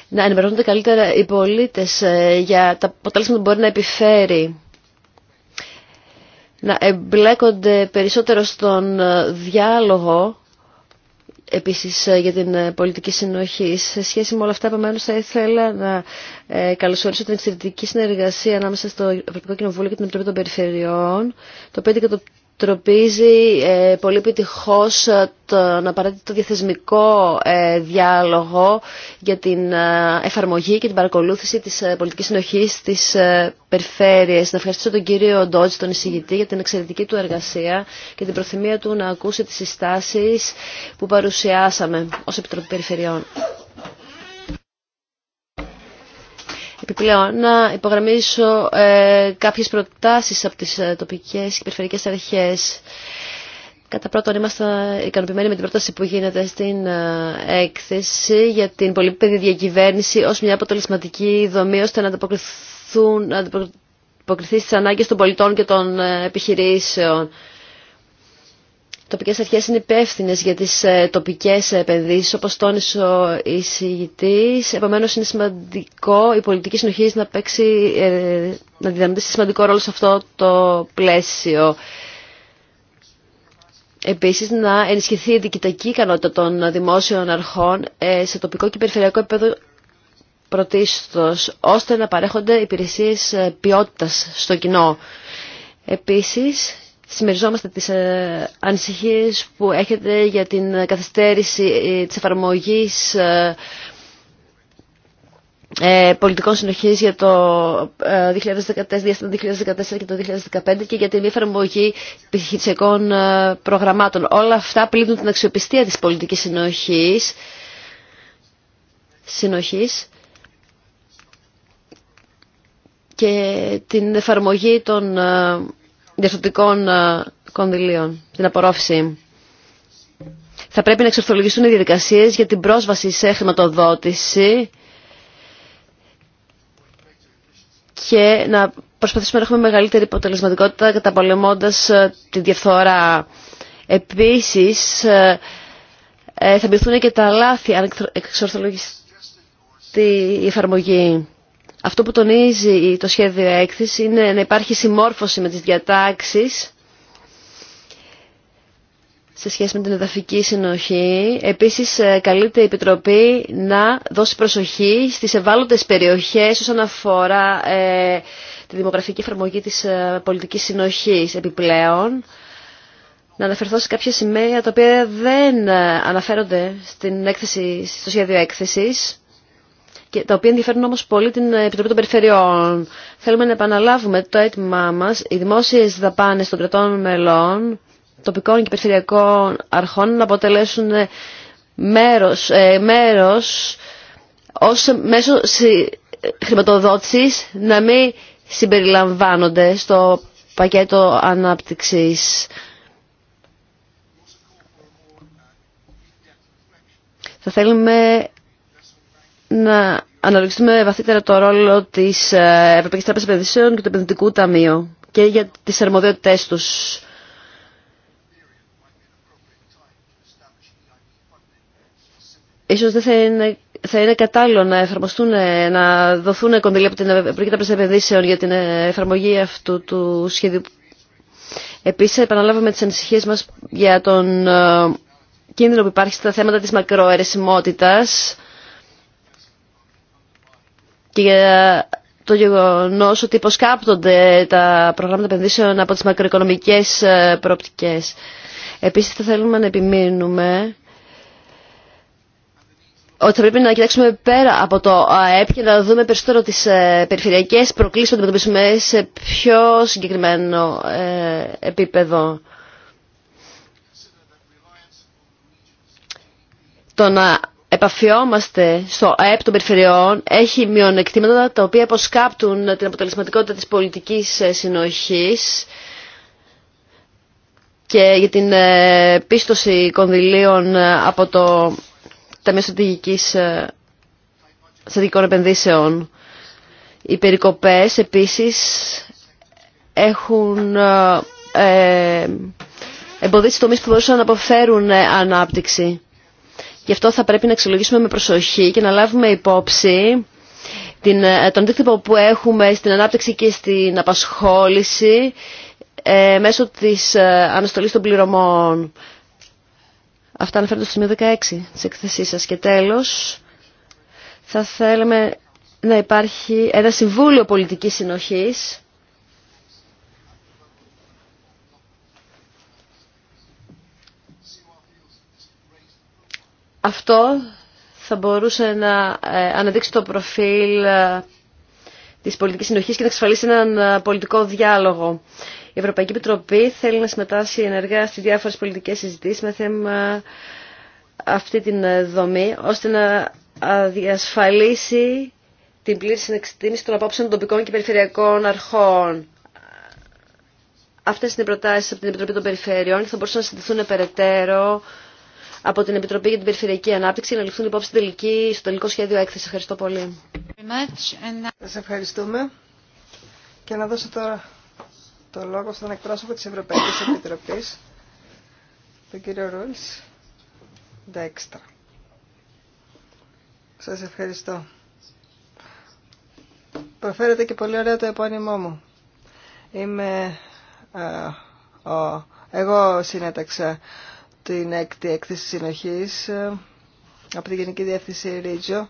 να ενημερώνονται καλύτερα οι πολίτες ε, για τα αποτέλεσμα που μπορεί να επιφέρει. Να εμπλέκονται περισσότερο στον ε, διάλογο, επίσης ε, για την πολιτική συνοχή. Σε σχέση με όλα αυτά, επομένως, θα ήθελα να καλωσορίσω την εξαιρετική συνεργασία ανάμεσα στο Ευρωπαϊκό Κοινοβούλιο και την Επιτροπή των Περιφερειών, το 5 και το τροπίζει ε, πολύ επιτυχώς ε, τον το διαθεσμικό ε, διάλογο για την εφαρμογή και την παρακολούθηση της πολιτικής συνοχής στις περιφέρειες. Να ευχαριστήσω τον κύριο Ντότζ, τον εισηγητή, για την εξαιρετική του εργασία και την προθυμία του να ακούσει τις συστάσεις που παρουσιάσαμε ως Επιτροπή Περιφερειών. επιπλέον να υπογραμμίσω ε, κάποιες προτάσεις από τις ε, τοπικές και περιφερειακές αρχές. Κατά πρώτον, είμαστε ικανοποιημένοι με την πρόταση που γίνεται στην ε, έκθεση για την πολυπεδη διακυβέρνηση ως μια αποτελεσματική δομή ώστε να ανταποκριθούν, να ανταποκριθεί στις ανάγκες των πολιτών και των επιχειρήσεων τοπικές αρχές είναι υπεύθυνε για τις ε, τοπικές επενδύσεις, όπως τόνισε ο εισηγητής. Επομένως είναι σημαντικό η πολιτική συνοχή να παίξει, ε, να σε σημαντικό ρόλο σε αυτό το πλαίσιο. Επίσης να ενισχυθεί η διοικητική ικανότητα των δημόσιων αρχών ε, σε τοπικό και περιφερειακό επίπεδο πρωτίστως, ώστε να παρέχονται υπηρεσίες ποιότητας στο κοινό. Επίσης, συμμεριζόμαστε τις ε, ανησυχίες που έχετε για την καθυστέρηση ε, της εφαρμογής ε, πολιτικών συνοχής για το 2014, 2014 και το 2015 και για την εφαρμογή επιχειρησιακών προγραμμάτων. Όλα αυτά πλήττουν την αξιοπιστία της πολιτικής συνοχής, συνοχής και την εφαρμογή των διαστοτικών ε, κονδυλίων, την απορρόφηση. Θα πρέπει να εξορθολογιστούν οι διαδικασίες για την πρόσβαση σε χρηματοδότηση και να προσπαθήσουμε να έχουμε μεγαλύτερη αποτελεσματικότητα καταπολεμώντας ε, τη διαφθορά. Επίσης, ε, θα μειωθούν και τα λάθη αν εξορθολογιστεί η εφαρμογή. Αυτό που τονίζει το σχέδιο έκθεση είναι να υπάρχει συμμόρφωση με τις διατάξεις σε σχέση με την εδαφική συνοχή. Επίσης, ε, καλείται η Επιτροπή να δώσει προσοχή στις ευάλωτες περιοχές όσον αφορά ε, τη δημογραφική εφαρμογή της ε, πολιτικής συνοχής επιπλέον. Να αναφερθώ σε κάποια σημεία τα οποία δεν αναφέρονται στην έκθεση, στο σχέδιο έκθεσης και τα οποία ενδιαφέρουν όμως πολύ την Επιτροπή των Περιφερειών. Θέλουμε να επαναλάβουμε το αίτημά μας, οι δημόσιες δαπάνες των κρατών μελών, τοπικών και περιφερειακών αρχών να αποτελέσουν ε, μέρος, ε, μέρος ως μέσο ε, χρηματοδότησης να μην συμπεριλαμβάνονται στο πακέτο ανάπτυξης. Θα θέλουμε να αναλογιστούμε βαθύτερα το ρόλο της ε, Ευρωπαϊκής Τράπεζας Επενδύσεων και του Επενδυτικού Ταμείου και για τις αρμοδιότητές τους. Ίσως δεν θα είναι, θα κατάλληλο να εφαρμοστούν, ε, να δοθούν κονδυλία από την Ευρωπαϊκή Τράπεζα Επενδύσεων για την ε, εφαρμογή αυτού του σχεδίου. Επίσης, επαναλάβαμε τις ανησυχίες μας για τον κίνδυνο που υπάρχει στα θέματα της μακροαιρεσιμότητας και για το γεγονό ότι υποσκάπτονται τα προγράμματα επενδύσεων από τις μακροοικονομικές ε, προοπτικές. Επίσης θα θέλουμε να επιμείνουμε ότι θα πρέπει να κοιτάξουμε πέρα από το ΑΕΠ και να δούμε περισσότερο τις ε, περιφερειακές προκλήσεις που αντιμετωπίσουμε σε πιο συγκεκριμένο ε, επίπεδο. Το να επαφιόμαστε στο ΑΕΠ των περιφερειών έχει μειονεκτήματα τα οποία αποσκάπτουν την αποτελεσματικότητα της πολιτικής ε, συνοχής και για την ε, πίστοση κονδυλίων ε, από το Ταμείο Στρατηγικής Στρατηγικών Επενδύσεων. Οι περικοπές επίσης έχουν εμποδίσει τομείς που μπορούσαν να αποφέρουν ανάπτυξη. Γι' αυτό θα πρέπει να αξιολογήσουμε με προσοχή και να λάβουμε υπόψη την, ε, τον αντίκτυπο που έχουμε στην ανάπτυξη και στην απασχόληση ε, μέσω της ε, αναστολής των πληρωμών. Αυτά αναφέρονται στο σημείο 16 της εκθεσής σας. Και τέλος, θα θέλαμε να υπάρχει ένα Συμβούλιο Πολιτικής Συνοχής Αυτό θα μπορούσε να ε, αναδείξει το προφίλ ε, της πολιτικής συνοχής και να εξασφαλίσει έναν ε, πολιτικό διάλογο. Η Ευρωπαϊκή Επιτροπή θέλει να συμμετάσχει ενεργά στις διάφορες πολιτικές συζητήσεις με θέμα αυτή την δομή, ώστε να διασφαλίσει την πλήρη συνεξιτήμηση των απόψεων των τοπικών και περιφερειακών αρχών. Αυτές είναι οι προτάσεις από την Επιτροπή των Περιφερειών και θα μπορούσαν να συντηθούν περαιτέρω από την Επιτροπή για την Περιφερειακή Ανάπτυξη να ληφθούν υπόψη τελική, στο τελικό σχέδιο έκθεση. Ευχαριστώ πολύ. Σας ευχαριστούμε και να δώσω τώρα το λόγο στον εκπρόσωπο της Ευρωπαϊκής <coughs> Επιτροπής, τον κύριο Ρούλς Ντέξτρα. Σας ευχαριστώ. Προφέρετε και πολύ ωραία το επώνυμό μου. Είμαι... Ε, εγώ συνέταξα την έκτη έκθεση συνοχής ε, από τη Γενική Διεύθυνση Ρίτζο.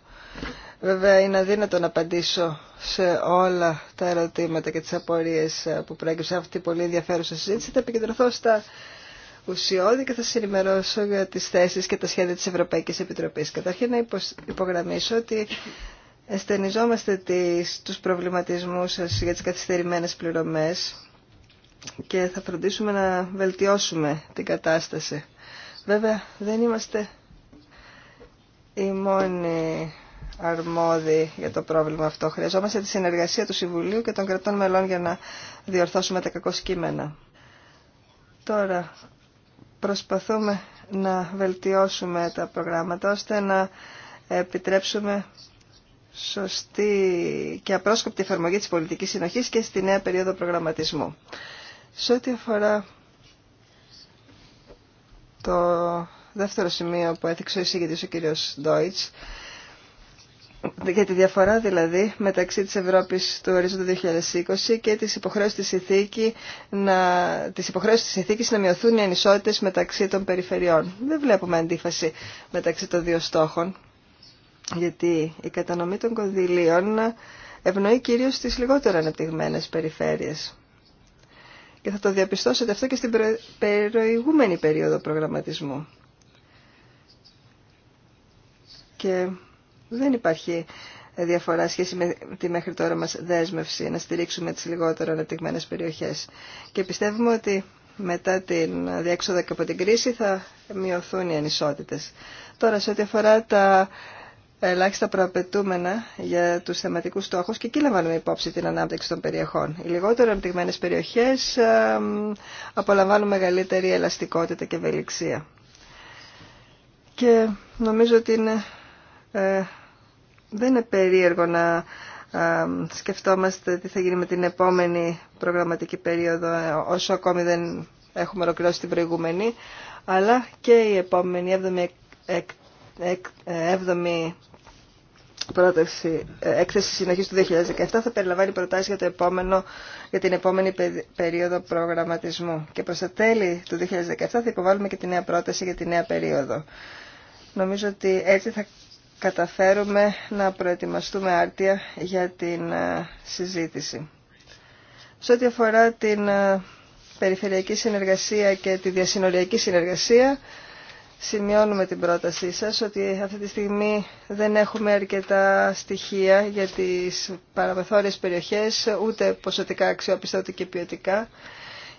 Βέβαια είναι αδύνατο να απαντήσω σε όλα τα ερωτήματα και τις απορίες ε, που προέκυψε αυτή η πολύ ενδιαφέρουσα συζήτηση. Θα επικεντρωθώ στα ουσιώδη και θα σας ενημερώσω για τις θέσεις και τα σχέδια της Ευρωπαϊκής Επιτροπής. Καταρχήν να υπογραμμίσω ότι Εστενιζόμαστε τις, τους προβληματισμούς για τις καθυστερημένες πληρωμές και θα φροντίσουμε να βελτιώσουμε την κατάσταση. Βέβαια, δεν είμαστε οι μόνοι αρμόδιοι για το πρόβλημα αυτό. Χρειαζόμαστε τη συνεργασία του Συμβουλίου και των κρατών μελών για να διορθώσουμε τα κακό κείμενα. Τώρα, προσπαθούμε να βελτιώσουμε τα προγράμματα ώστε να επιτρέψουμε σωστή και απρόσκοπτη εφαρμογή της πολιτικής συνοχής και στη νέα περίοδο προγραμματισμού. Σε ό,τι αφορά το δεύτερο σημείο που έθιξε ο εισηγητής ο κύριος Ντόιτς, για τη διαφορά δηλαδή μεταξύ της Ευρώπης του ορίζοντα 2020 και της υποχρέωσης της, ηθίκη να, της υποχρέωσης ηθίκης να μειωθούν οι ανισότητες μεταξύ των περιφερειών. Δεν βλέπουμε αντίφαση μεταξύ των δύο στόχων, γιατί η κατανομή των κονδυλίων ευνοεί κυρίως τις λιγότερο αναπτυγμένες περιφέρειες. Και θα το διαπιστώσετε αυτό και στην προηγούμενη περίοδο προγραμματισμού. Και δεν υπάρχει διαφορά σχέση με τη μέχρι τώρα μας δέσμευση να στηρίξουμε τις λιγότερο αναπτυγμένες περιοχές. Και πιστεύουμε ότι μετά την διέξοδο και από την κρίση θα μειωθούν οι ανισότητες. Τώρα σε ό,τι αφορά τα ελάχιστα προαπαιτούμενα για τους θεματικούς στόχους και εκεί λαμβάνουμε υπόψη την ανάπτυξη των περιοχών. Οι λιγότερο αναπτυγμένες περιοχές ε, απολαμβάνουν μεγαλύτερη ελαστικότητα και ευελιξία. Και νομίζω ότι είναι, ε, δεν είναι περίεργο να ε, σκεφτόμαστε τι θα γίνει με την επόμενη προγραμματική περίοδο όσο ακόμη δεν έχουμε ολοκληρώσει την προηγούμενη αλλά και η επόμενη 7η πρόταση, ε, έκθεση συνοχής του 2017 θα περιλαμβάνει προτάσεις για, το επόμενο, για την επόμενη περίοδο προγραμματισμού. Και προς τα τέλη του 2017 θα υποβάλουμε και τη νέα πρόταση για τη νέα περίοδο. Νομίζω ότι έτσι θα καταφέρουμε να προετοιμαστούμε άρτια για την ε, συζήτηση. Σε ό,τι αφορά την ε, περιφερειακή συνεργασία και τη διασυνοριακή συνεργασία, σημειώνουμε την πρότασή σας ότι αυτή τη στιγμή δεν έχουμε αρκετά στοιχεία για τις παραμεθόριες περιοχές, ούτε ποσοτικά αξιόπιστα, ούτε και ποιοτικά.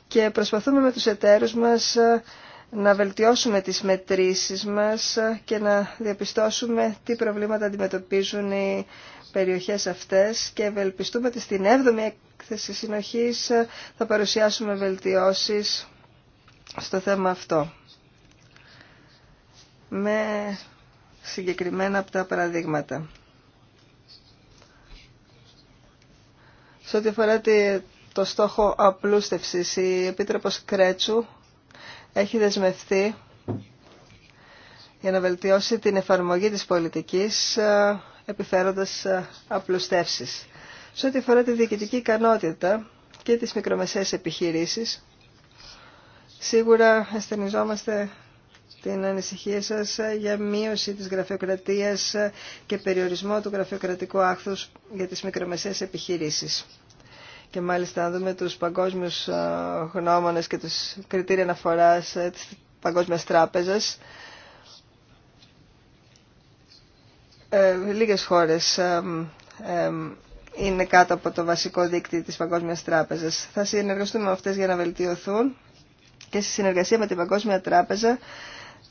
Και προσπαθούμε με τους εταίρους μας ε, να βελτιώσουμε τις μετρήσεις μας και να διαπιστώσουμε τι προβλήματα αντιμετωπίζουν οι περιοχές αυτές και ευελπιστούμε ότι στην 7η έκθεση συνοχής ε, θα παρουσιάσουμε βελτιώσεις στο θέμα αυτό με συγκεκριμένα από τα παραδείγματα. Σε ό,τι αφορά το στόχο απλούστευσης, η Επίτροπος Κρέτσου έχει δεσμευτεί για να βελτιώσει την εφαρμογή της πολιτικής ε, επιφέροντας ε, απλουστεύσεις. Σε ό,τι αφορά τη διοικητική ικανότητα και τις μικρομεσαίες επιχειρήσεις, σίγουρα αισθενιζόμαστε την ανησυχία σας για μείωση της γραφειοκρατίας και περιορισμό του γραφειοκρατικού άχθους για τις μικρομεσαίες επιχειρήσεις. Και μάλιστα να δούμε τους παγκόσμιους γνώμονες και τους κριτήρια αναφοράς ε, της Παγκόσμιας Τράπεζας, ε, λίγες χώρες ε, είναι κάτω από το βασικό δίκτυο της Παγκόσμιας Τράπεζας. Θα συνεργαστούμε με αυτές για να βελτιωθούν και στη συνεργασία με την Παγκόσμια Τράπεζα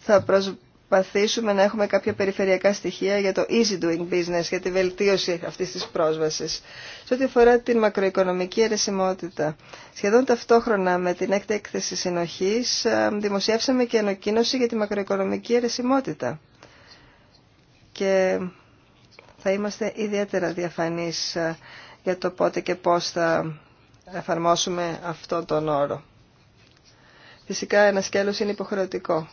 θα προσπαθήσουμε να έχουμε κάποια περιφερειακά στοιχεία για το easy doing business, για τη βελτίωση αυτής της πρόσβασης. Σε ό,τι αφορά την μακροοικονομική αιρεσιμότητα, σχεδόν ταυτόχρονα με την έκτη έκθεση συνοχής, ε, δημοσιεύσαμε και ανακοίνωση για τη μακροοικονομική αιρεσιμότητα. Και θα είμαστε ιδιαίτερα διαφανείς ε, για το πότε και πώς θα εφαρμόσουμε αυτόν τον όρο. Φυσικά ένα σκέλος είναι υποχρεωτικό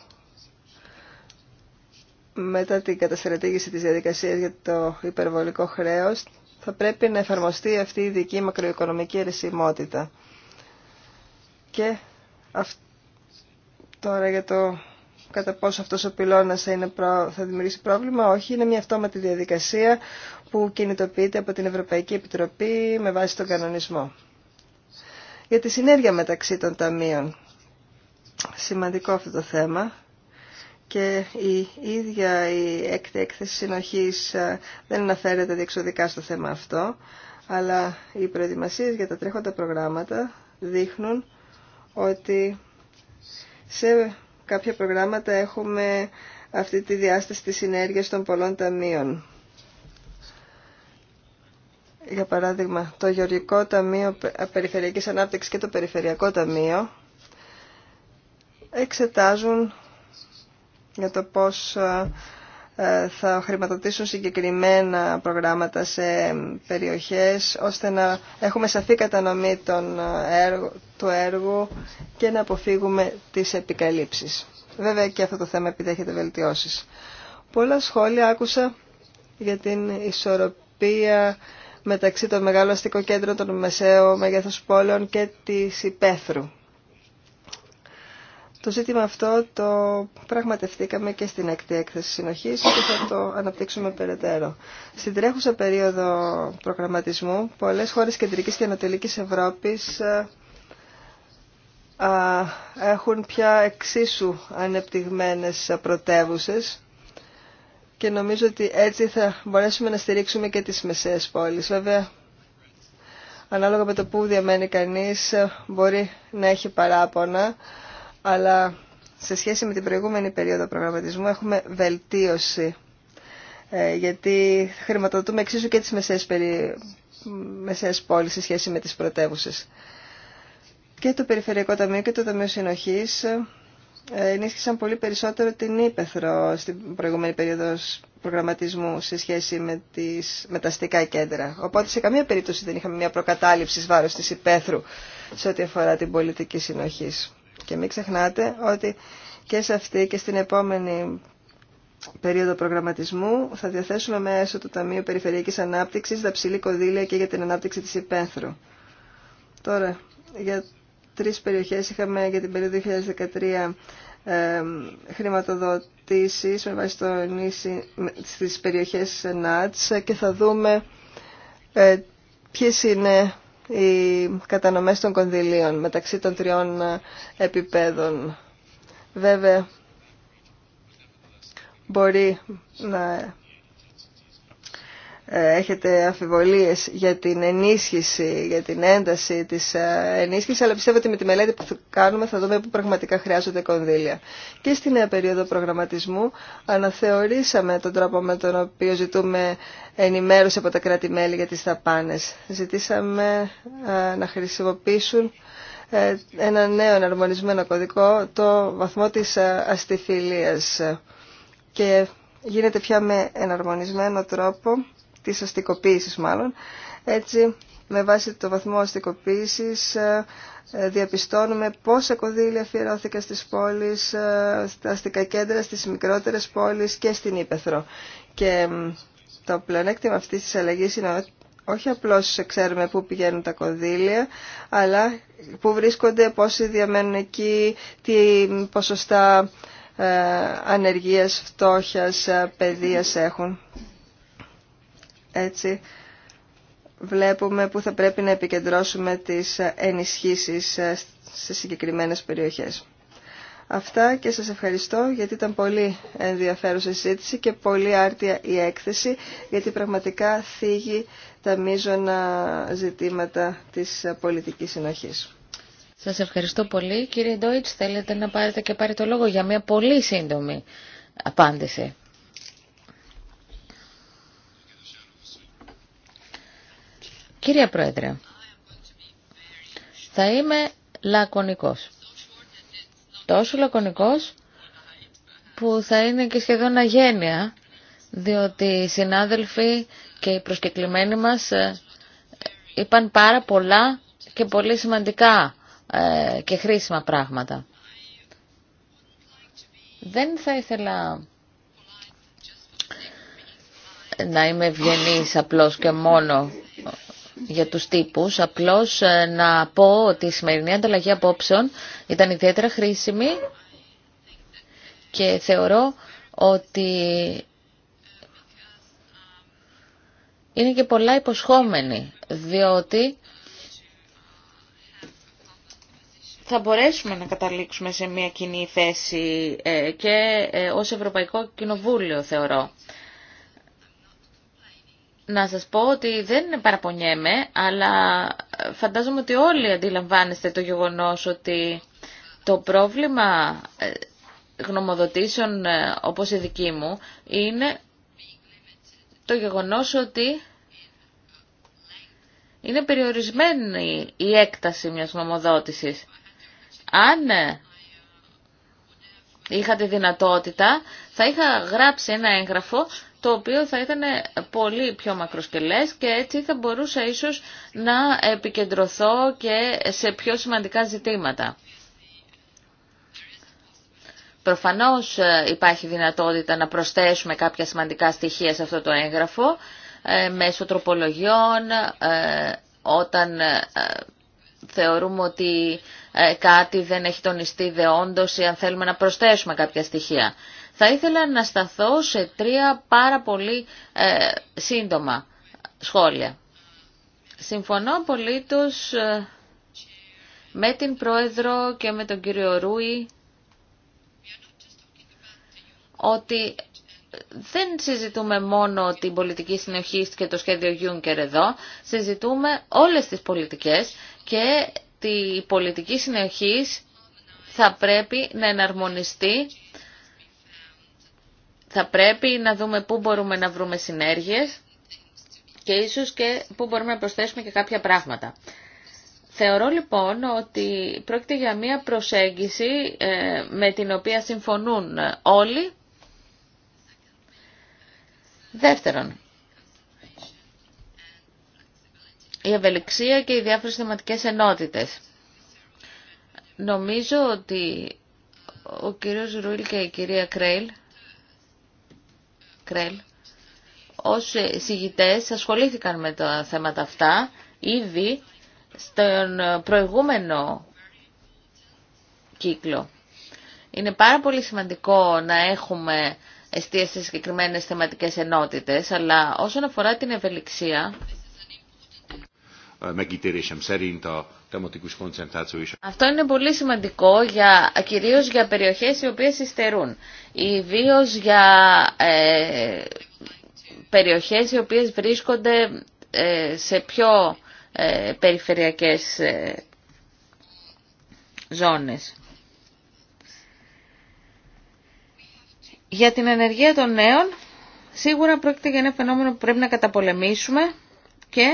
μετά την καταστρατήγηση της διαδικασίας για το υπερβολικό χρέος θα πρέπει να εφαρμοστεί αυτή η δική μακροοικονομική αιρεσιμότητα. Και αυ... τώρα για το κατά πόσο αυτός ο πυλώνας θα, θα δημιουργήσει πρόβλημα, όχι, είναι μια αυτόματη διαδικασία που κινητοποιείται από την Ευρωπαϊκή Επιτροπή με βάση τον κανονισμό. Για τη συνέργεια μεταξύ των ταμείων, σημαντικό αυτό το θέμα, και η ίδια η έκτη έκθεση συνοχής ε, δεν αναφέρεται διεξοδικά στο θέμα αυτό, αλλά οι προετοιμασίες για τα τρέχοντα προγράμματα δείχνουν ότι σε κάποια προγράμματα έχουμε αυτή τη διάσταση της συνέργειας των πολλών ταμείων. Για παράδειγμα, το Γεωργικό Ταμείο Περιφερειακής Ανάπτυξης και το Περιφερειακό Ταμείο εξετάζουν για το πώς ε, θα χρηματοδοτήσουν συγκεκριμένα προγράμματα σε περιοχές ώστε να έχουμε σαφή κατανομή των ε, έργου, του έργου και να αποφύγουμε τις επικαλύψεις. Βέβαια και αυτό το θέμα επιδέχεται βελτιώσεις. Πολλά σχόλια άκουσα για την ισορροπία μεταξύ των μεγάλων αστικών κέντρων των μεσαίων μεγέθους πόλεων και της υπαίθρου. Το ζήτημα αυτό το πραγματευτήκαμε και στην έκτη έκθεση συνοχής και θα το αναπτύξουμε περαιτέρω. Στην τρέχουσα περίοδο προγραμματισμού, πολλές χώρες κεντρικής και ανατολικής Ευρώπης ε, έχουν πια εξίσου ανεπτυγμένες πρωτεύουσες και νομίζω ότι έτσι θα μπορέσουμε να στηρίξουμε και τις μεσαίες πόλεις. Βέβαια, ανάλογα με το που διαμένει κανείς, ε, μπορεί να έχει παράπονα αλλά σε σχέση με την προηγούμενη περίοδο προγραμματισμού έχουμε βελτίωση ε, γιατί χρηματοδοτούμε εξίσου και τις μεσαίες, περι... πόλεις σε σχέση με τις πρωτεύουσε. Και το Περιφερειακό Ταμείο και το Ταμείο Συνοχής ε, ενίσχυσαν πολύ περισσότερο την Ήπεθρο στην προηγούμενη περίοδο προγραμματισμού σε σχέση με, τις, με τα αστικά κέντρα. Οπότε σε καμία περίπτωση δεν είχαμε μια προκατάληψη βάρος της Ήπεθρου σε ό,τι αφορά την πολιτική συνοχής. Και μην ξεχνάτε ότι και σε αυτή και στην επόμενη περίοδο προγραμματισμού θα διαθέσουμε μέσω του Ταμείου Περιφερειακής Ανάπτυξης δαψιλή κονδύλια και για την ανάπτυξη της υπαίθρου. Τώρα, για τρεις περιοχές είχαμε για την περίοδο 2013 ε, χρηματοδοτήσεις με βάση το νήσι, στις περιοχές ΝΑΤΣ και θα δούμε ε, ποιες είναι οι κατανομές των κονδυλίων μεταξύ των τριών ε, επιπέδων. Βέβαια, μπορεί να ε, έχετε αφιβολίες για την ενίσχυση, για την ένταση της ε, ενίσχυσης, αλλά πιστεύω ότι με τη μελέτη που θα κάνουμε θα δούμε που πραγματικά χρειάζονται κονδύλια. Και στη νέα περίοδο προγραμματισμού αναθεωρήσαμε τον τρόπο με τον οποίο ζητούμε ενημέρωση από τα κράτη-μέλη για τις δαπάνες. Ζητήσαμε ε, να χρησιμοποιήσουν ένα νέο εναρμονισμένο κωδικό, το βαθμό της αστιφιλίας. Και γίνεται πια με εναρμονισμένο τρόπο της αστικοποίησης μάλλον. Έτσι, με βάση το βαθμό αστικοποίησης ε, ε, διαπιστώνουμε πόσα κονδύλια αφιερώθηκαν στις πόλεις, ε, στα αστικά κέντρα, στις μικρότερες πόλεις και στην Ήπεθρο. Και το πλεονέκτημα αυτής της αλλαγής είναι ότι όχι απλώς ξέρουμε πού πηγαίνουν τα κονδύλια, αλλά πού βρίσκονται, πόσοι διαμένουν εκεί, τι ποσοστά ανεργίας, φτώχειας, παιδείας έχουν. Έτσι βλέπουμε που θα πρέπει να επικεντρώσουμε τις ενισχύσεις ε, σε συγκεκριμένες περιοχές. Αυτά και σας ευχαριστώ γιατί ήταν πολύ ενδιαφέρουσα η συζήτηση και πολύ άρτια η έκθεση γιατί πραγματικά θίγει τα μείζωνα ζητήματα της πολιτικής συνοχής. Σας ευχαριστώ πολύ. Κύριε Ντόιτς, θέλετε να πάρετε και πάρετε το λόγο για μια πολύ σύντομη απάντηση. Κύριε Πρόεδρε, θα είμαι λακωνικός. Τόσο λακωνικός που θα είναι και σχεδόν αγένεια, διότι οι συνάδελφοι και οι προσκεκλημένοι μας ε, είπαν πάρα πολλά και πολύ σημαντικά ε, και χρήσιμα πράγματα. Δεν θα ήθελα να είμαι ευγενής απλώς και μόνο για τους τύπους. Απλώς ε, να πω ότι η σημερινή ανταλλαγή απόψεων ήταν ιδιαίτερα χρήσιμη και θεωρώ ότι είναι και πολλά υποσχόμενη, διότι θα μπορέσουμε να καταλήξουμε σε μια κοινή θέση ε, και ε, ως Ευρωπαϊκό Κοινοβούλιο θεωρώ να σας πω ότι δεν παραπονιέμαι, αλλά ε, φαντάζομαι ότι όλοι αντιλαμβάνεστε το γεγονός ότι το πρόβλημα ε, γνωμοδοτήσεων ε, όπως η δική μου είναι το γεγονός ότι είναι περιορισμένη η έκταση μιας γνωμοδότησης. Αν είχα τη δυνατότητα, θα είχα γράψει ένα έγγραφο το οποίο θα ήταν πολύ πιο μακροσκελές και έτσι θα μπορούσα ίσως να επικεντρωθώ και σε πιο σημαντικά ζητήματα. Προφανώς ε, υπάρχει δυνατότητα να προσθέσουμε κάποια σημαντικά στοιχεία σε αυτό το έγγραφο ε, μέσω τροπολογιών ε, όταν θεωρούμε ότι κάτι δεν έχει τονιστεί δεόντως ή αν θέλουμε να προσθέσουμε κάποια στοιχεία. Θα ήθελα να σταθώ σε τρία πάρα πολύ ε, σύντομα σχόλια. Συμφωνώ απολύτως ε, με την Πρόεδρο και με τον κύριο Ρούι ότι δεν συζητούμε μόνο την πολιτική συνοχή και το σχέδιο Γιούνκερ εδώ, συζητούμε όλες τις πολιτικές και τη πολιτική συνοχή θα πρέπει να εναρμονιστεί θα πρέπει να δούμε πού μπορούμε να βρούμε συνέργειες και ίσως και πού μπορούμε να προσθέσουμε και κάποια πράγματα. Θεωρώ λοιπόν ότι πρόκειται για μία προσέγγιση ε, με την οποία συμφωνούν όλοι. Δεύτερον, η ευελιξία και οι διάφορες θεματικές ενότητες. Νομίζω ότι ο κύριος Ρουίλ και η κυρία Κρέιλ Κρέλ ως συγητές ασχολήθηκαν με τα θέματα αυτά ήδη στον προηγούμενο κύκλο. Είναι πάρα πολύ σημαντικό να έχουμε εστίες σε συγκεκριμένες θεματικές ενότητες, αλλά όσον αφορά την ευελιξία... Uh, αυτό είναι πολύ σημαντικό για, κυρίως για περιοχές οι οποίες υστερούν. Ιδίως για ε, περιοχές οι οποίες βρίσκονται ε, σε πιο ε, περιφερειακές ε, ζώνες. Για την ενεργεία των νέων, σίγουρα πρόκειται για ένα φαινόμενο που πρέπει να καταπολεμήσουμε και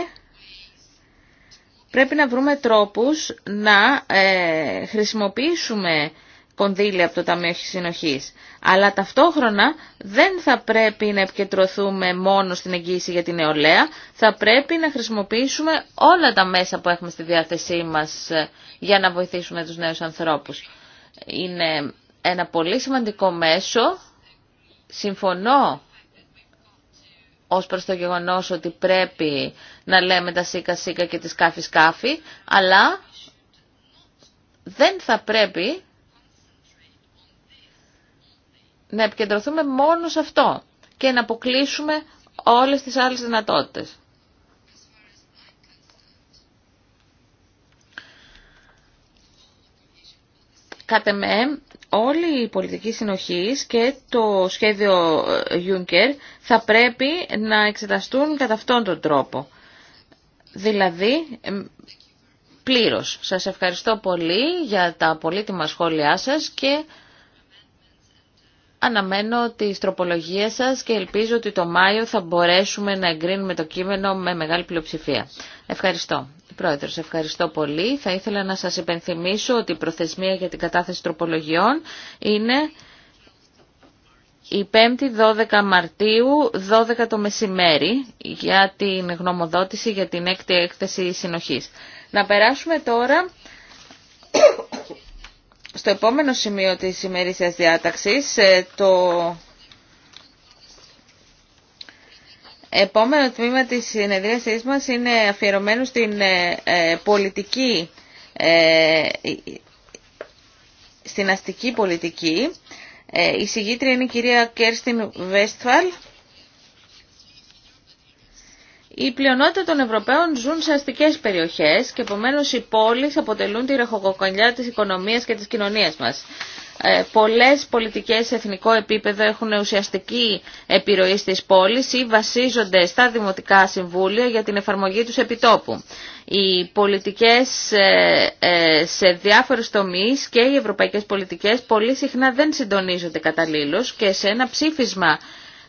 πρέπει να βρούμε τρόπους να ε, χρησιμοποιήσουμε κονδύλια από το Ταμείο συνοχή. Αλλά ταυτόχρονα δεν θα πρέπει να επικεντρωθούμε μόνο στην εγγύηση για την νεολαία, θα πρέπει να χρησιμοποιήσουμε όλα τα μέσα που έχουμε στη διάθεσή μας ε, για να βοηθήσουμε τους νέους ανθρώπους. Είναι ένα πολύ σημαντικό μέσο, συμφωνώ ως προς το γεγονός ότι πρέπει να λέμε τα σίκα σίκα και τη σκάφη σκάφη, αλλά δεν θα πρέπει να επικεντρωθούμε μόνο σε αυτό και να αποκλείσουμε όλες τις άλλες δυνατότητες. Κατ' όλη η πολιτική συνοχής και το σχέδιο ε, Juncker θα πρέπει να εξεταστούν κατά αυτόν τον τρόπο. Δηλαδή, πλήρως. Σας ευχαριστώ πολύ για τα πολύτιμα σχόλιά σας και αναμένω τις τροπολογίες σας και ελπίζω ότι το Μάιο θα μπορέσουμε να εγκρίνουμε το κείμενο με μεγάλη πλειοψηφία. Ευχαριστώ. Πρόεδρος, ευχαριστώ πολύ. Θα ήθελα να σας υπενθυμίσω ότι η προθεσμία για την κατάθεση τροπολογιών είναι η 5η 12 Μαρτίου, 12 το μεσημέρι, για την γνωμοδότηση για την έκτη έκθεση συνοχής. Να περάσουμε τώρα στο επόμενο σημείο της ημερήσιας διάταξης, ε, το Επόμενο τμήμα της συνεδρίασής μας είναι αφιερωμένο στην ε, ε, πολιτική, ε, στην αστική πολιτική. Η συγγήτρια είναι η κυρία Κέρστιν Βέστφαλ. Η πλειονότητα των Ευρωπαίων ζουν σε αστικές περιοχές και επομένως οι πόλεις αποτελούν τη ρεχοκοκονιά της οικονομίας και της κοινωνίας μας. Ε, πολλές πολιτικές σε εθνικό επίπεδο έχουν ουσιαστική επιρροή στις πόλεις ή βασίζονται στα δημοτικά συμβούλια για την εφαρμογή τους επιτόπου. Οι πολιτικές ε, ε, σε διάφορους τομείς και οι ευρωπαϊκές πολιτικές πολύ συχνά δεν συντονίζονται καταλήλως και σε ένα ψήφισμα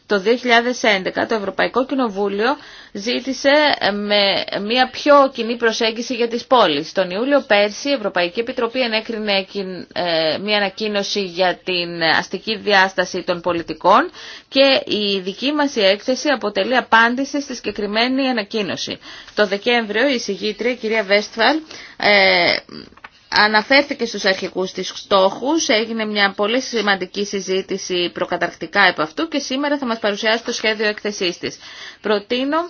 το 2011 το Ευρωπαϊκό Κοινοβούλιο ζήτησε ε, με μια πιο κοινή προσέγγιση για τις πόλεις. Τον Ιούλιο πέρσι η Ευρωπαϊκή Επιτροπή ενέκρινε ε, μια ανακοίνωση για την αστική διάσταση των πολιτικών και η δική μας έκθεση αποτελεί απάντηση στη συγκεκριμένη ανακοίνωση. Το Δεκέμβριο η συγγήτρια, κυρία Βέστφαλ, ε, αναφέρθηκε στους αρχικούς της στόχους, έγινε μια πολύ σημαντική συζήτηση προκαταρκτικά επ' αυτού και σήμερα θα μας παρουσιάσει το σχέδιο εκθεσής της. Προτείνω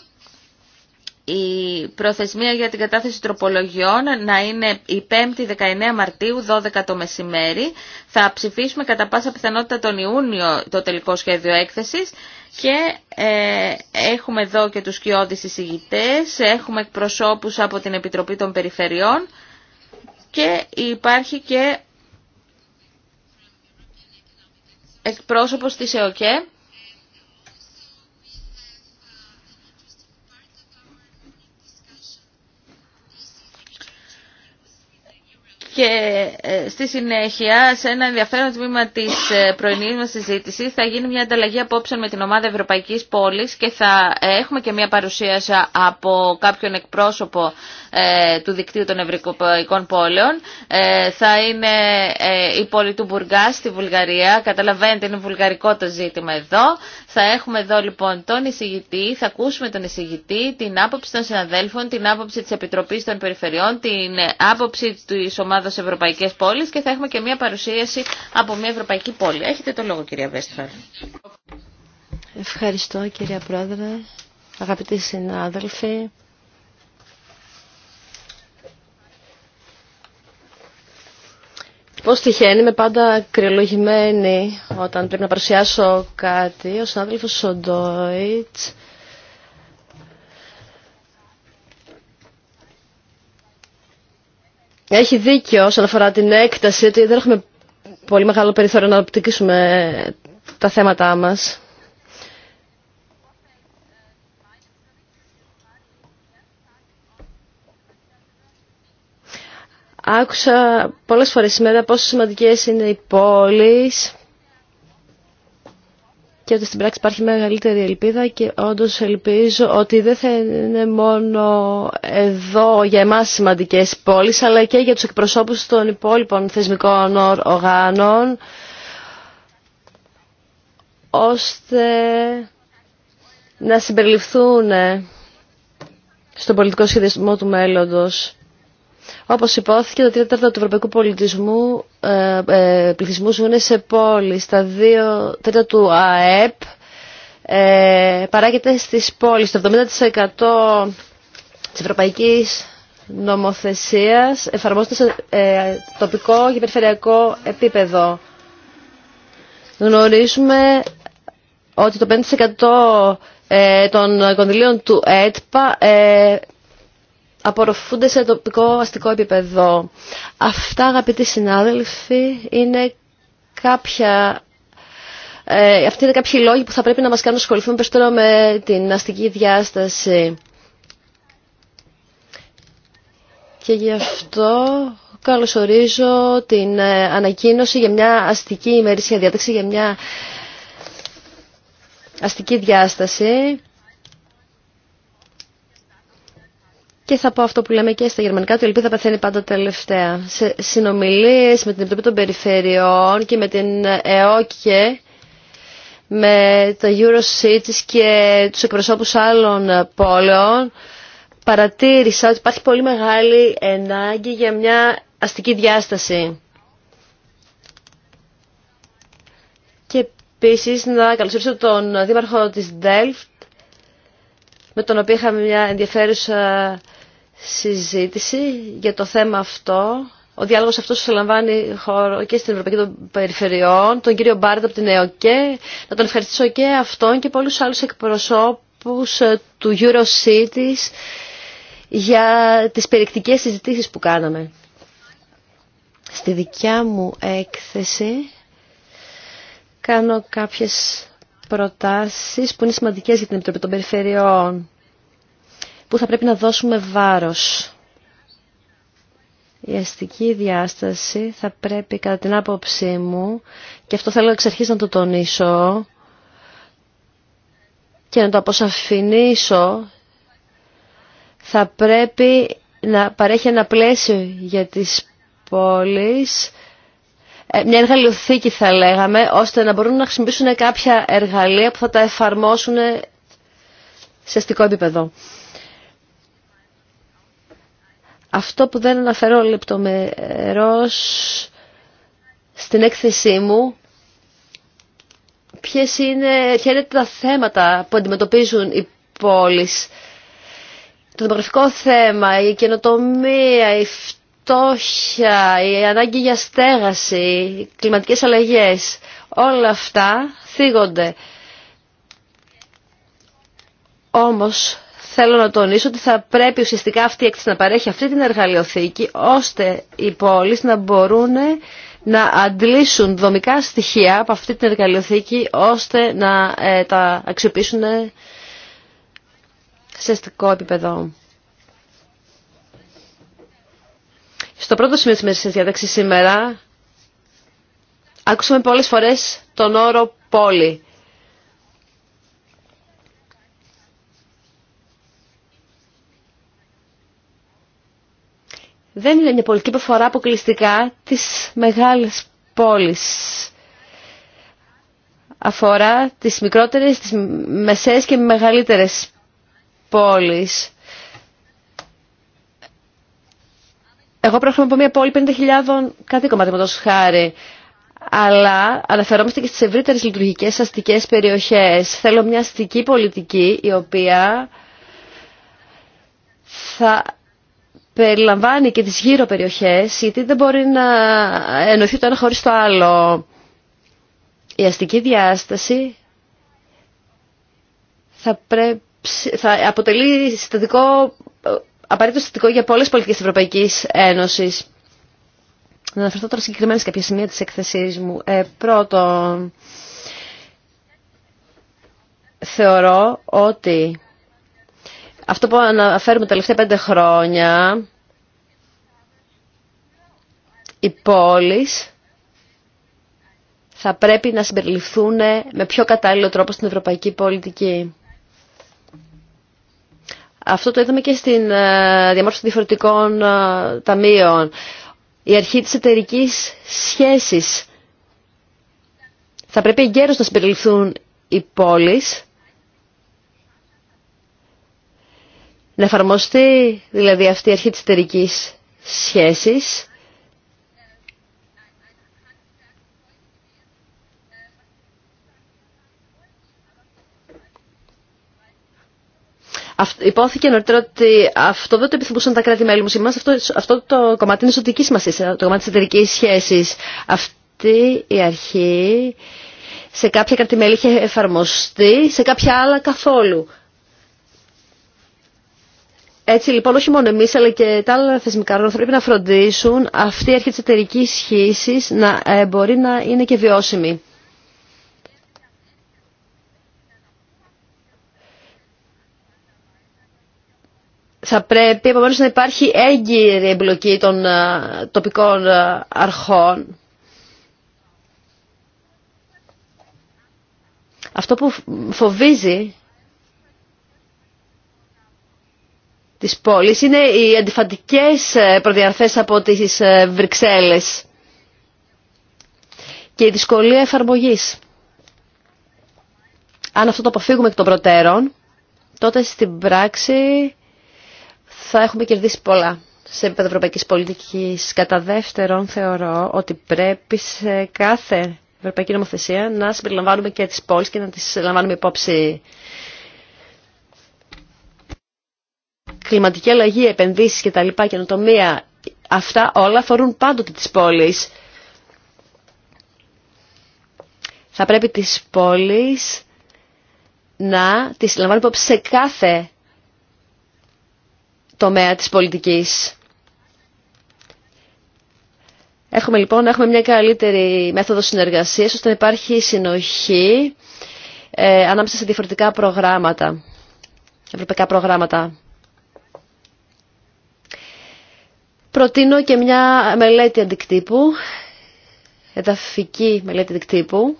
η προθεσμία για την κατάθεση τροπολογιών να είναι η 5η 19 Μαρτίου 12 το μεσημέρι. Θα ψηφίσουμε κατά πάσα πιθανότητα τον Ιούνιο το τελικό σχέδιο έκθεσης και ε, έχουμε εδώ και τους κοιόδης εισηγητές, έχουμε εκπροσώπους από την Επιτροπή των Περιφερειών και υπάρχει και εκπρόσωπος της ΕΟΚΕ Και ε, στη συνέχεια, σε ένα ενδιαφέρον τμήμα τη ε, πρωινή μα συζήτηση, θα γίνει μια ανταλλαγή απόψεων με την ομάδα Ευρωπαϊκή Πόλη και θα ε, έχουμε και μια παρουσίαση από κάποιον εκπρόσωπο του δικτύου των Ευρωπαϊκών Πόλεων. Θα είναι η πόλη του Μπουργκά στη Βουλγαρία. Καταλαβαίνετε, είναι βουλγαρικό το ζήτημα εδώ. Θα έχουμε εδώ λοιπόν τον εισηγητή, θα ακούσουμε τον εισηγητή, την άποψη των συναδέλφων, την άποψη της Επιτροπής των Περιφερειών, την ε, άποψη της Ομάδας Ευρωπαϊκές Πόλεις και θα έχουμε και μια παρουσίαση από μια Ευρωπαϊκή Πόλη. Έχετε το λόγο κυρία Βέστφαλ. Ευχαριστώ κυρία Πρόεδρε, αγαπητοί συνάδελφοι. Πώς τυχαίνει, είμαι πάντα κρυολογημένη όταν πρέπει να παρουσιάσω κάτι. Ο συνάδελφος ο Ντόιτς έχει δίκιο όσον αφορά την έκταση ότι δεν έχουμε πολύ μεγάλο περιθώριο να αναπτύξουμε τα θέματά μας. Άκουσα πολλές φορές σήμερα πόσο σημαντικές είναι οι πόλεις και ότι στην πράξη υπάρχει μεγαλύτερη ελπίδα και όντως ελπίζω ότι δεν θα είναι μόνο εδώ για εμάς σημαντικές πόλεις αλλά και για τους εκπροσώπους των υπόλοιπων θεσμικών οργάνων ώστε να συμπεριληφθούν στον πολιτικό σχεδιασμό του μέλλοντος. Όπως υπόθηκε, το 3% τέταρτα του ευρωπαϊκού πολιτισμού, ε, ε πληθυσμού ζουν σε πόλεις. Τα δύο του ΑΕΠ ε, παράγεται στις πόλεις. Το 70% της ευρωπαϊκής νομοθεσίας εφαρμόζεται σε ε, τοπικό και περιφερειακό επίπεδο. Γνωρίζουμε ότι το 5% ε, των κονδυλίων του ΕΤΠΑ απορροφούνται σε τοπικό αστικό επίπεδο. Αυτά, αγαπητοί συνάδελφοι, είναι κάποια... Ε, αυτοί είναι κάποιοι λόγοι που θα πρέπει να μας κάνουν ασχοληθούμε περισσότερο με την αστική διάσταση. Και γι' αυτό καλωσορίζω την ε, ανακοίνωση για μια αστική ημερήσια διάταξη, για μια αστική διάσταση Και θα πω αυτό που λέμε και στα γερμανικά, ότι η ελπίδα παθαίνει πάντα τελευταία. Σε συνομιλίες με την Επιτροπή των Περιφερειών και με την ΕΟΚΕ, με τα EuroCities και τους εκπροσώπους άλλων πόλεων, παρατήρησα ότι υπάρχει πολύ μεγάλη ενάγκη για μια αστική διάσταση. Και επίσης να καλωσορίσω τον Δήμαρχο της Δέλφτ, με τον οποίο είχαμε μια ενδιαφέρουσα συζήτηση για το θέμα αυτό. Ο διάλογος αυτός συλλαμβάνει χώρο και στην Ευρωπαϊκή των Περιφερειών, τον κύριο Μπάρντ από την ΕΟΚΕ. Να τον ευχαριστήσω και αυτόν και πολλούς άλλους εκπροσώπους ε, του EuroCities για τις περιεκτικές συζητήσεις που κάναμε. Στη δικιά μου έκθεση κάνω κάποιες προτάσεις που είναι σημαντικές για την Επιτροπή των Περιφερειών που θα πρέπει να δώσουμε βάρος. Η αστική διάσταση θα πρέπει κατά την άποψή μου, και αυτό θέλω εξ αρχής να το τονίσω και να το αποσαφηνίσω, θα πρέπει να παρέχει ένα πλαίσιο για τις πόλεις, ε, μια εργαλειοθήκη θα λέγαμε, ώστε να μπορούν να χρησιμοποιήσουν κάποια εργαλεία που θα τα εφαρμόσουν σε αστικό επίπεδο. Αυτό που δεν αναφέρω λεπτομερώς στην έκθεσή μου, ποιες είναι, τα θέματα που αντιμετωπίζουν οι πόλεις. Το δημογραφικό θέμα, η καινοτομία, η φτώχεια, η ανάγκη για στέγαση, οι κλιματικές αλλαγές, όλα αυτά θίγονται. Όμως, θέλω να τονίσω ότι θα πρέπει ουσιαστικά αυτή η έκθεση να παρέχει αυτή την εργαλειοθήκη ώστε οι πόλεις να μπορούν να αντλήσουν δομικά στοιχεία από αυτή την εργαλειοθήκη ώστε να ε, τα αξιοποιήσουν σε αστικό επίπεδο. Στο πρώτο σημείο της μέσης διάταξης σήμερα άκουσαμε πολλές φορές τον όρο πόλη. δεν είναι μια πολιτική που αφορά αποκλειστικά τις μεγάλες πόλεις. Αφορά τις μικρότερες, τις μεσαίες και μεγαλύτερες πόλεις. Εγώ προέρχομαι από μια πόλη 50.000 κατοίκων, παραδείγματος χάρη. Αλλά αναφερόμαστε και στις ευρύτερες λειτουργικές αστικές περιοχές. Θέλω μια αστική πολιτική η οποία θα περιλαμβάνει και τις γύρω περιοχές, γιατί δεν μπορεί να ενωθεί το ένα χωρίς το άλλο. Η αστική διάσταση θα, πρέπει, θα αποτελεί συστατικό, απαραίτητο συστατικό για πολλές πολιτικές της Ευρωπαϊκής Ένωσης. Να αναφερθώ τώρα συγκεκριμένα σε κάποια σημεία της εκθεσής μου. Ε, πρώτον, θεωρώ ότι αυτό που αναφέρουμε τα τελευταία πέντε χρόνια, οι πόλεις θα πρέπει να συμπεριληφθούν με πιο κατάλληλο τρόπο στην ευρωπαϊκή πολιτική. Αυτό το είδαμε και στην ε, διαμόρφωση διαφορετικών ε, ταμείων. Η αρχή της εταιρική σχέσης. Θα πρέπει εγκαίρως να συμπεριληφθούν οι πόλεις Να εφαρμοστεί δηλαδή αυτή η αρχή της εταιρικής σχέσης Υπόθηκε νωρίτερα ότι αυτό δεν το επιθυμούσαν τα κράτη-μέλη μου. αυτό, αυτό το κομμάτι είναι ζωτική σημασία, ε, το κομμάτι τη εταιρική σχέση. Αυτή η αρχή σε κάποια κράτη-μέλη είχε εφαρμοστεί, σε κάποια άλλα καθόλου. Έτσι λοιπόν όχι μόνο εμεί, αλλά και τα άλλα θεσμικά όργανα θα πρέπει να φροντίσουν αυτή η αρχή τη εταιρική σχέσης να ε, μπορεί να είναι και βιώσιμη. θα πρέπει επομένως να υπάρχει έγκυρη εμπλοκή των ε, τοπικών ε, αρχών. Αυτό που φοβίζει της πόλης είναι οι αντιφατικές ε, προδιαρθές από τις ε, Βρυξέλλες και η δυσκολία εφαρμογής. Αν αυτό το αποφύγουμε εκ των προτέρων, τότε στην πράξη θα έχουμε κερδίσει πολλά σε επίπεδο ευρωπαϊκή πολιτικής. Κατά δεύτερον, θεωρώ ότι πρέπει σε κάθε ευρωπαϊκή νομοθεσία να συμπεριλαμβάνουμε και τις πόλεις και να τι λαμβάνουμε υπόψη κλιματική αλλαγή, επενδύσεις και τα λοιπά, καινοτομία, αυτά όλα αφορούν πάντοτε τις πόλεις. Θα πρέπει τις πόλεις να τις λαμβάνουμε υπόψη σε κάθε τομέα της πολιτικής. Έχουμε λοιπόν να έχουμε μια καλύτερη μέθοδο συνεργασίας ώστε να υπάρχει συνοχή ε, ανάμεσα σε διαφορετικά προγράμματα, ευρωπαϊκά προγράμματα. Προτείνω και μια μελέτη αντικτύπου, εδαφική μελέτη αντικτύπου,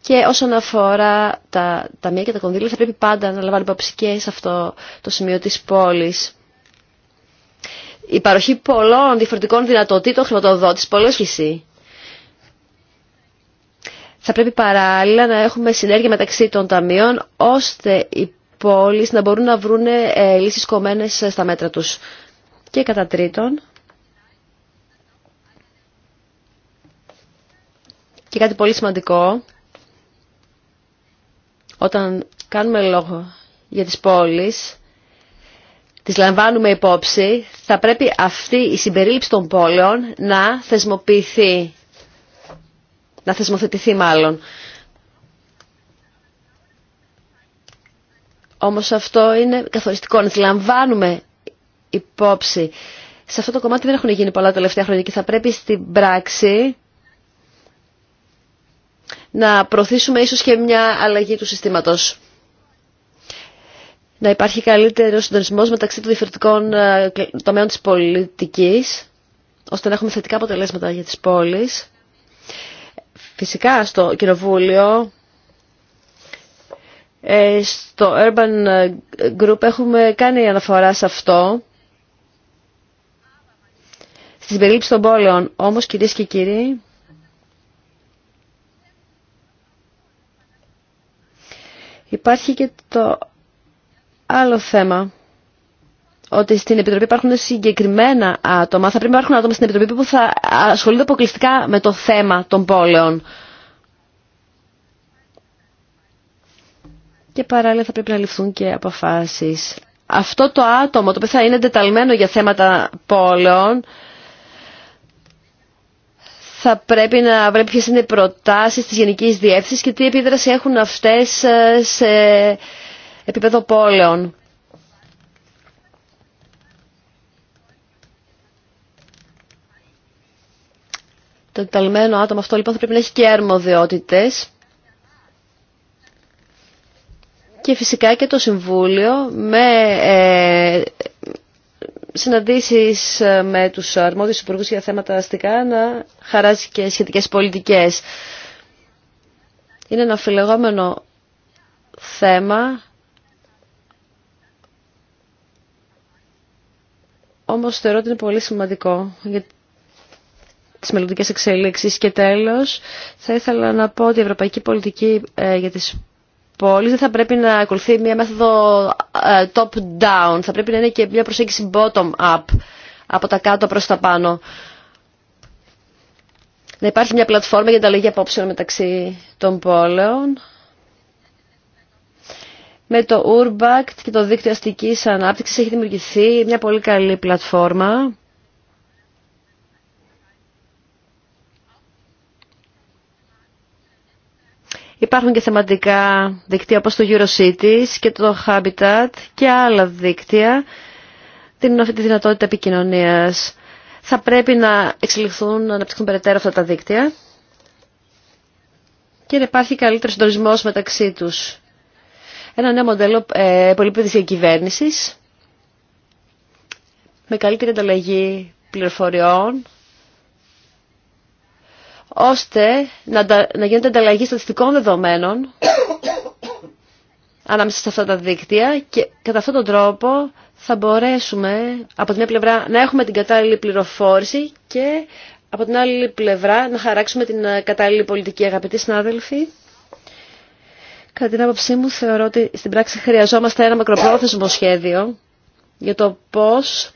και όσον αφορά τα ταμεία και τα κονδύλια, θα πρέπει πάντα να λαμβάνουμε υπόψη και σε αυτό το σημείο της πόλης. Η παροχή πολλών διαφορετικών δυνατοτήτων χρηματοδότηση, πολλή Θα πρέπει παράλληλα να έχουμε συνέργεια μεταξύ των ταμείων, ώστε οι πόλεις να μπορούν να βρουν ε, λύσεις κομμένες στα μέτρα τους. Και κατά τρίτον, και κάτι πολύ σημαντικό, όταν κάνουμε λόγο για τις πόλεις, τις λαμβάνουμε υπόψη, θα πρέπει αυτή η συμπερίληψη των πόλεων να θεσμοποιηθεί, να θεσμοθετηθεί μάλλον. Όμως αυτό είναι καθοριστικό, να τις λαμβάνουμε υπόψη. Σε αυτό το κομμάτι δεν έχουν γίνει πολλά τελευταία χρόνια και θα πρέπει στην πράξη να προωθήσουμε ίσως και μια αλλαγή του συστήματος. Να υπάρχει καλύτερο συντονισμό μεταξύ των διαφορετικών ε, τομέων της πολιτικής, ώστε να έχουμε θετικά αποτελέσματα για τις πόλεις. Φυσικά στο Κοινοβούλιο, ε, στο Urban Group έχουμε κάνει αναφορά σε αυτό στην περίληψη των πόλεων. Όμως, κυρίες και κύριοι, υπάρχει και το άλλο θέμα ότι στην Επιτροπή υπάρχουν συγκεκριμένα άτομα. Θα πρέπει να υπάρχουν άτομα στην Επιτροπή που θα ασχολούνται αποκλειστικά με το θέμα των πόλεων. Και παράλληλα θα πρέπει να ληφθούν και αποφάσεις. Αυτό το άτομο το οποίο θα είναι εντεταλμένο για θέματα πόλεων θα πρέπει να βρει ποιε είναι οι προτάσεις της Γενικής Διεύθυνσης και τι επίδραση έχουν αυτές ε, σε επίπεδο πόλεων. Το εκταλμένο άτομο αυτό λοιπόν θα πρέπει να έχει και αρμοδιότητες και φυσικά και το Συμβούλιο με ε, συναντήσεις ε, με τους αρμόδιους υπουργούς για θέματα αστικά να χαράζει και σχετικές πολιτικές. Είναι ένα αφιλεγόμενο θέμα, όμως θεωρώ ότι είναι πολύ σημαντικό για τις μελλοντικές εξελίξεις. Και τέλος, θα ήθελα να πω ότι η ευρωπαϊκή πολιτική ε, για τις πόλη δεν θα πρέπει να ακολουθεί μια μέθοδο ε, top-down. Θα πρέπει να είναι και μια προσέγγιση bottom-up, από τα κάτω προς τα πάνω. Να υπάρχει μια πλατφόρμα για ανταλλαγή απόψεων μεταξύ των πόλεων. Με το Urbact και το δίκτυο αστικής ανάπτυξης έχει δημιουργηθεί μια πολύ καλή πλατφόρμα Υπάρχουν και θεματικά δικτύα όπως το EuroCities και το Habitat και άλλα δίκτυα δίνουν αυτή τη δυνατότητα επικοινωνίας. Θα πρέπει να εξελιχθούν, να αναπτυχθούν περαιτέρω αυτά τα δίκτυα και να υπάρχει καλύτερο συντονισμό μεταξύ τους. Ένα νέο μοντέλο ε, πολυπίδησης κυβέρνησης με καλύτερη ανταλλαγή πληροφοριών ώστε να γίνεται ανταλλαγή στατιστικών δεδομένων <coughs> ανάμεσα σε αυτά τα δίκτυα και κατά αυτόν τον τρόπο θα μπορέσουμε από την μια πλευρά να έχουμε την κατάλληλη πληροφόρηση και από την άλλη πλευρά να χαράξουμε την ε, κατάλληλη πολιτική αγαπητοί συνάδελφοι. Κατά την άποψή μου θεωρώ ότι στην πράξη χρειαζόμαστε ένα μακροπρόθεσμο σχέδιο για το πώς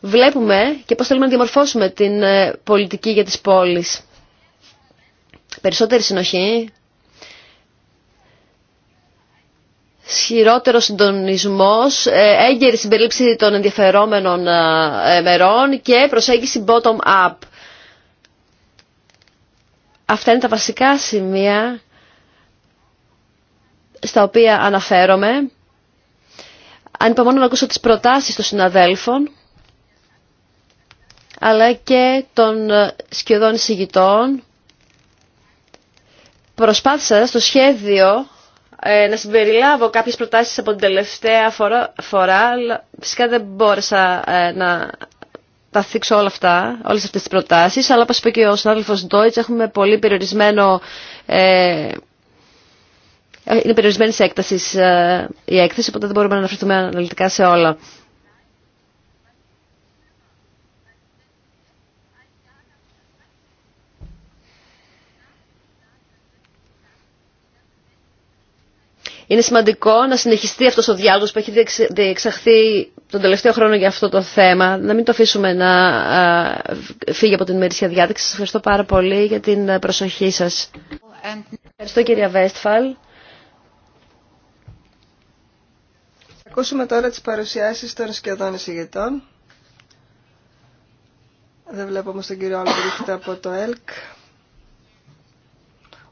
βλέπουμε και πώς θέλουμε να διαμορφώσουμε την ε, πολιτική για τις πόλεις. Περισσότερη συνοχή, σχηρότερο συντονισμός, ε, έγκαιρη συμπερίληψη των ενδιαφερόμενων ε, μερών και προσέγγιση bottom-up. Αυτά είναι τα βασικά σημεία στα οποία αναφέρομαι. Αν υπομονώ να ακούσω τις προτάσεις των συναδέλφων αλλά και των σχεδόν εισηγητών. Προσπάθησα στο σχέδιο ε, να συμπεριλάβω κάποιες προτάσεις από την τελευταία φορά, αλλά φυσικά δεν μπόρεσα ε, να τα θίξω όλα αυτά, όλες αυτές τις προτάσεις, αλλά όπως είπε και ο συνάδελφος Ντόιτς, έχουμε πολύ περιορισμένο, ε, είναι περιορισμένη έκταση η έκθεση, οπότε δεν μπορούμε να αναφερθούμε αναλυτικά σε όλα. Είναι σημαντικό να συνεχιστεί αυτός ο διάλογος που έχει διεξαχθεί τον τελευταίο χρόνο για αυτό το θέμα. Να μην το αφήσουμε να φύγει από την ημερήσια διάταξη. Σας ευχαριστώ πάρα πολύ για την προσοχή σας. Ευχαριστώ κυρία Βέστφαλ. Ακούσουμε τώρα τις παρουσιάσεις των σχεδόν εισηγητών. Δεν βλέπω όμως τον κύριο Αλμπρίχτα από το ΕΛΚ,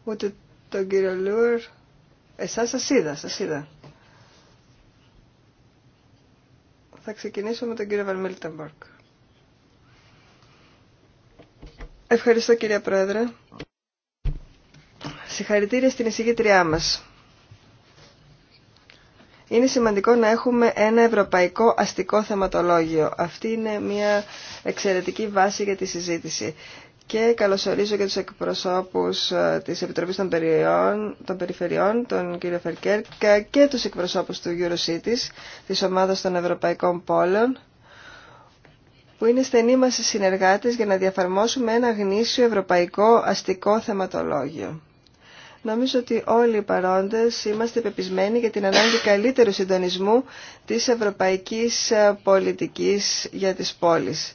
ούτε τον κύριο Λούρ, Εσά, σα είδα, σα είδα. Θα ξεκινήσω με τον κύριο Βαρμίλτεμπορκ. Ευχαριστώ κυρία Πρόεδρε. Συγχαρητήρια στην εισηγήτριά μας. Είναι σημαντικό να έχουμε ένα ευρωπαϊκό αστικό θεματολόγιο. Αυτή είναι μια εξαιρετική βάση για τη συζήτηση και καλωσορίζω και τους εκπροσώπους ε, της Επιτροπής των, Περιφερειών, των Περιφερειών, τον κύριο Φερκέρκα και τους εκπροσώπους του EuroCities, της Ομάδας των Ευρωπαϊκών Πόλεων, που είναι στενοί μας συνεργάτες για να διαφαρμόσουμε ένα γνήσιο ευρωπαϊκό αστικό θεματολόγιο. Νομίζω ότι όλοι οι παρόντες είμαστε πεπισμένοι για την ανάγκη καλύτερου συντονισμού της ευρωπαϊκής ε, πολιτικής για τις πόλεις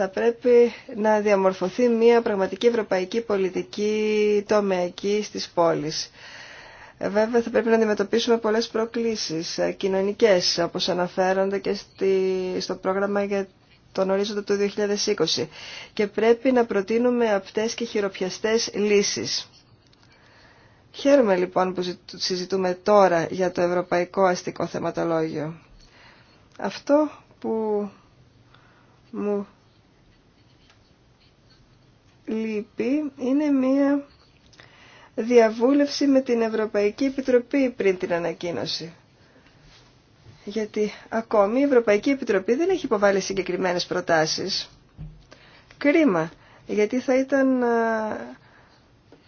θα πρέπει να διαμορφωθεί μια πραγματική ευρωπαϊκή πολιτική τομεακή στις πόλεις. Βέβαια θα πρέπει να αντιμετωπίσουμε πολλές προκλήσεις ε, κοινωνικές όπως αναφέρονται και στο πρόγραμμα για τον ορίζοντα του 2020 και πρέπει να προτείνουμε απτές και χειροπιαστές λύσεις. Χαίρομαι λοιπόν που συζητούμε τώρα για το Ευρωπαϊκό Αστικό Θεματολόγιο. Αυτό που μου είναι μία διαβούλευση με την Ευρωπαϊκή Επιτροπή πριν την ανακοίνωση. Γιατί ακόμη η Ευρωπαϊκή Επιτροπή δεν έχει υποβάλει συγκεκριμένες προτάσεις. Κρίμα, γιατί θα ήταν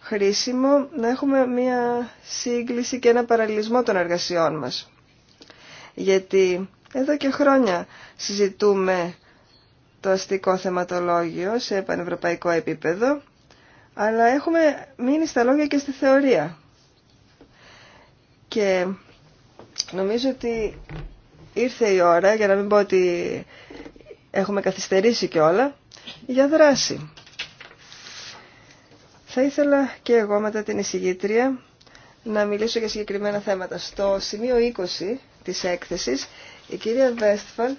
χρήσιμο να έχουμε μία σύγκληση και ένα παραλληλισμό των εργασιών μας. Γιατί εδώ και χρόνια συζητούμε το αστικό θεματολόγιο σε πανευρωπαϊκό επίπεδο, αλλά έχουμε μείνει στα λόγια και στη θεωρία. Και νομίζω ότι ήρθε η ώρα, για να μην πω ότι έχουμε καθυστερήσει και όλα, για δράση. Θα ήθελα και εγώ μετά την εισηγήτρια να μιλήσω για συγκεκριμένα θέματα. Στο σημείο 20 της έκθεσης, η κυρία Βέστφαλ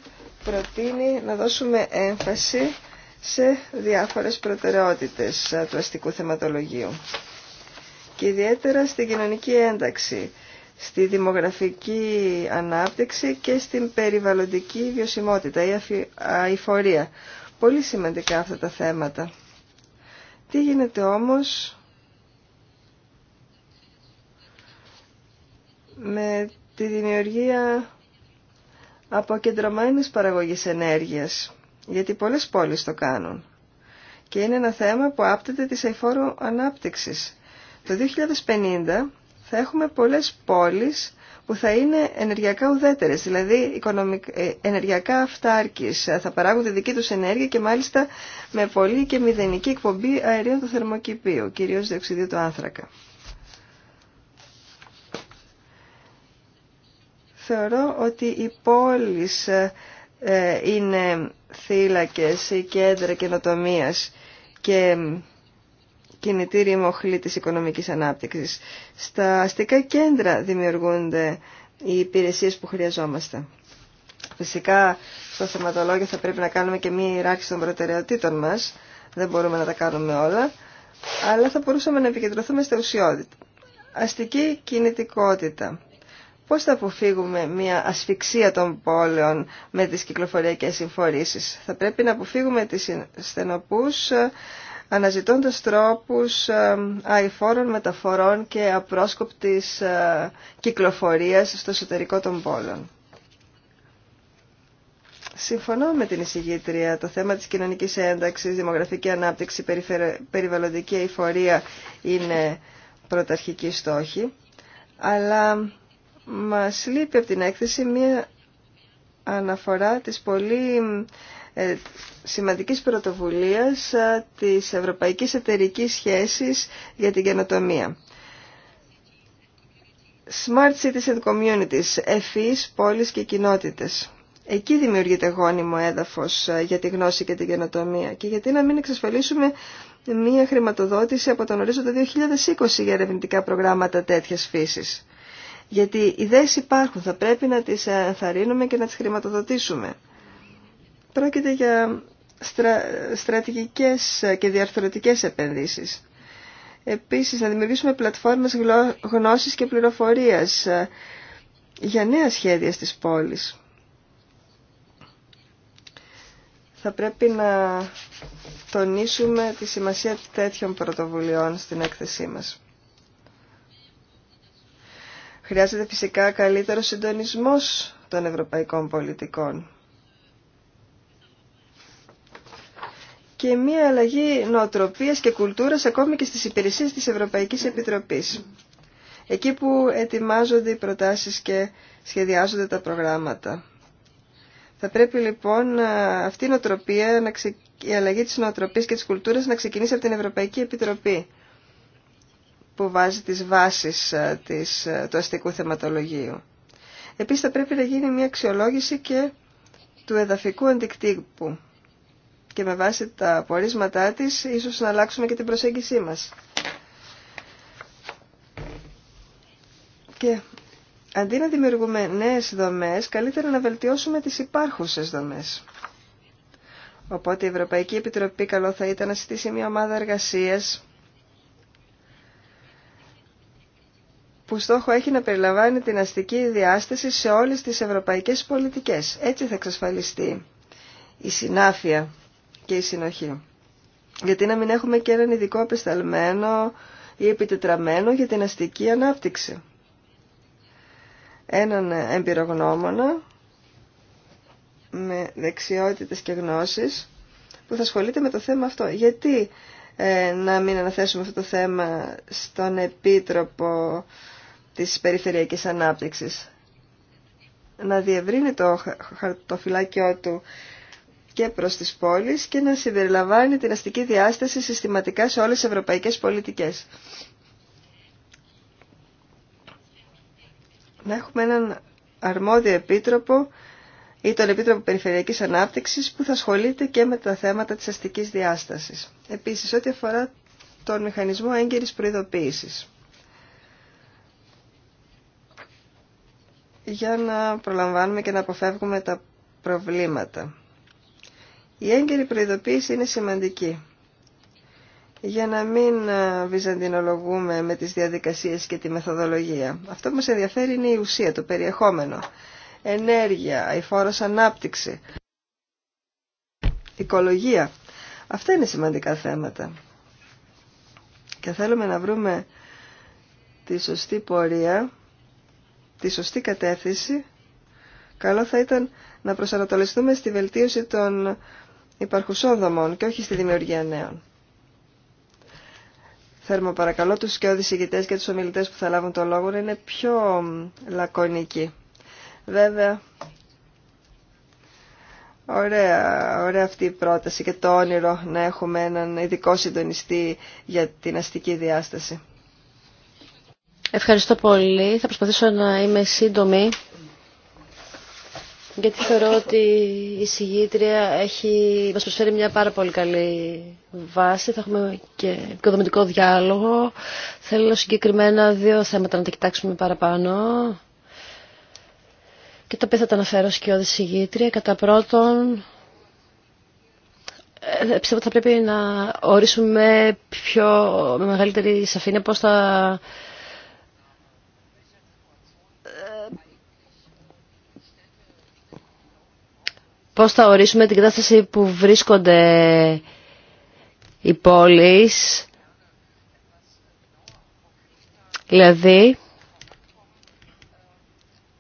προτείνει να δώσουμε έμφαση σε διάφορες προτεραιότητες του αστικού θεματολογίου και ιδιαίτερα στην κοινωνική ένταξη, στη δημογραφική ανάπτυξη και στην περιβαλλοντική βιωσιμότητα ή αηφορία. Πολύ σημαντικά αυτά τα θέματα. Τι γίνεται όμως με τη δημιουργία αποκεντρωμένης παραγωγής ενέργειας, γιατί πολλές πόλεις το κάνουν. Και είναι ένα θέμα που άπτεται της αηφόρου ανάπτυξης. Το 2050 θα έχουμε πολλές πόλεις που θα είναι ενεργειακά ουδέτερες, δηλαδή ε, ενεργειακά αυτάρκης. Θα παράγουν τη δική τους ενέργεια και μάλιστα με πολύ και μηδενική εκπομπή αερίων του θερμοκηπίου, κυρίως διοξιδίου του άνθρακα. Θεωρώ ότι οι πόλεις ε, ε, είναι θύλακες, ή κέντρα καινοτομία και ε, κινητήρια μοχλή της οικονομικής ανάπτυξης. Στα αστικά κέντρα δημιουργούνται οι υπηρεσίες που χρειαζόμαστε. Φυσικά στο θεματολόγιο θα πρέπει να κάνουμε και μία ράξη των προτεραιοτήτων μας. Δεν μπορούμε να τα κάνουμε όλα. Αλλά θα μπορούσαμε να επικεντρωθούμε στα ουσιώδη. Αστική κινητικότητα. Πώς θα αποφύγουμε μια ασφυξία των πόλεων με τις κυκλοφοριακές συμφορήσεις. Θα πρέπει να αποφύγουμε τις στενοπούς ε, αναζητώντας τρόπους ε, αηφόρων μεταφορών και απρόσκοπτης ε, κυκλοφορίας στο εσωτερικό των πόλεων. Συμφωνώ με την εισηγήτρια. Το θέμα της κοινωνικής ένταξης, δημογραφική ανάπτυξη, περιβαλλοντική αηφορία είναι πρωταρχική στόχη. Αλλά μας λείπει από την έκθεση μία αναφορά της πολύ ε, σημαντικής πρωτοβουλίας ε, της Ευρωπαϊκής Εταιρικής Σχέσης για την Καινοτομία. Smart Cities and Communities, ευφύς, πόλεις και κοινότητες. Εκεί δημιουργείται γόνιμο έδαφος ε, για τη γνώση και την καινοτομία. Και γιατί να μην εξασφαλίσουμε μία χρηματοδότηση από τον ορίζοντα 2020 για ερευνητικά προγράμματα τέτοιας φύσης. Γιατί ιδέες υπάρχουν, θα πρέπει να τις ενθαρρύνουμε και να τις χρηματοδοτήσουμε. Πρόκειται για στρα, στρατηγικές και διαρθρωτικές επενδύσεις. Επίσης, να δημιουργήσουμε πλατφόρμες γνώσης και πληροφορίας ε, για νέα σχέδια στις πόλεις. Θα πρέπει να τονίσουμε τη σημασία τέτοιων πρωτοβουλειών στην έκθεσή μας. Χρειάζεται φυσικά καλύτερο συντονισμός των ευρωπαϊκών πολιτικών. και μια αλλαγή νοοτροπίας και κουλτούρας ακόμη και στις υπηρεσίες της Ευρωπαϊκής Επιτροπής. Εκεί που ετοιμάζονται οι προτάσεις και σχεδιάζονται τα προγράμματα. Θα πρέπει λοιπόν αυτή η, νοοτροπία, η αλλαγή της νοοτροπίας και της κουλτούρας να ξεκινήσει από την Ευρωπαϊκή Επιτροπή που βάζει τις βάσεις ε, της, ε, του αστικού θεματολογίου. Επίσης θα πρέπει να γίνει μια αξιολόγηση και του εδαφικού αντικτύπου και με βάση τα πορίσματά της ίσως να αλλάξουμε και την προσέγγισή μας. Και αντί να δημιουργούμε νέες δομές, καλύτερα να βελτιώσουμε τις υπάρχουσες δομές. Οπότε η Ευρωπαϊκή Επιτροπή καλό θα ήταν να στήσει μια ομάδα εργασίας που στόχο έχει να περιλαμβάνει την αστική διάσταση σε όλες τις ευρωπαϊκές πολιτικές. Έτσι θα εξασφαλιστεί η συνάφεια και η συνοχή. Γιατί να μην έχουμε και έναν ειδικό απεσταλμένο ή επιτετραμένο για την αστική ανάπτυξη. Έναν εμπειρογνώμονα με δεξιότητες και γνώσεις που θα ασχολείται με το θέμα αυτό. Γιατί ε, να μην αναθέσουμε αυτό το θέμα στον Επίτροπο της περιφερειακής ανάπτυξης. Να διευρύνει το φυλάκιό του και προς τις πόλεις και να συμπεριλαμβάνει την αστική διάσταση συστηματικά σε όλες τις ευρωπαϊκές πολιτικές. Να έχουμε έναν αρμόδιο επίτροπο ή τον Επίτροπο Περιφερειακής Ανάπτυξης που θα ασχολείται και με τα θέματα της αστικής διάστασης. Επίσης, ό,τι αφορά τον μηχανισμό έγκαιρης προειδοποίησης. για να προλαμβάνουμε και να αποφεύγουμε τα προβλήματα. Η έγκαιρη προειδοποίηση είναι σημαντική για να μην ε, βυζαντινολογούμε με τις διαδικασίες και τη μεθοδολογία. Αυτό που μας ενδιαφέρει είναι η ουσία, το περιεχόμενο. Ενέργεια, η φόρος ανάπτυξη, οικολογία. Αυτά είναι σημαντικά θέματα. Και θέλουμε να βρούμε τη σωστή πορεία τη σωστή κατεύθυνση, καλό θα ήταν να προσανατολιστούμε στη βελτίωση των υπαρχουσών δομών και όχι στη δημιουργία νέων. Θέρμα παρακαλώ τους και ηγητές και τους ομιλητές που θα λάβουν το λόγο να είναι πιο λακωνικοί. Βέβαια, Ωραία, ωραία αυτή η πρόταση και το όνειρο να έχουμε έναν ειδικό συντονιστή για την αστική διάσταση. Ευχαριστώ πολύ. Θα προσπαθήσω να είμαι σύντομη. Γιατί θεωρώ ότι η συγγήτρια έχει, μας προσφέρει μια πάρα πολύ καλή βάση. Θα έχουμε και επικοδομητικό διάλογο. Θέλω συγκεκριμένα δύο θέματα να τα κοιτάξουμε παραπάνω. Και τα οποία θα τα αναφέρω σκιώδη συγγήτρια. Κατά πρώτον, ε, πιστεύω ότι θα πρέπει να ορίσουμε πιο με μεγαλύτερη σαφήνεια πώς θα πώς θα ορίσουμε την κατάσταση που βρίσκονται οι πόλεις. Δηλαδή,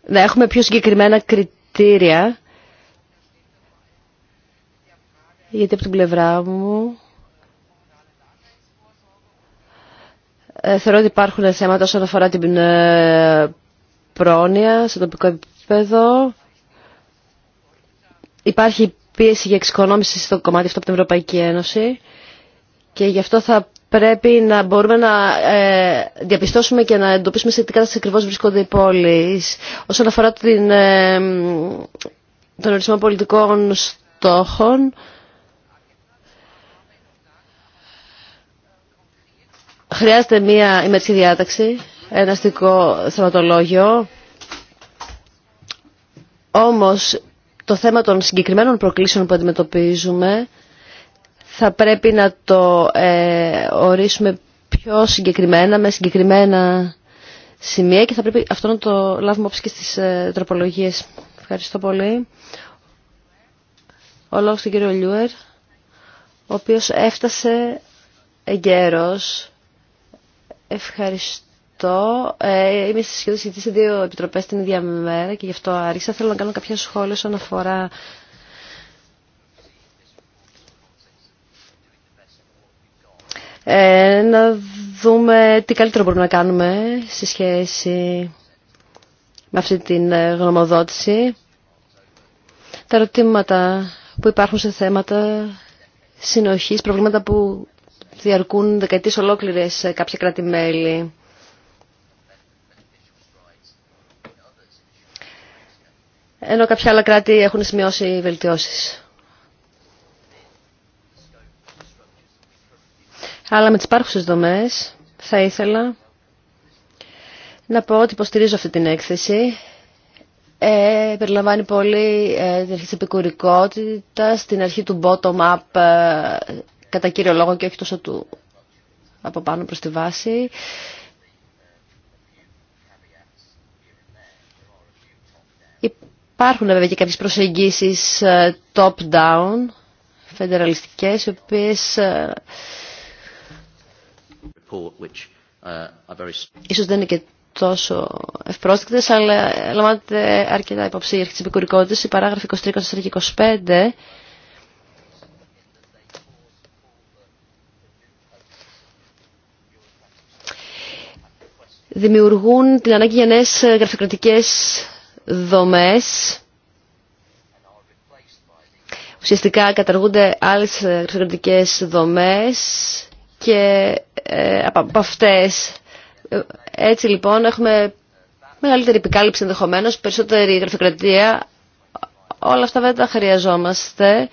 να έχουμε πιο συγκεκριμένα κριτήρια. Γιατί από την πλευρά μου... Ε, θεωρώ ότι υπάρχουν θέματα όσον αφορά την ε, πρόνοια σε τοπικό επίπεδο υπάρχει πίεση για εξοικονόμηση στο κομμάτι αυτό από την Ευρωπαϊκή Ένωση και γι' αυτό θα πρέπει να μπορούμε να ε, διαπιστώσουμε και να εντοπίσουμε σε τι κατάσταση ακριβώ βρίσκονται οι πόλεις. Όσον αφορά την, ε, τον ορισμό πολιτικών στόχων, χρειάζεται μία ημερική διάταξη, ένα αστικό θεματολόγιο. Όμως το θέμα των συγκεκριμένων προκλήσεων που αντιμετωπίζουμε θα πρέπει να το ε, ορίσουμε πιο συγκεκριμένα, με συγκεκριμένα σημεία και θα πρέπει αυτό να το λάβουμε όψη και στις ε, τροπολογίες. Ευχαριστώ πολύ. Ο λόγος του κύριο Λιούερ, ο οποίος έφτασε εγκαίρος. Ευχαριστώ αυτό. Ε, είμαι σχέση σε δύο επιτροπέ την ίδια μέρα και γι' αυτό άρχισα. Θέλω να κάνω κάποια σχόλια όσον αφορά ε, να δούμε τι καλύτερο μπορούμε να κάνουμε σε σχέση με αυτή την ε, γνωμοδότηση. Τα ερωτήματα που υπάρχουν σε θέματα συνοχής, προβλήματα που διαρκούν δεκαετίες ολόκληρες σε κάποια κράτη-μέλη. ενώ κάποια άλλα κράτη έχουν σημειώσει βελτιώσεις. Αλλά με τις υπάρχουσες δομές θα ήθελα να πω ότι υποστηρίζω αυτή την έκθεση. Ε, περιλαμβάνει πολύ ε, την αρχή της επικουρικότητας, την αρχή του bottom-up ε, κατά κύριο λόγο και όχι τόσο του από πάνω προς τη βάση. Υπάρχουν βέβαια και κάποιες προσεγγίσεις ε, top-down, φεντεραλιστικές, οι οποίες ε, uh, ίσως δεν είναι και τόσο ευπρόσδεκτες, αλλά ε, λαμβάνεται αρκετά υπόψη η αρχή της επικουρικότητας, Οι παράγραφοι 23, 24 και 25, δημιουργούν την ανάγκη για νέες γραφειοκρατικές δομές ουσιαστικά καταργούνται άλλες εξωτερικές δομές και ε, από αυτές ε, έτσι λοιπόν έχουμε μεγαλύτερη επικάλυψη ενδεχομένω, περισσότερη γραφειοκρατία. Όλα αυτά δεν τα χρειαζόμαστε.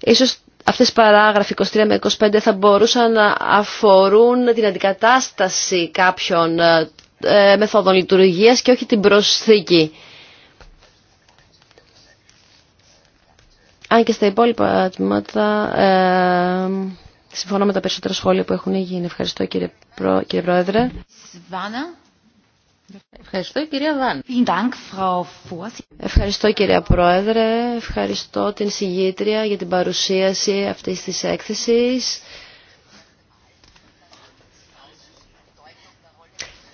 Ίσως αυτές οι παράγραφοι 23 με 25 θα μπορούσαν να αφορούν την αντικατάσταση κάποιων ε, ε, μεθόδων λειτουργίας και όχι την προσθήκη. Αν και στα υπόλοιπα τμήματα ε, συμφωνώ με τα περισσότερα σχόλια που έχουν γίνει. Ευχαριστώ κύριε, Πρό, κύριε Πρόεδρε. Ευχαριστώ κυρία Βάν. Ευχαριστώ κυρία Πρόεδρε. Ευχαριστώ την συγγήτρια για την παρουσίαση αυτής της έκθεσης.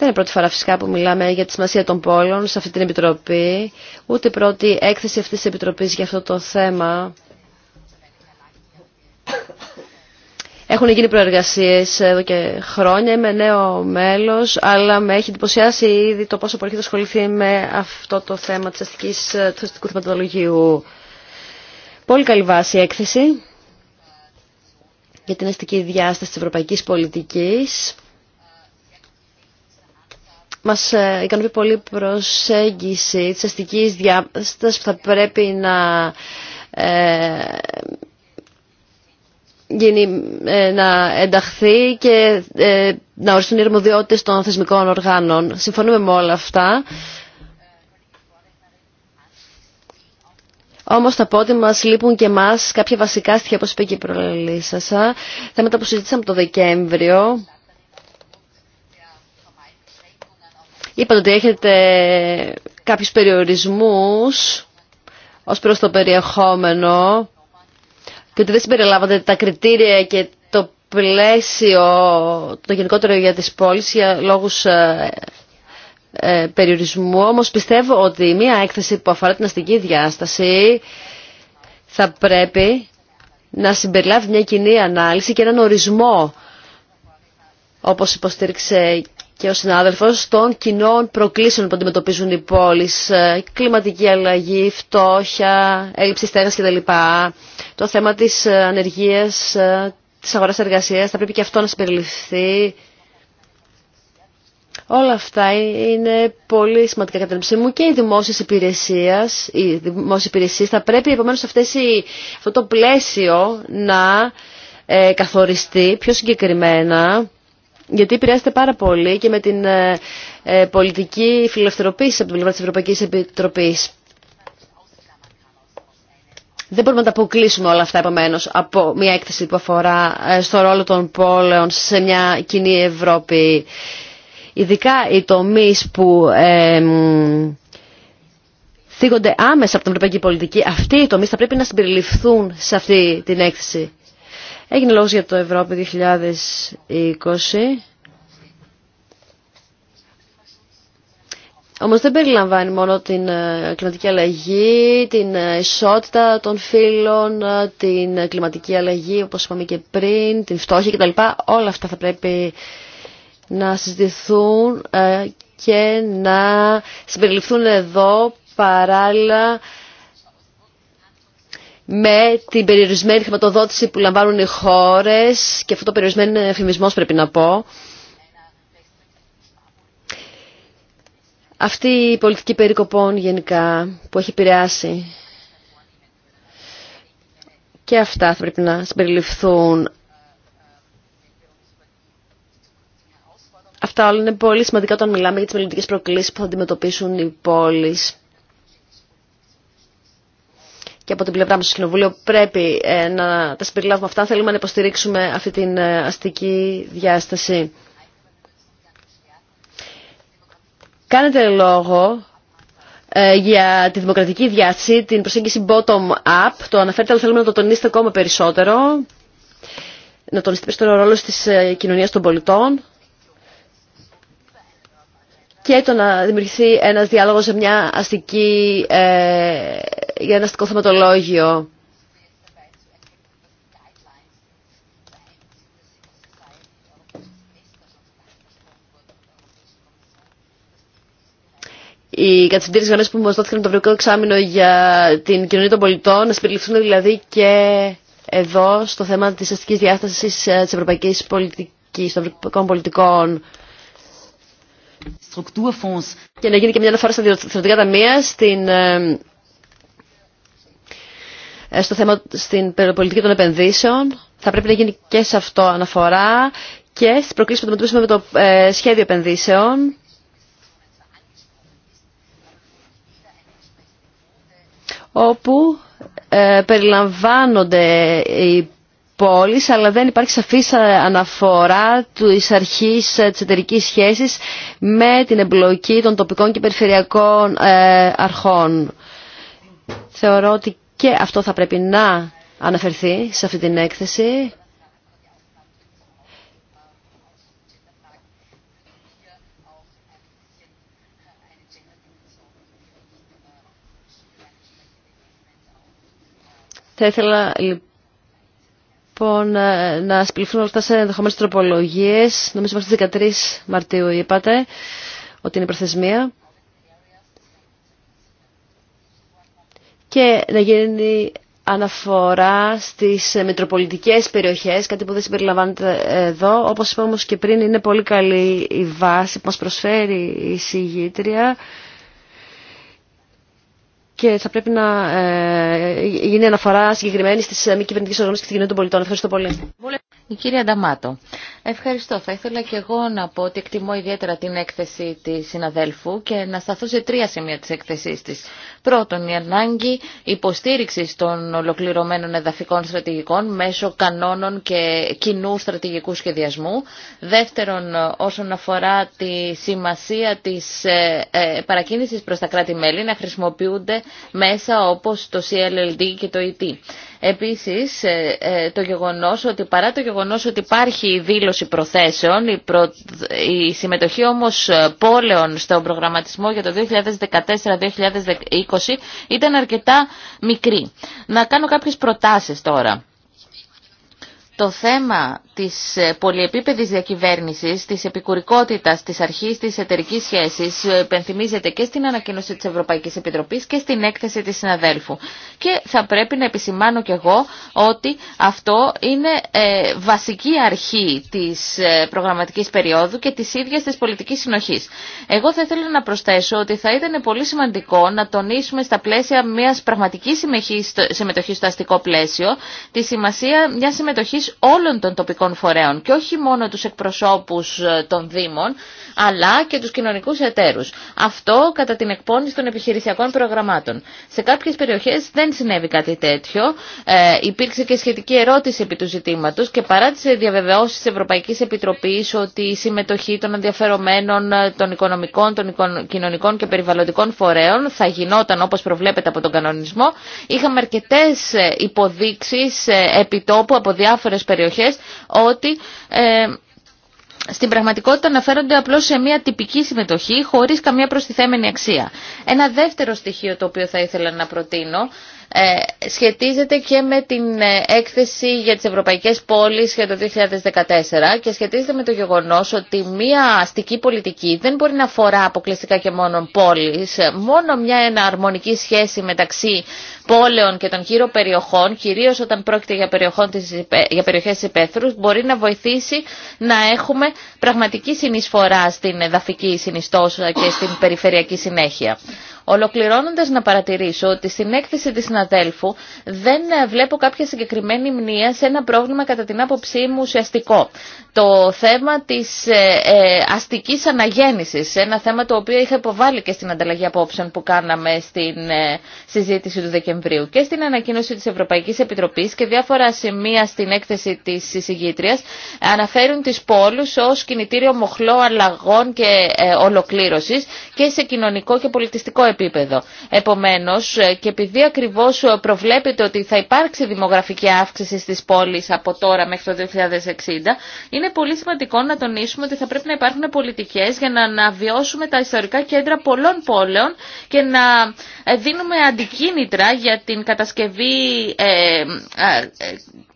Δεν είναι πρώτη φορά φυσικά που μιλάμε για τη σημασία των πόλων σε αυτή την Επιτροπή, ούτε πρώτη έκθεση αυτής της Επιτροπής για αυτό το θέμα. Έχουν γίνει προεργασίες εδώ και χρόνια, είμαι νέο μέλος, αλλά με έχει εντυπωσιάσει ήδη το πόσο πολύ ασχοληθεί με αυτό το θέμα της αστικής, του αστικού θεματολογίου. Πολύ καλή βάση έκθεση για την αστική διάσταση της ευρωπαϊκής πολιτικής. Μας ε, ικανοποιεί πολύ προσέγγιση της αστικής διάστασης που θα πρέπει να ε, γίνει, ε, να ενταχθεί και να οριστούν οι αρμοδιότητες των θεσμικών οργάνων. Συμφωνούμε με όλα αυτά. Όμω θα πω ότι μα λείπουν και εμά κάποια βασικά στοιχεία, όπω είπε και η προλαλήσασα. Θέματα που συζήτησαμε το Δεκέμβριο Είπατε ότι έχετε κάποιους περιορισμούς ως προς το περιεχόμενο και ότι δεν συμπεριλάβατε τα κριτήρια και το πλαίσιο, το γενικότερο για τις πόλεις για λόγους ε, ε, περιορισμού. Όμως πιστεύω ότι μία έκθεση που αφορά την αστική διάσταση θα πρέπει να συμπεριλάβει μια κοινή ανάλυση και έναν ορισμό όπως υποστήριξε και ο συνάδελφος των κοινών προκλήσεων που αντιμετωπίζουν οι πόλεις, ε, κλιματική αλλαγή, φτώχεια, έλλειψη στέγας κτλ. Το θέμα της ε, ανεργίας, ε, της αγοράς εργασίας, θα πρέπει και αυτό να συμπεριληφθεί. Όλα αυτά είναι πολύ σημαντικά κατά την μου και οι δημόσιες υπηρεσίες, οι υπηρεσίες θα πρέπει επομένως αυτό το πλαίσιο να καθοριστεί πιο συγκεκριμένα γιατί επηρεάζεται πάρα πολύ και με την ε, ε, πολιτική φιλελευθεροποίηση από την πλευρά της Ευρωπαϊκής Επιτροπής. Δεν μπορούμε να τα αποκλείσουμε όλα αυτά, επομένω, από μια έκθεση που αφορά ε, στο ρόλο των πόλεων σε μια κοινή Ευρώπη. Ειδικά οι τομεί που ε, θίγονται άμεσα από την ευρωπαϊκή πολιτική, αυτοί οι τομεί θα πρέπει να συμπεριληφθούν σε αυτή την έκθεση. Έγινε λόγος για το Ευρώπη 2020. Όμως δεν περιλαμβάνει μόνο την ε, κλιματική αλλαγή, την ε, ισότητα των φύλων, ε, την κλιματική αλλαγή όπως είπαμε και πριν, την φτώχεια κτλ. Όλα αυτά θα πρέπει να συζητηθούν και να συμπεριληφθούν εδώ παράλληλα με την περιορισμένη χρηματοδότηση που λαμβάνουν οι χώρες και αυτό το περιορισμένο εφημισμός πρέπει να πω. Αυτή η πολιτική περικοπών γενικά που έχει επηρεάσει και αυτά θα πρέπει να συμπεριληφθούν. Αυτά όλα είναι πολύ σημαντικά όταν μιλάμε για τις μελλοντικές προκλήσεις που θα αντιμετωπίσουν οι πόλεις και από την πλευρά μας στο Κοινοβούλιο πρέπει ε, να τα συμπεριλάβουμε αυτά. Θέλουμε να υποστηρίξουμε αυτή την ε, αστική διάσταση. Κάνετε λόγο ε, για τη δημοκρατική διάσταση, την προσέγγιση bottom-up. Το αναφέρετε, αλλά θέλουμε να το τονίσετε ακόμα περισσότερο. Να τονίσετε περισσότερο ρόλο στις κοινωνίας των πολιτών και το να δημιουργηθεί ένας διάλογος σε μια αστική, ε, για ένα αστικό θεματολόγιο. Οι κατευθυντήρε γραμμές που μα δόθηκαν το ευρωπαϊκό εξάμεινο για την κοινωνία των πολιτών να συμπεριληφθούν δηλαδή και εδώ στο θέμα της αστική διάσταση ε, τη ευρωπαϊκή πολιτικής, των ευρωπαϊκών πολιτικών. Και να γίνει και μια αναφορά στα διευθυντικά ταμεία στην, ε, ε, στο θέμα στην πολιτική των επενδύσεων. Θα πρέπει να γίνει και σε αυτό αναφορά και στι προκλήσεις που αντιμετωπίσουμε με το ε, σχέδιο επενδύσεων. όπου περιλαμβάνονται οι πόλης, αλλά δεν υπάρχει σαφής ε, αναφορά της αρχής ε, της εταιρική σχέσης με την εμπλοκή των τοπικών και περιφερειακών ε, αρχών. Θεωρώ ότι και αυτό θα πρέπει να αναφερθεί σε αυτή την έκθεση. Θα ήθελα λοιπόν λοιπόν ε, να συμπληρωθούν όλα αυτά σε ενδεχόμενε τροπολογίε. Νομίζω μέχρι τις 13 Μαρτίου είπατε ότι είναι προθεσμία. Και να γίνει αναφορά στις μετροπολιτικές περιοχές, κάτι που δεν συμπεριλαμβάνεται εδώ. Όπως είπα όμως και πριν, είναι πολύ καλή η βάση που μας προσφέρει η συγγήτρια και θα πρέπει να ε, γίνει αναφορά συγκεκριμένη στις ε, μη κυβερνητικές οργανώσεις και στην κοινωνία των πολιτών. Ευχαριστώ πολύ. Η κυρία Νταμάτο. Ευχαριστώ. Θα ήθελα και εγώ να πω ότι εκτιμώ ιδιαίτερα την έκθεση τη συναδέλφου και να σταθώ σε τρία σημεία της έκθεσή τη. Πρώτον, η ανάγκη υποστήριξη των ολοκληρωμένων εδαφικών στρατηγικών μέσω κανόνων και κοινού στρατηγικού σχεδιασμού. Δεύτερον, όσον αφορά τη σημασία τη ε, ε, παρακίνηση προ τα κράτη-μέλη να χρησιμοποιούνται μέσα όπω το CLLD και το ET. Επίσης, ε, ε, το γεγονός ότι παρά το γεγονός ότι υπάρχει δήλωση προθέσεων, η, η συμμετοχή όμως ε, πόλεων στον προγραμματισμό για το 2014-2020 ήταν αρκετά μικρή. Να κάνω κάποιες προτάσεις τώρα. Το θέμα της ε, πολυεπίπεδης διακυβέρνησης, της επικουρικότητας, της αρχής της εταιρικής σχέσης ε, υπενθυμίζεται και στην ανακοίνωση της Ευρωπαϊκής Επιτροπής και στην έκθεση της συναδέλφου. Και θα πρέπει να επισημάνω κι εγώ ότι αυτό είναι ε, βασική αρχή της προγραμματικής περίοδου και της ίδιας της πολιτικής συνοχής. Εγώ θα ήθελα να προσθέσω ότι θα ήταν πολύ σημαντικό να τονίσουμε στα πλαίσια μιας πραγματικής συμμετοχής στο αστικό πλαίσιο τη σημασία μιας συμμετοχής όλων των τοπικών φορέων και όχι μόνο τους εκπροσώπους ε, των Δήμων, αλλά και τους κοινωνικούς εταίρους. Αυτό κατά την εκπόνηση των επιχειρησιακών προγραμμάτων. Σε κάποιες περιοχές δεν συνέβη κάτι τέτοιο. Ε, υπήρξε και σχετική ερώτηση επί του ζητήματος και παρά τις διαβεβαιώσεις της Ευρωπαϊκής Επιτροπής ότι η συμμετοχή των ενδιαφερομένων, ε, των οικονομικών, των κοινωνικών και περιβαλλοντικών φορέων θα γινόταν όπως προβλέπεται από τον κανονισμό, είχαμε αρκετές υποδείξεις επιτόπου από διάφορες περιοχές ότι ε, στην πραγματικότητα αναφέρονται απλώς σε μια τυπική συμμετοχή χωρίς καμία προστιθέμενη αξία. Ένα δεύτερο στοιχείο το οποίο θα ήθελα να προτείνω ε, σχετίζεται και με την ε, έκθεση για τις ευρωπαϊκές πόλεις για το 2014 και σχετίζεται με το γεγονός ότι μία αστική πολιτική δεν μπορεί να αφορά αποκλειστικά και μόνο πόλεις. Μόνο μια εναρμονική σχέση μεταξύ πόλεων και των γύρω περιοχών, κυρίως όταν πρόκειται για, της, ε, για περιοχές της μπορεί να βοηθήσει να έχουμε πραγματική συνεισφορά στην εδαφική συνιστόσα και στην περιφερειακή συνέχεια. Ολοκληρώνοντας να παρατηρήσω ότι στην έκθεση της συναδέλφου δεν ε, βλέπω κάποια συγκεκριμένη μνήμα σε ένα πρόβλημα κατά την άποψή μου ουσιαστικό. Το θέμα της ε, ε, αστικής αναγέννησης, ένα θέμα το οποίο είχα υποβάλει και στην ανταλλαγή απόψεων που κάναμε στην συζήτηση του Δεκεμβρίου και στην ανακοίνωση της Ευρωπαϊκής Επιτροπής και διάφορα σημεία στην έκθεση της συζυγήτριας αναφέρουν τις πόλους ως κινητήριο μοχλό αλλαγών και ολοκλήρωσης και σε κοινωνικό και πολιτιστικό επίπεδο. Επομένως, ε, και επειδή ακριβώ ε, προβλέπεται ότι θα υπάρξει δημογραφική αύξηση στις πόλεις από τώρα μέχρι το 2060, είναι πολύ σημαντικό να τονίσουμε ότι θα πρέπει να υπάρχουν πολιτικές για να αναβιώσουμε τα ιστορικά κέντρα πολλών πόλεων και να ε, δίνουμε αντικίνητρα για την κατασκευή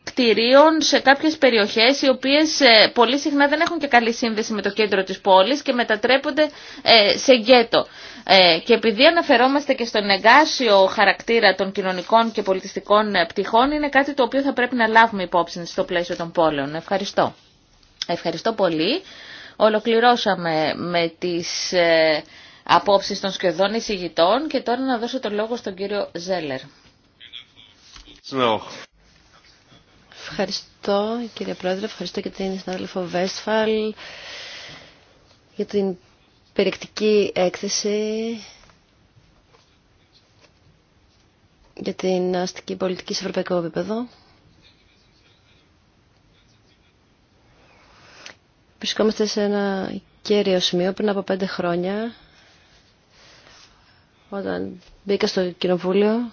κτηρίων σε κάποιες περιοχές οι οποίες πολύ συχνά δεν έχουν και καλή σύνδεση με το κέντρο της πόλης και μετατρέπονται σε γκέτο. Ε, και επειδή αναφερόμαστε και στον εγκάσιο χαρακτήρα των κοινωνικών και πολιτιστικών ε, πτυχών, είναι κάτι το οποίο θα πρέπει να λάβουμε υπόψη στο πλαίσιο των πόλεων. Ευχαριστώ. Ευχαριστώ πολύ. Ολοκληρώσαμε με τις ε, απόψεις των σχεδόν εισηγητών και τώρα να δώσω το λόγο στον κύριο Ζέλερ. Ευχαριστώ κύριε Πρόεδρε, ευχαριστώ και την συνάδελφο Βέσφαλ για την περιεκτική έκθεση για την αστική πολιτική σε ευρωπαϊκό επίπεδο. Βρισκόμαστε σε ένα κέριο σημείο πριν από πέντε χρόνια όταν μπήκα στο κοινοβούλιο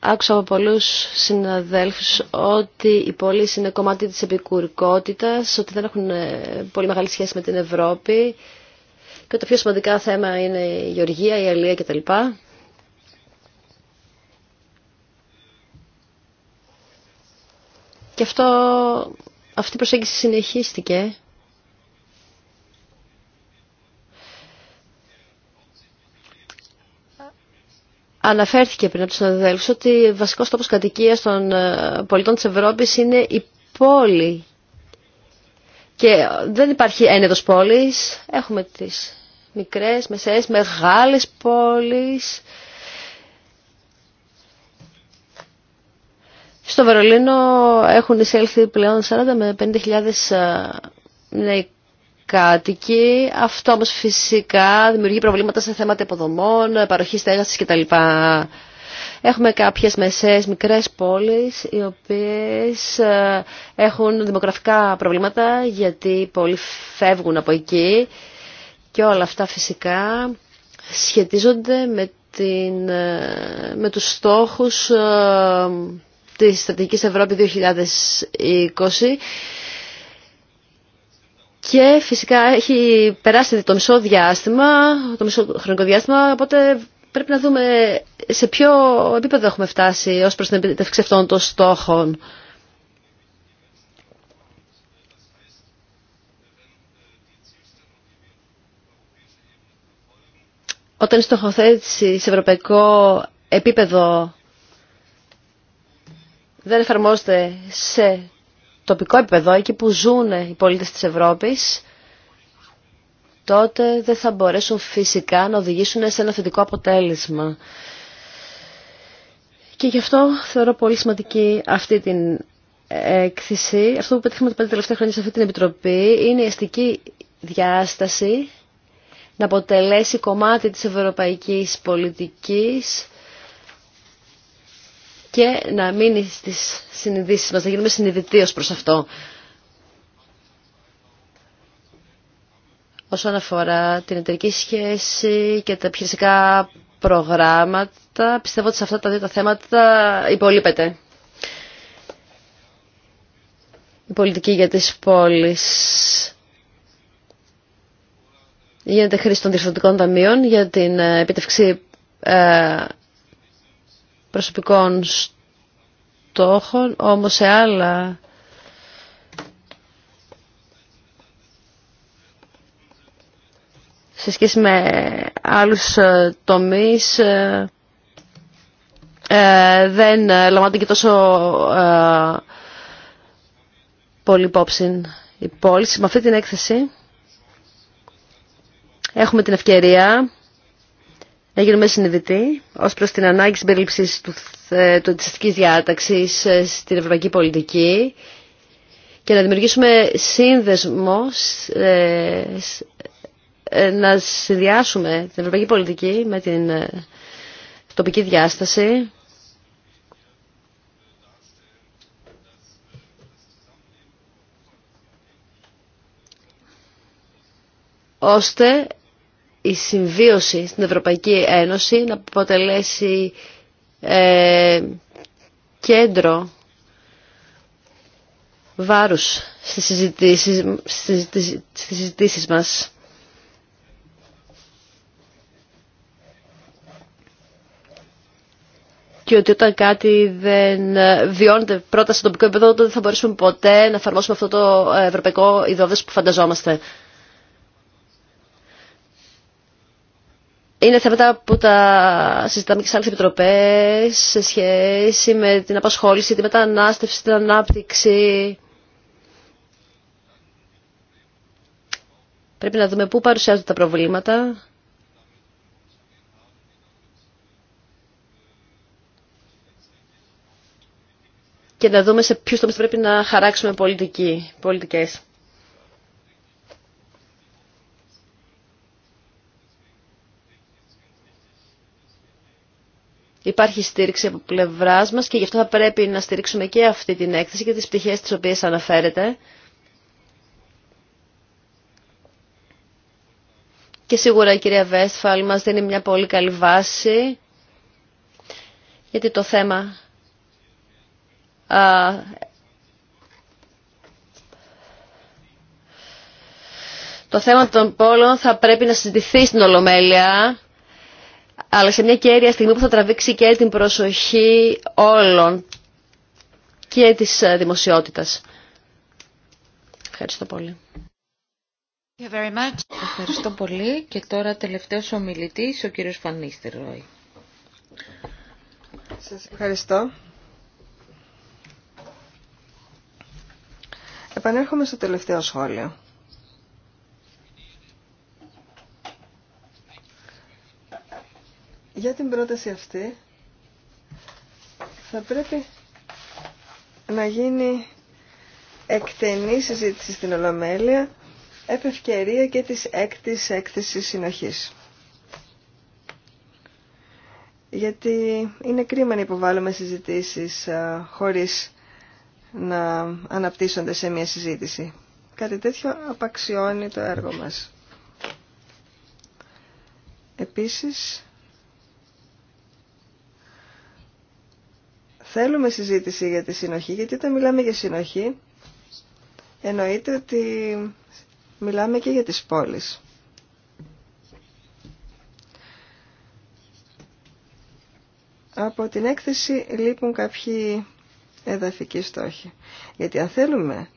Άκουσα από πολλούς συναδέλφους ότι οι πόλεις είναι κομμάτι της επικουρικότητα, ότι δεν έχουν ε, πολύ μεγάλη σχέση με την Ευρώπη και το πιο σημαντικά θέμα είναι η γεωργία, η αλληλεία κτλ. Και αυτό, αυτή η προσέγγιση συνεχίστηκε Αναφέρθηκε πριν από τους συναδέλφους ότι βασικός τόπος κατοικίας των ε, πολιτών της Ευρώπης είναι η πόλη. Και δεν υπάρχει ένεδος πόλης. Έχουμε τις μικρές, μεσαίες, μεγάλες πόλεις. Στο Βερολίνο έχουν εισέλθει πλέον 40 με 50.000 ε, νέοι κάτοικοι. Αυτό όμως φυσικά δημιουργεί προβλήματα σε θέματα υποδομών, παροχή στέγασης κτλ. Έχουμε κάποιες μεσαίες μικρές πόλεις οι οποίες ε, έχουν δημογραφικά προβλήματα γιατί πολλοί φεύγουν από εκεί και όλα αυτά φυσικά σχετίζονται με, την, ε, με τους στόχους ε, της Στρατηγικής Ευρώπη 2020 και φυσικά έχει περάσει το μισό διάστημα, το μισό χρονικό διάστημα, οπότε πρέπει να δούμε σε ποιο επίπεδο έχουμε φτάσει ως προς την επιτεύξη αυτών των στόχων. Όταν η στοχοθέτηση σε ευρωπαϊκό επίπεδο δεν εφαρμόζεται σε τοπικό επίπεδο, εκεί που ζουν οι πολίτες της Ευρώπης, τότε δεν θα μπορέσουν φυσικά να οδηγήσουν σε ένα θετικό αποτέλεσμα. Και γι' αυτό θεωρώ πολύ σημαντική αυτή την έκθεση. Αυτό που πετύχαμε τα πέντε τελευταία χρόνια σε αυτή την Επιτροπή είναι η αστική διάσταση να αποτελέσει κομμάτι της ευρωπαϊκής πολιτικής και να μείνει στις συνειδήσεις μας, να γίνουμε συνειδητοί ως προς αυτό. Όσον αφορά την εταιρική σχέση και τα επιχειρησικά προγράμματα, πιστεύω ότι σε αυτά τα δύο τα θέματα υπολείπεται η πολιτική για τις πόλεις. Γίνεται χρήση των διευθυντικών ταμείων για την ε, επίτευξη ε, προσωπικών στόχων, όμως σε άλλα σε σχέση με άλλους ε, τομείς ε, ε, δεν λαμβάνεται και τόσο πολύ υπόψη η πόλη. Με αυτή την έκθεση έχουμε την ευκαιρία να γίνουμε συνειδητοί ως προς την ανάγκη συμπερίληψης του, ε, του διάταξης ε, στην ευρωπαϊκή πολιτική και να δημιουργήσουμε σύνδεσμο, ε, να συνδυάσουμε την ευρωπαϊκή πολιτική με την τοπική διάσταση. ώστε η συμβίωση στην Ευρωπαϊκή Ένωση να αποτελέσει ε, κέντρο βάρους στις συζητήσεις, στις συζητήσεις μας. και ότι όταν κάτι δεν ε, βιώνεται πρώτα στο τοπικό επίπεδο, τότε δεν θα μπορέσουμε ποτέ να εφαρμόσουμε αυτό το ε, ευρωπαϊκό ειδόδες που φανταζόμαστε. είναι θέματα που τα συζητάμε και σε άλλες επιτροπές σε σχέση με την απασχόληση, τη μετανάστευση, την ανάπτυξη. Πρέπει να δούμε πού παρουσιάζονται τα προβλήματα. Και να δούμε σε ποιους τομείς πρέπει να χαράξουμε πολιτική, πολιτικές. υπάρχει στήριξη από πλευρά μα και γι' αυτό θα πρέπει να στηρίξουμε και αυτή την έκθεση και τι πτυχέ τι οποίε αναφέρεται. Και σίγουρα η κυρία Βέσφαλ μας δίνει μια πολύ καλή βάση, γιατί το θέμα α, το θέμα των πόλων θα πρέπει να συζητηθεί στην Ολομέλεια αλλά σε μια κέρια στιγμή που θα τραβήξει και την προσοχή όλων και της ε, δημοσιότητας. Ευχαριστώ πολύ. Ευχαριστώ πολύ και τώρα τελευταίος ομιλητής ο κύριος Φανίστερ Ρόι. Σας ευχαριστώ. Επανέρχομαι στο τελευταίο σχόλιο. Για την πρόταση αυτή θα πρέπει να γίνει εκτενή συζήτηση στην Ολομέλεια επ' ευκαιρία και της έκτης έκθεσης συνοχής. Γιατί είναι κρίμα να υποβάλλουμε συζητήσεις χωρίς να αναπτύσσονται σε μια συζήτηση. Κάτι τέτοιο απαξιώνει το έργο μας. Επίσης, Θέλουμε συζήτηση για τη συνοχή, γιατί όταν μιλάμε για συνοχή, εννοείται ότι μιλάμε και για τις πόλεις. Από την έκθεση λείπουν κάποιοι εδαφικοί στόχοι. Γιατί αν θέλουμε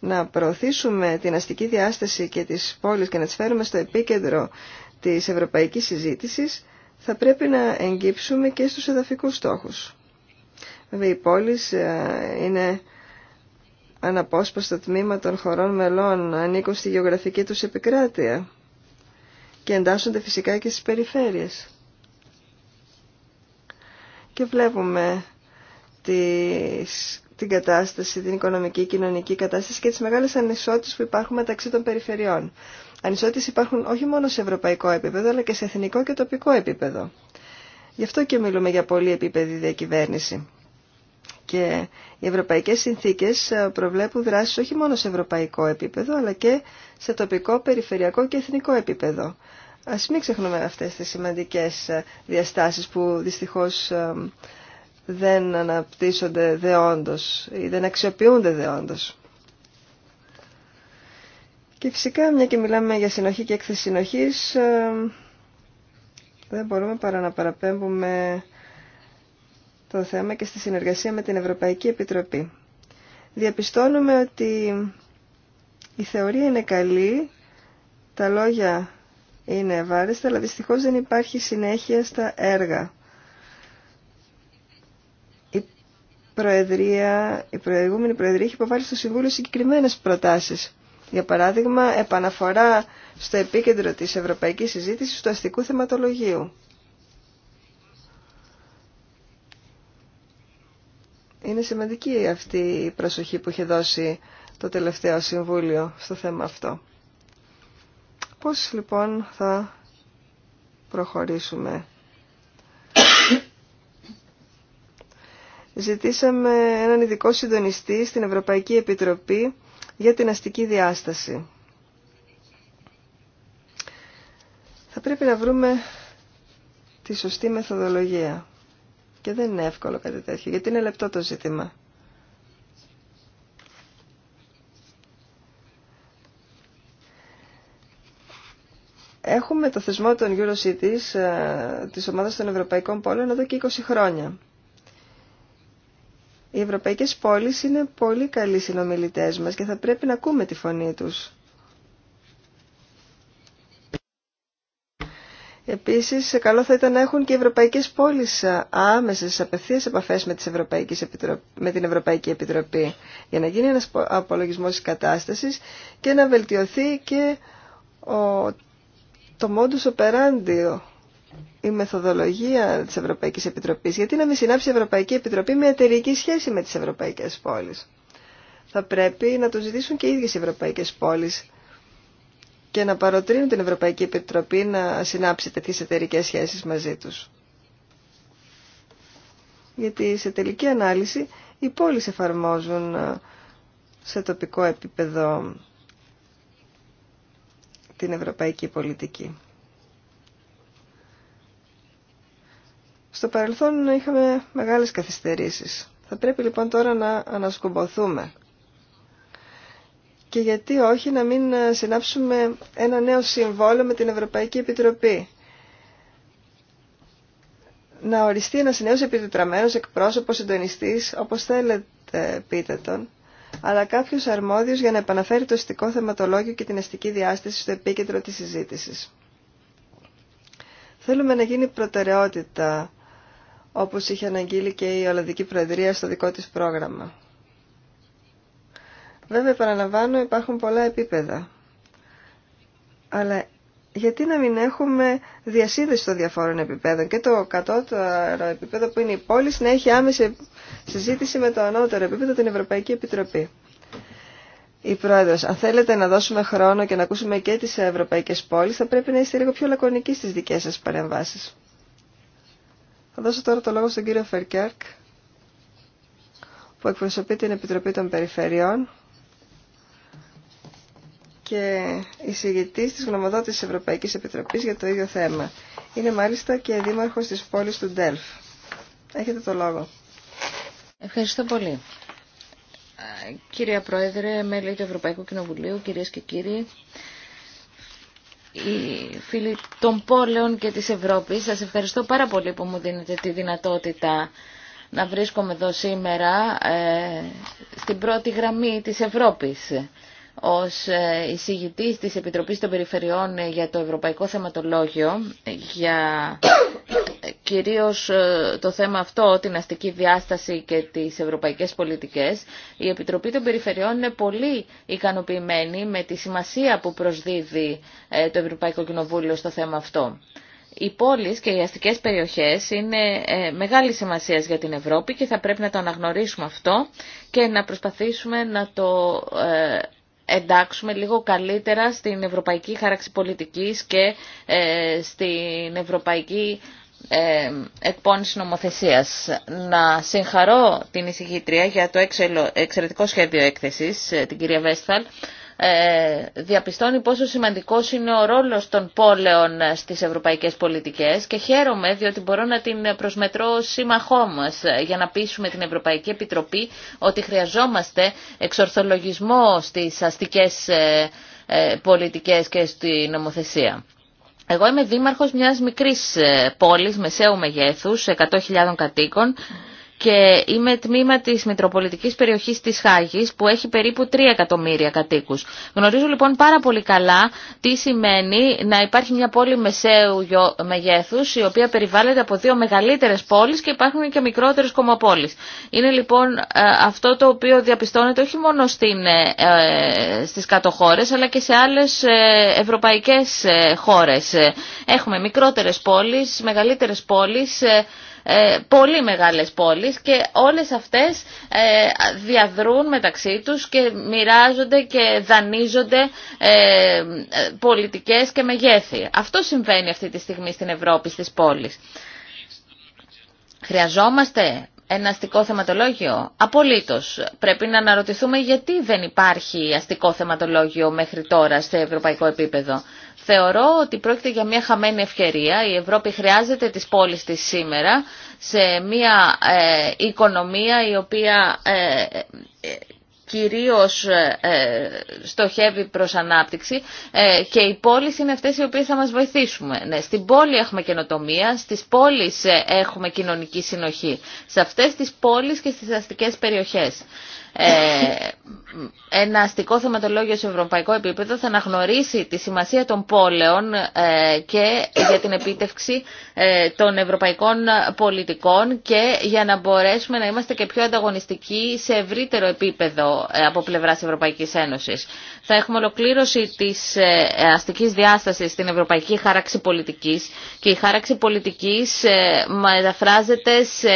να προωθήσουμε την αστική διάσταση και τις πόλεις και να τις φέρουμε στο επίκεντρο της ευρωπαϊκής συζήτησης, θα πρέπει να εγγύψουμε και στους εδαφικούς στόχους. Βέβαια οι πόλεις ε, είναι αναπόσπαστο τμήμα των χωρών μελών, ανήκουν στη γεωγραφική τους επικράτεια και εντάσσονται φυσικά και στις περιφέρειες. Και βλέπουμε τις, την κατάσταση, την οικονομική, κοινωνική κατάσταση και τις μεγάλες ανισότητες που υπάρχουν μεταξύ των περιφερειών. Ανισότητες υπάρχουν όχι μόνο σε ευρωπαϊκό επίπεδο, αλλά και σε εθνικό και τοπικό επίπεδο. Γι' αυτό και μιλούμε για πολύ επίπεδη διακυβέρνηση. Και οι ευρωπαϊκές συνθήκες ε, προβλέπουν δράσεις όχι μόνο σε ευρωπαϊκό επίπεδο, αλλά και σε τοπικό, περιφερειακό και εθνικό επίπεδο. Ας μην ξεχνούμε αυτές τις σημαντικές ε, διαστάσεις που δυστυχώς ε, δεν αναπτύσσονται δεόντως ή δεν αξιοποιούνται δεόντως. Και φυσικά, μια και μιλάμε για συνοχή και έκθεση συνοχής, δεν μπορούμε παρά να παραπέμπουμε το θέμα και στη συνεργασία με την Ευρωπαϊκή Επιτροπή. Διαπιστώνουμε ότι η θεωρία είναι καλή, τα λόγια είναι ευάρεστα, αλλά δυστυχώς δεν υπάρχει συνέχεια στα έργα. Η, προεδρία, η προηγούμενη Προεδρία έχει υποβάλει στο Συμβούλιο συγκεκριμένες προτάσεις. Για παράδειγμα, επαναφορά στο επίκεντρο της ευρωπαϊκής συζήτησης του αστικού θεματολογίου. Είναι σημαντική αυτή η προσοχή που είχε δώσει το τελευταίο Συμβούλιο στο θέμα αυτό. Πώς λοιπόν θα προχωρήσουμε. Ζητήσαμε έναν ειδικό συντονιστή στην Ευρωπαϊκή Επιτροπή για την αστική διάσταση. Θα πρέπει να βρούμε τη σωστή μεθοδολογία. Και δεν είναι εύκολο κάτι τέτοιο, γιατί είναι λεπτό το ζήτημα. Έχουμε το θεσμό των EuroCities, ε, της ομάδας των Ευρωπαϊκών Πόλεων, εδώ και 20 χρόνια. Οι ευρωπαϊκές πόλεις είναι πολύ καλοί συνομιλητές μας και θα πρέπει να ακούμε τη φωνή τους. Επίσης, καλό θα ήταν να έχουν και οι ευρωπαϊκές πόλεις άμεσες απευθείας επαφές με, με την Ευρωπαϊκή Επιτροπή για να γίνει ένας απολογισμός της κατάστασης και να βελτιωθεί και το modus operandi, η μεθοδολογία της Ευρωπαϊκής Επιτροπής. Γιατί να μην συνάψει η Ευρωπαϊκή Επιτροπή με εταιρική σχέση με τις ευρωπαϊκές πόλεις. Θα πρέπει να το ζητήσουν και οι ίδιες οι ευρωπαϊκές πόλεις και να παροτρύνουν την Ευρωπαϊκή Επιτροπή να συνάψει τέτοιες εταιρικέ σχέσεις μαζί τους. Γιατί σε τελική ανάλυση οι πόλεις εφαρμόζουν ε, σε τοπικό επίπεδο την ευρωπαϊκή πολιτική. Στο παρελθόν είχαμε μεγάλες καθυστερήσεις. Θα πρέπει λοιπόν τώρα να ανασκομποθούμε. Και γιατί όχι να μην ε, συνάψουμε ένα νέο σύμβολο με την Ευρωπαϊκή Επιτροπή. Να οριστεί ένας νέος επιτετραμένος εκπρόσωπος συντονιστής, όπως θέλετε πείτε τον, αλλά κάποιος αρμόδιος για να επαναφέρει το αστικό θεματολόγιο και την αστική διάσταση στο επίκεντρο της συζήτησης. Θέλουμε να γίνει προτεραιότητα, όπως είχε αναγγείλει και η Ολλανδική Προεδρία στο δικό της πρόγραμμα. Βέβαια, επαναλαμβάνω, υπάρχουν πολλά επίπεδα. Αλλά γιατί να μην έχουμε διασύνδεση των διαφόρων επίπεδων και το κατώτερο επίπεδο που είναι η πόλη να έχει άμεση συζήτηση με το ανώτερο επίπεδο την Ευρωπαϊκή Επιτροπή. Η Πρόεδρος, αν θέλετε να δώσουμε χρόνο και να ακούσουμε και τις ευρωπαϊκές πόλεις, θα πρέπει να είστε λίγο πιο λακωνικοί στις δικές σας παρεμβάσεις. Θα δώσω τώρα το λόγο στον κύριο Φερκέρκ, που εκπροσωπεί την Επιτροπή των Περιφερειών και εισηγητής της γνωμοδότησης Ευρωπαϊκής Επιτροπής για το ίδιο θέμα. Είναι μάλιστα και δήμαρχος της πόλης του Ντέλφ. Έχετε το λόγο. Ευχαριστώ πολύ. Κύριε Πρόεδρε, μέλη του Ευρωπαϊκού Κοινοβουλίου, κυρίες και κύριοι, οι φίλοι των πόλεων και της Ευρώπης, σας ευχαριστώ πάρα πολύ που μου δίνετε τη δυνατότητα να βρίσκομαι εδώ σήμερα ε, στην πρώτη γραμμή της Ευρώπης ως ε, εισηγητής της Επιτροπής των Περιφερειών ε, για το Ευρωπαϊκό Θεματολόγιο για ε, κυρίως το θέμα αυτό, την αστική διάσταση και τις ευρωπαϊκές πολιτικές, η Επιτροπή των Περιφερειών είναι πολύ ικανοποιημένη με τη σημασία που προσδίδει το Ευρωπαϊκό Κοινοβούλιο στο θέμα αυτό. Οι πόλεις και οι αστικές περιοχές είναι μεγάλη σημασία για την Ευρώπη και θα πρέπει να το αναγνωρίσουμε αυτό και να προσπαθήσουμε να το εντάξουμε λίγο καλύτερα στην ευρωπαϊκή χάραξη πολιτικής και ε, στην ευρωπαϊκή ε, εκπόνηση νομοθεσίας. Να συγχαρώ την εισηγήτρια για το εξαιρετικό σχέδιο έκθεσης, ε, την κυρία Βέσταλ. Ε, διαπιστώνει πόσο σημαντικός είναι ο ρόλος των πόλεων στις ευρωπαϊκές πολιτικές και χαίρομαι διότι μπορώ να την προσμετρώ σύμμαχό μας για να πείσουμε την Ευρωπαϊκή Επιτροπή ότι χρειαζόμαστε εξορθολογισμό στις αστικές ε, ε, πολιτικές και στη νομοθεσία. Εγώ είμαι δήμαρχος μιας μικρής πόλης μεσαίου μεγέθους, 100.000 κατοίκων, και είμαι τμήμα της Μητροπολιτικής Περιοχής της Χάγης που έχει περίπου 3 εκατομμύρια κατοίκους. Γνωρίζω λοιπόν πάρα πολύ καλά τι σημαίνει να υπάρχει μια πόλη μεσαίου μεγέθους η οποία περιβάλλεται από δύο μεγαλύτερες πόλεις και υπάρχουν και μικρότερες κομμοπόλεις. Είναι λοιπόν ε, αυτό το οποίο διαπιστώνεται όχι μόνο στην, ε, ε, στις κατοχώρες αλλά και σε άλλες ευρωπαϊκές χώρες. Έχουμε μικρότερες πόλεις, μεγαλύτερες πόλεις ε, πολύ μεγάλες πόλεις και όλες αυτές ε, διαδρούν μεταξύ τους και μοιράζονται και δανείζονται ε, πολιτικές και μεγέθη. Αυτό συμβαίνει αυτή τη στιγμή στην Ευρώπη, στις πόλεις. Χρειαζόμαστε ένα αστικό θεματολόγιο. Απολύτως. Πρέπει να αναρωτηθούμε γιατί δεν υπάρχει αστικό θεματολόγιο μέχρι τώρα σε ευρωπαϊκό επίπεδο. Θεωρώ ότι πρόκειται για μια χαμένη ευκαιρία. Η Ευρώπη χρειάζεται τις πόλεις της σήμερα σε μια ε, οικονομία η οποία ε, ε, κυρίως ε, στοχεύει προς ανάπτυξη ε, και οι πόλεις είναι αυτές οι οποίες θα μας βοηθήσουμε. Ναι, στην πόλη έχουμε καινοτομία, στις πόλεις έχουμε κοινωνική συνοχή, σε αυτές τις πόλεις και στις αστικές περιοχές. Ε, ένα αστικό θεματολόγιο σε ευρωπαϊκό επίπεδο θα αναγνωρίσει τη σημασία των πόλεων ε, και για την επίτευξη ε, των ευρωπαϊκών πολιτικών και για να μπορέσουμε να είμαστε και πιο ανταγωνιστικοί σε ευρύτερο επίπεδο από πλευράς Ευρωπαϊκής Ένωσης. Θα έχουμε ολοκλήρωση της αστικής διάστασης στην ευρωπαϊκή χάραξη πολιτικής και η χάραξη πολιτικής μεταφράζεται σε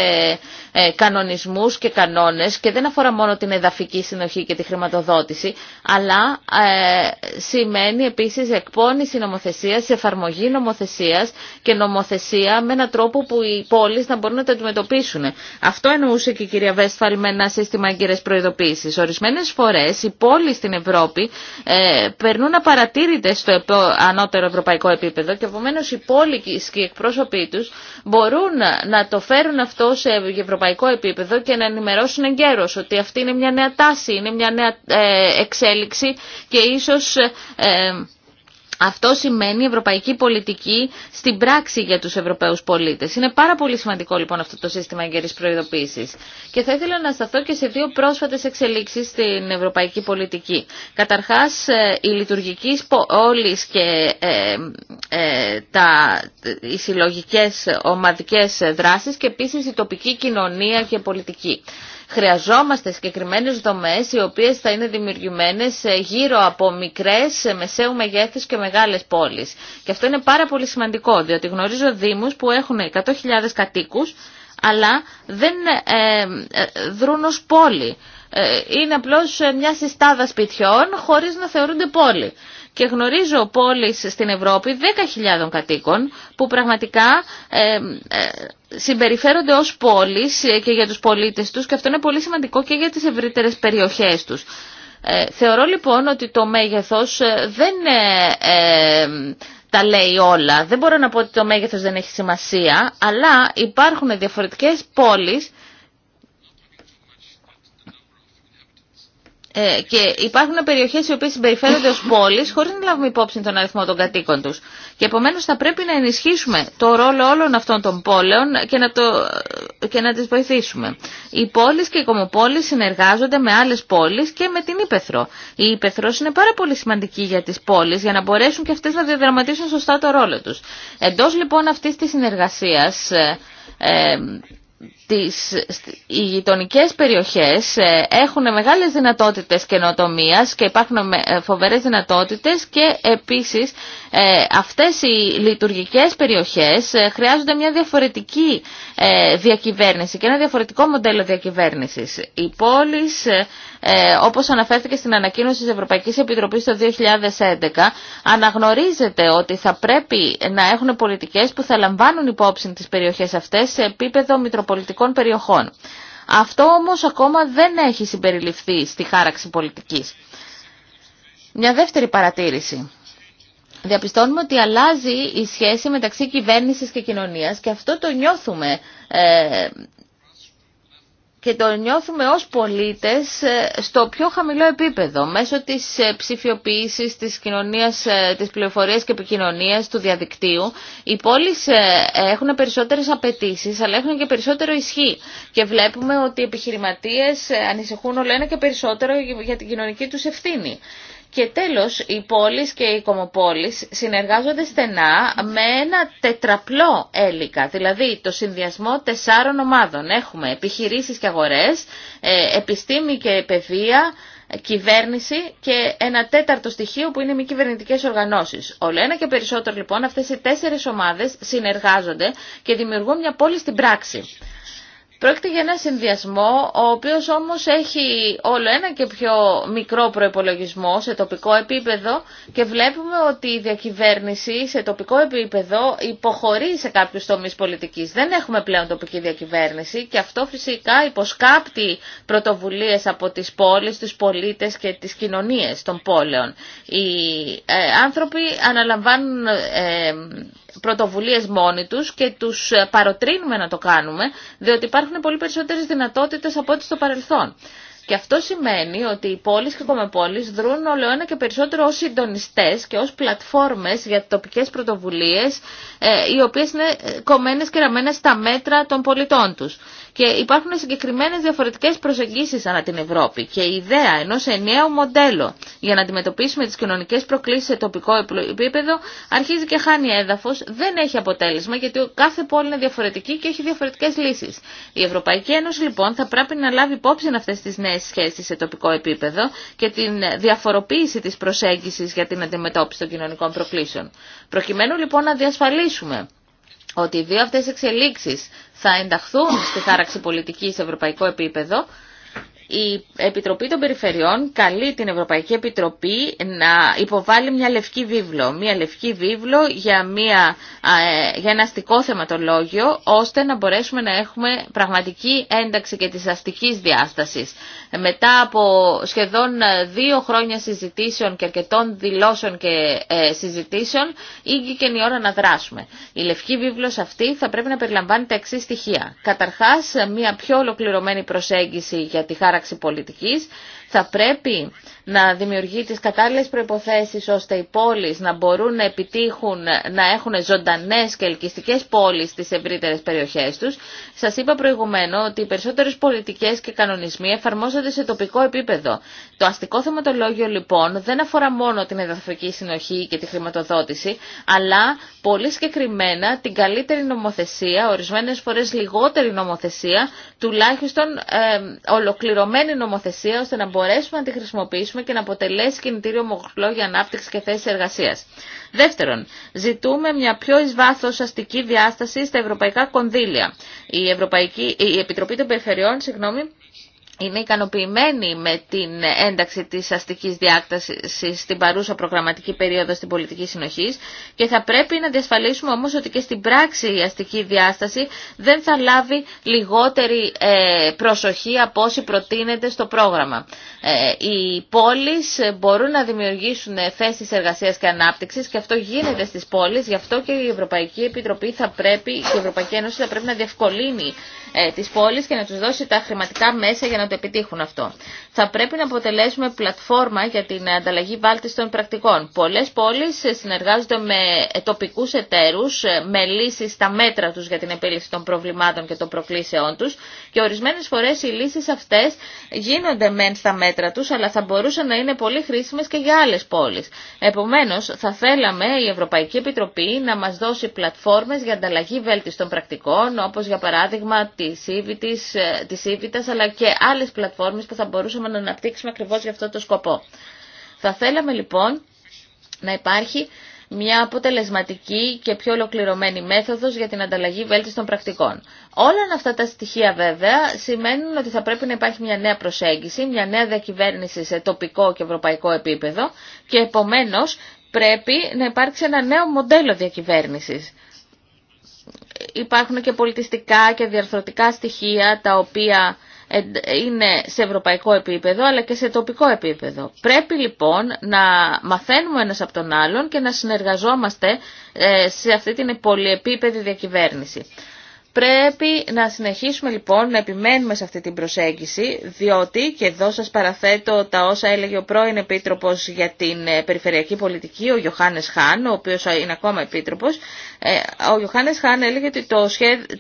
κανονισμούς και κανόνες και δεν αφορά μόνο την εδαφική συνοχή και τη χρηματοδότηση, αλλά ε, σημαίνει επίσης εκπόνηση νομοθεσίας, εφαρμογή νομοθεσίας και νομοθεσία με έναν τρόπο που οι πόλεις να μπορούν να τα αντιμετωπίσουν. Αυτό εννοούσε και η κυρία Βέσφαλ με ένα σύστημα εγκυρές προειδοποίησης. Ορισμένες φορές οι πόλεις στην Ευρώπη ε, περνούν απαρατήρητε στο ανώτερο ευρωπαϊκό επίπεδο και επομένω οι πόλοι και οι εκπρόσωποι τους μπορούν να το φέρουν αυτό σε ευρωπαϊκό επίπεδο και να ενημερώσουν εγκαίρως ότι αυτή είναι μια νέα τάση, είναι μια νέα ε, εξέλιξη και ίσως ε, ε, αυτό σημαίνει ευρωπαϊκή πολιτική στην πράξη για τους Ευρωπαίους πολίτες. Είναι πάρα πολύ σημαντικό λοιπόν αυτό το σύστημα εγκαιρής προειδοποίησης. Και θα ήθελα να σταθώ και σε δύο πρόσφατες εξελίξεις στην ευρωπαϊκή πολιτική. Καταρχάς, η λειτουργική όλη και τα, οι συλλογικές ομαδικές δράσεις και επίσης η τοπική κοινωνία και πολιτική. Χρειαζόμαστε συγκεκριμένε δομές οι οποίες θα είναι δημιουργημένες ε, γύρω από μικρές, ε, μεσαίου μεγέθου και μεγάλε πόλεις. Και αυτό είναι πάρα πολύ σημαντικό, διότι γνωρίζω δήμους που έχουν 100.000 κατοίκους, αλλά δεν ε, δρούν ω πόλη. Είναι απλώς μια συστάδα σπιτιών χωρίς να θεωρούνται πόλη και γνωρίζω πόλεις στην Ευρώπη 10.000 κατοίκων που πραγματικά ε, ε, συμπεριφέρονται ως πόλεις ε, και για τους πολίτες τους και αυτό είναι πολύ σημαντικό και για τις ευρύτερες περιοχές τους. Θεωρώ λοιπόν ότι το μέγεθος δεν τα λέει όλα. Δεν μπορώ να πω ότι το μέγεθος δεν έχει σημασία, αλλά υπάρχουν διαφορετικές πόλεις Ε, και υπάρχουν περιοχές οι οποίες συμπεριφέρονται ως πόλεις χωρίς να λάβουμε υπόψη τον αριθμό των κατοίκων τους. Και επομένως θα πρέπει να ενισχύσουμε το ρόλο όλων αυτών των πόλεων και να, το, και να τις βοηθήσουμε. Οι πόλεις και οι κομοπόλεις συνεργάζονται με άλλες πόλεις και με την Ήπεθρο. Η Ήπεθρος είναι πάρα πολύ σημαντική για τις πόλεις για να μπορέσουν και αυτές να διαδραματίσουν σωστά το ρόλο τους. Εντός λοιπόν αυτής της συνεργασίας... Ε, οι γειτονικέ περιοχές ε, έχουν μεγάλες δυνατότητες καινοτομίας και υπάρχουν ε, φοβερές δυνατότητες και επίσης ε, αυτές οι λειτουργικές περιοχές χρειάζονται μια διαφορετική διακυβέρνηση και ένα διαφορετικό μοντέλο διακυβέρνησης. Οι πόλεις, όπως αναφέρθηκε στην ανακοίνωση της Ευρωπαϊκής Επιτροπής το 2011, αναγνωρίζεται ότι θα πρέπει να έχουν πολιτικές που θα λαμβάνουν υπόψη τις περιοχές αυτές σε επίπεδο μητροπολιτικών περιοχών. Αυτό όμως ακόμα δεν έχει συμπεριληφθεί στη χάραξη πολιτικής. Μια δεύτερη παρατήρηση. Διαπιστώνουμε ότι αλλάζει η σχέση μεταξύ κυβέρνησης και κοινωνίας και αυτό το νιώθουμε ε, και το νιώθουμε ως πολίτες ε, στο πιο χαμηλό επίπεδο, μέσω της ε, ψηφιοποίησης της κοινωνίας, ε, της πληροφορίας και επικοινωνίας του διαδικτύου. Οι πόλεις έχουν περισσότερες απαιτήσει, αλλά έχουν και περισσότερο ισχύ. Και βλέπουμε ότι οι επιχειρηματίες ανησυχούν όλο ένα και περισσότερο για την κοινωνική τους ευθύνη. Και τέλος, οι πόλεις και οι κομοπόλεις συνεργάζονται στενά με ένα τετραπλό έλικα, δηλαδή το συνδυασμό τεσσάρων ομάδων. Έχουμε επιχειρήσεις και αγορές, ε, επιστήμη και παιδεία, κυβέρνηση και ένα τέταρτο στοιχείο που είναι οι μη κυβερνητικέ οργανώσει. Όλο ένα και περισσότερο λοιπόν αυτέ οι τέσσερι ομάδε συνεργάζονται και δημιουργούν μια πόλη στην πράξη. Πρόκειται για ένα συνδυασμό, ο οποίος όμως έχει όλο ένα και πιο μικρό προϋπολογισμό σε τοπικό επίπεδο και βλέπουμε ότι η διακυβέρνηση σε τοπικό επίπεδο υποχωρεί σε κάποιους τομείς πολιτικής. Δεν έχουμε πλέον τοπική διακυβέρνηση και αυτό φυσικά υποσκάπτει πρωτοβουλίες από τις πόλεις, τους πολίτες και τις κοινωνίες των πόλεων. Οι ε, άνθρωποι αναλαμβάνουν ε, πρωτοβουλίες μόνοι τους και τους ε, παροτρύνουμε να το κάνουμε, διότι υπάρχουν πολύ περισσότερες δυνατότητες από ό,τι στο παρελθόν. Και αυτό σημαίνει ότι οι πόλεις και κομμεπόλεις δρούν όλο ένα και περισσότερο ως συντονιστές και ως πλατφόρμες για τοπικές πρωτοβουλίες, ε, οι οποίες είναι ε, κομμένες και ραμμένες στα μέτρα των πολιτών τους. Και υπάρχουν συγκεκριμένες διαφορετικές προσεγγίσεις ανά την Ευρώπη και η ιδέα ενός ενιαίου μοντέλου για να αντιμετωπίσουμε τις κοινωνικές προκλήσεις σε τοπικό επίπεδο αρχίζει και χάνει έδαφος, δεν έχει αποτέλεσμα γιατί κάθε πόλη είναι διαφορετική και έχει διαφορετικές λύσεις. Η Ευρωπαϊκή Ένωση λοιπόν θα πρέπει να λάβει υπόψη αυτές τις νέες σχέσεις σε τοπικό επίπεδο και την διαφοροποίηση της προσέγγισης για την αντιμετώπιση των κοινωνικών προκλήσεων. Προκειμένου λοιπόν να διασφαλίσουμε ότι οι δύο αυτές εξελίξεις θα ενταχθούν στη χάραξη πολιτικής σε ευρωπαϊκό επίπεδο η Επιτροπή των Περιφερειών καλεί την Ευρωπαϊκή Επιτροπή να υποβάλει μια λευκή βίβλο. Μια λευκή βίβλο για, μια, ε, για ένα αστικό θεματολόγιο ώστε να μπορέσουμε να έχουμε πραγματική ένταξη και της αστικής διάστασης. Μετά από σχεδόν ε, δύο χρόνια συζητήσεων και αρκετών δηλώσεων και ε, συζητήσεων ήγηκε και η ώρα να δράσουμε. Η λευκή βίβλος αυτή θα πρέπει να περιλαμβάνει τα εξή στοιχεία. Καταρχάς, μια πιο ολοκληρωμένη προσέγγιση για τη πράξη πολιτικής θα πρέπει να δημιουργεί τις κατάλληλες προϋποθέσεις ώστε οι πόλεις να μπορούν να επιτύχουν να έχουν ζωντανές και ελκυστικές πόλεις στις ευρύτερες περιοχές τους. Σας είπα προηγουμένω ότι οι περισσότερες πολιτικές και κανονισμοί εφαρμόζονται σε τοπικό επίπεδο. Το αστικό θεματολόγιο λοιπόν δεν αφορά μόνο την εδαφική συνοχή και τη χρηματοδότηση, αλλά πολύ συγκεκριμένα την καλύτερη νομοθεσία, ορισμένες φορές λιγότερη νομοθεσία, τουλάχιστον ε, ολοκληρωμένη νομοθεσία ώστε να μπορέσουμε να τη χρησιμοποιήσουμε και να αποτελέσει κινητήριο μοχλό για ανάπτυξη και θέση εργασία. Δεύτερον, ζητούμε μια πιο ει βάθο αστική διάσταση στα ευρωπαϊκά κονδύλια. Η, Ευρωπαϊκή, η Επιτροπή των Περιφερειών συγγνώμη, είναι ικανοποιημένοι με την ένταξη της αστικής διάκτασης στην παρούσα προγραμματική περίοδο στην πολιτική συνοχή και θα πρέπει να διασφαλίσουμε όμως ότι και στην πράξη η αστική διάσταση δεν θα λάβει λιγότερη ε, προσοχή από όσοι προτείνεται στο πρόγραμμα. Ε, οι πόλεις μπορούν να δημιουργήσουν θέσεις εργασίας και ανάπτυξης και αυτό γίνεται στις πόλεις, γι' αυτό και η Ευρωπαϊκή Επιτροπή θα πρέπει, και η Ευρωπαϊκή Ένωση θα πρέπει να διευκολύνει ε, τις πόλεις και να τους δώσει τα χρηματικά μέσα για το επιτύχουν αυτό. Θα πρέπει να αποτελέσουμε πλατφόρμα για την ανταλλαγή των πρακτικών. Πολλέ πόλει συνεργάζονται με τοπικού εταίρου, με λύσει στα μέτρα του για την επίλυση των προβλημάτων και των προκλήσεών του και ορισμένε φορέ οι λύσει αυτέ γίνονται μεν στα μέτρα του, αλλά θα μπορούσαν να είναι πολύ χρήσιμε και για άλλε πόλει. Επομένω, θα θέλαμε η Ευρωπαϊκή Επιτροπή να μα δώσει πλατφόρμε για ανταλλαγή βέλτιστων πρακτικών, όπω για παράδειγμα τη Ήβητα, ε, αλλά και άλλε άλλες πλατφόρμες που θα μπορούσαμε να αναπτύξουμε ακριβώς για αυτό το σκοπό. Θα θέλαμε λοιπόν να υπάρχει μια αποτελεσματική και πιο ολοκληρωμένη μέθοδος για την ανταλλαγή βέλτιστων πρακτικών. Όλα αυτά τα στοιχεία βέβαια σημαίνουν ότι θα πρέπει να υπάρχει μια νέα προσέγγιση, μια νέα διακυβέρνηση σε τοπικό και ευρωπαϊκό επίπεδο και επομένως πρέπει να υπάρξει ένα νέο μοντέλο διακυβέρνησης. Υπάρχουν και πολιτιστικά και διαρθρωτικά στοιχεία τα οποία είναι σε ευρωπαϊκό επίπεδο αλλά και σε τοπικό επίπεδο. Πρέπει λοιπόν να μαθαίνουμε ένας από τον άλλον και να συνεργαζόμαστε ε, σε αυτή την πολυεπίπεδη διακυβέρνηση. Πρέπει να συνεχίσουμε λοιπόν να επιμένουμε σε αυτή την προσέγγιση, διότι, και εδώ σας παραθέτω τα όσα έλεγε ο πρώην Επίτροπος για την ε, Περιφερειακή Πολιτική, ο Γιωχάνες Χάν, ο οποίος είναι ακόμα Επίτροπος, ε, ο Γιωχάνες Χάν έλεγε ότι το,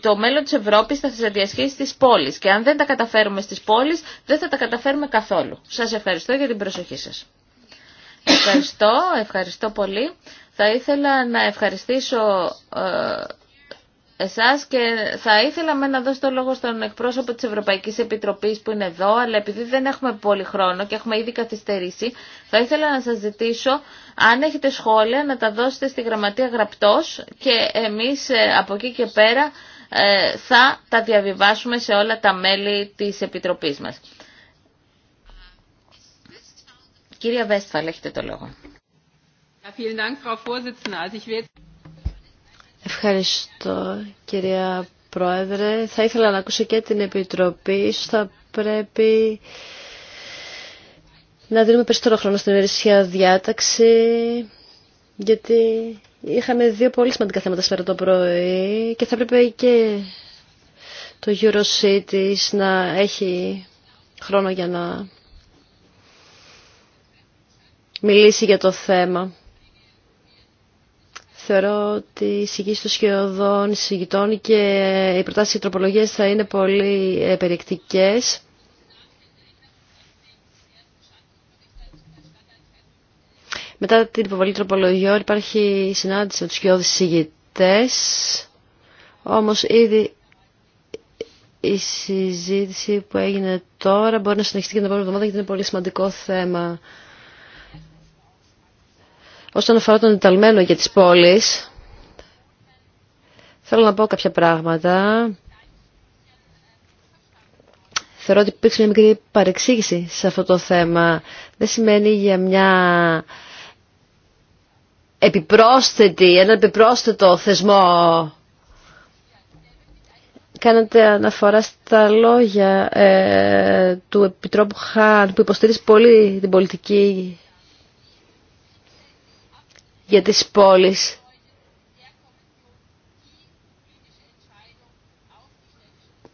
το μέλλον της Ευρώπης θα σας διασχίσει στις πόλεις και αν δεν τα καταφέρουμε στις πόλεις δεν θα τα καταφέρουμε καθόλου. Σας ευχαριστώ για την προσοχή σας. Ευχαριστώ, ευχαριστώ πολύ. Θα ήθελα να ευχαριστήσω ε, εσάς και θα ήθελα να δώσω το λόγο στον εκπρόσωπο της Ευρωπαϊκής Επιτροπής που είναι εδώ, αλλά επειδή δεν έχουμε πολύ χρόνο και έχουμε ήδη καθυστερήσει, θα ήθελα να σας ζητήσω αν έχετε σχόλια να τα δώσετε στη γραμματεία γραπτός και εμείς ε, από εκεί και πέρα ε, θα τα διαβιβάσουμε σε όλα τα μέλη της Επιτροπής μας. Κυρία Βέστφαλ, έχετε το λόγο. Ευχαριστώ κυρία Πρόεδρε. Θα ήθελα να ακούσω και την Επιτροπή. Ίσως θα πρέπει να δίνουμε περισσότερο χρόνο στην ημερησία διάταξη γιατί είχαμε δύο πολύ σημαντικά θέματα σήμερα το πρωί και θα πρέπει και το EuroCities να έχει χρόνο για να μιλήσει για το θέμα. Θεωρώ ότι η εισηγήση των σχεδόν και οι προτάσεις και τροπολογίες θα είναι πολύ ε, περιεκτικές. Μετά την υποβολή τροπολογιών υπάρχει συνάντηση με του σχεδόν εισηγητές. Όμως ήδη η συζήτηση που έγινε τώρα μπορεί να συνεχιστεί και την επόμενη εβδομάδα γιατί είναι πολύ σημαντικό θέμα. Όσον αφορά τον ενταλμένο για τις πόλεις, θέλω να πω κάποια πράγματα. Θεωρώ ότι υπήρξε μια μικρή παρεξήγηση σε αυτό το θέμα. Δεν σημαίνει για μια επιπρόσθετη, ένα επιπρόσθετο θεσμό. Κάνατε αναφορά στα λόγια ε, του Επιτρόπου Χάν που υποστηρίζει πολύ την πολιτική για τις πόλεις.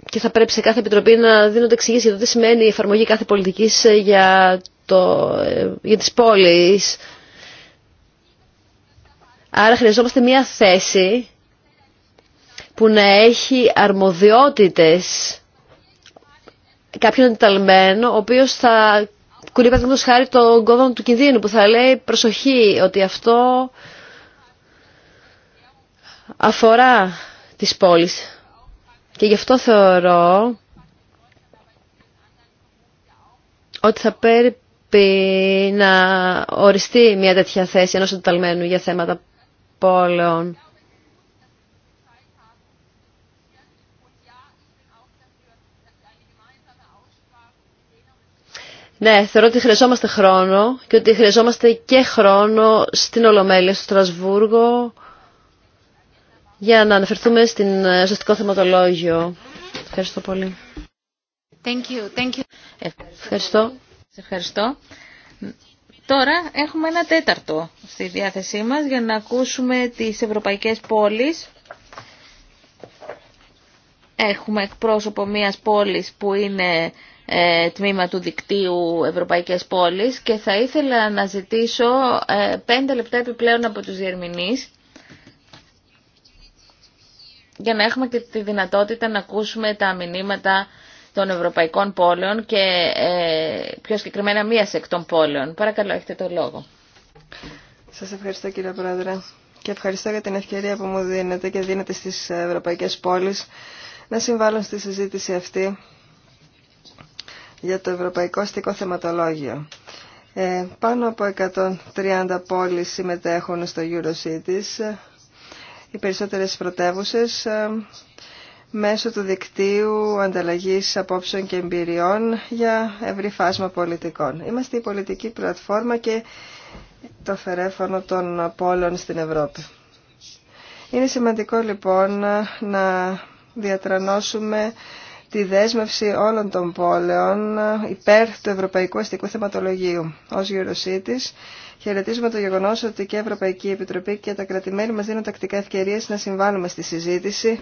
Και θα πρέπει σε κάθε επιτροπή να δίνονται εξηγήσει για το τι σημαίνει η εφαρμογή κάθε πολιτικής ε, για, το, ε, για τις πόλεις. Άρα χρειαζόμαστε μια θέση που να έχει αρμοδιότητες κάποιον ενταλμένο, ο οποίος θα κουνεί χάρη τον κόδωνα του κινδύνου που θα λέει προσοχή ότι αυτό αφορά τις πόλεις. Και γι' αυτό θεωρώ ότι θα πρέπει να οριστεί μια τέτοια θέση ενός εντεταλμένου για θέματα πόλεων. Ναι, θεωρώ ότι χρειαζόμαστε χρόνο και ότι χρειαζόμαστε και χρόνο στην Ολομέλεια, στο Στρασβούργο, για να αναφερθούμε στην ε, ουσιαστικό θεματολόγιο. Ευχαριστώ πολύ. Thank you. Thank Ευχαριστώ. Ευχαριστώ. Τώρα έχουμε ένα τέταρτο στη διάθεσή μας για να ακούσουμε τις ευρωπαϊκές πόλεις. Έχουμε εκπρόσωπο μιας πόλης που είναι ε, τμήμα του δικτύου Ευρωπαϊκές Πόλεις και θα ήθελα να ζητήσω ε, πέντε λεπτά επιπλέον από τους διερμηνείς για να έχουμε και τη δυνατότητα να ακούσουμε τα μηνύματα των Ευρωπαϊκών Πόλεων και ε, πιο συγκεκριμένα μίας εκ των πόλεων. Παρακαλώ, έχετε το λόγο. Σας ευχαριστώ κύριε Πρόεδρε και ευχαριστώ για την ευκαιρία που μου δίνετε και δίνετε στις Ευρωπαϊκές Πόλεις να συμβάλλουν στη συζήτηση αυτή για το Ευρωπαϊκό στικό Θεματολόγιο. Ε, πάνω από 130 πόλεις συμμετέχουν στο EuroCities, οι περισσότερες πρωτεύουσες, ε, μέσω του δικτύου ανταλλαγής απόψεων και εμπειριών για ευρύ φάσμα πολιτικών. Είμαστε η πολιτική πλατφόρμα και το φερέφωνο των πόλων στην Ευρώπη. Είναι σημαντικό λοιπόν να διατρανώσουμε τη δέσμευση όλων των πόλεων ε, υπέρ του Ευρωπαϊκού Αστικού Θεματολογίου. Ως Γεροσύτης χαιρετίζουμε το γεγονό ότι και η Ευρωπαϊκή Επιτροπή και τα κρατημέλη μας δίνουν τακτικά ευκαιρίε να συμβάλλουμε στη συζήτηση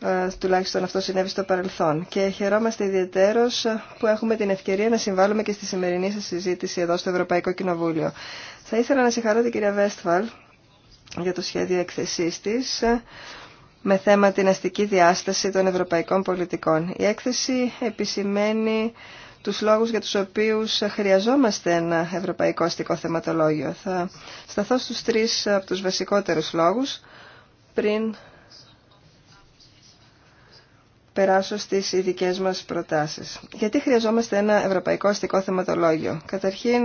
ε, τουλάχιστον αυτό συνέβη στο παρελθόν. Και χαιρόμαστε ιδιαίτερω ε, που έχουμε την ευκαιρία να συμβάλλουμε και στη σημερινή σα συζήτηση εδώ στο Ευρωπαϊκό Κοινοβούλιο. Θα ήθελα να συγχαρώ την κυρία Βέστφαλ για το σχέδιο εκθεσή τη, με θέμα την αστική διάσταση των ευρωπαϊκών πολιτικών. Η έκθεση επισημαίνει τους λόγους για τους οποίους χρειαζόμαστε ένα ευρωπαϊκό αστικό θεματολόγιο. Θα σταθώ στους τρεις από τους βασικότερους λόγους πριν περάσω στις ειδικέ μας προτάσεις. Γιατί χρειαζόμαστε ένα ευρωπαϊκό αστικό θεματολόγιο. Καταρχήν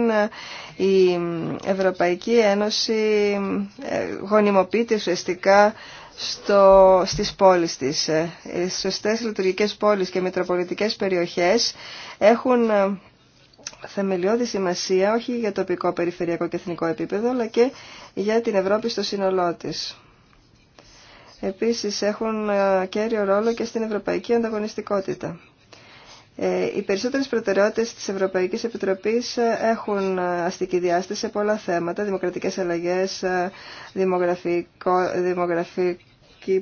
η Ευρωπαϊκή Ένωση ε, γονιμοποιείται ουσιαστικά στο, στις πόλεις της. Οι ε, σωστές λειτουργικές πόλεις και μετροπολιτικές περιοχές έχουν ε, θεμελιώδη σημασία όχι για τοπικό, περιφερειακό και εθνικό επίπεδο, αλλά και για την Ευρώπη στο σύνολό τη. Επίσης έχουν ε, κέριο ρόλο και στην ευρωπαϊκή ανταγωνιστικότητα. Ε, οι περισσότερες προτεραιότητες της Ευρωπαϊκής Επιτροπής ε, έχουν ε, αστική διάσταση σε πολλά θέματα, δημοκρατικές αλλαγές, δημογραφική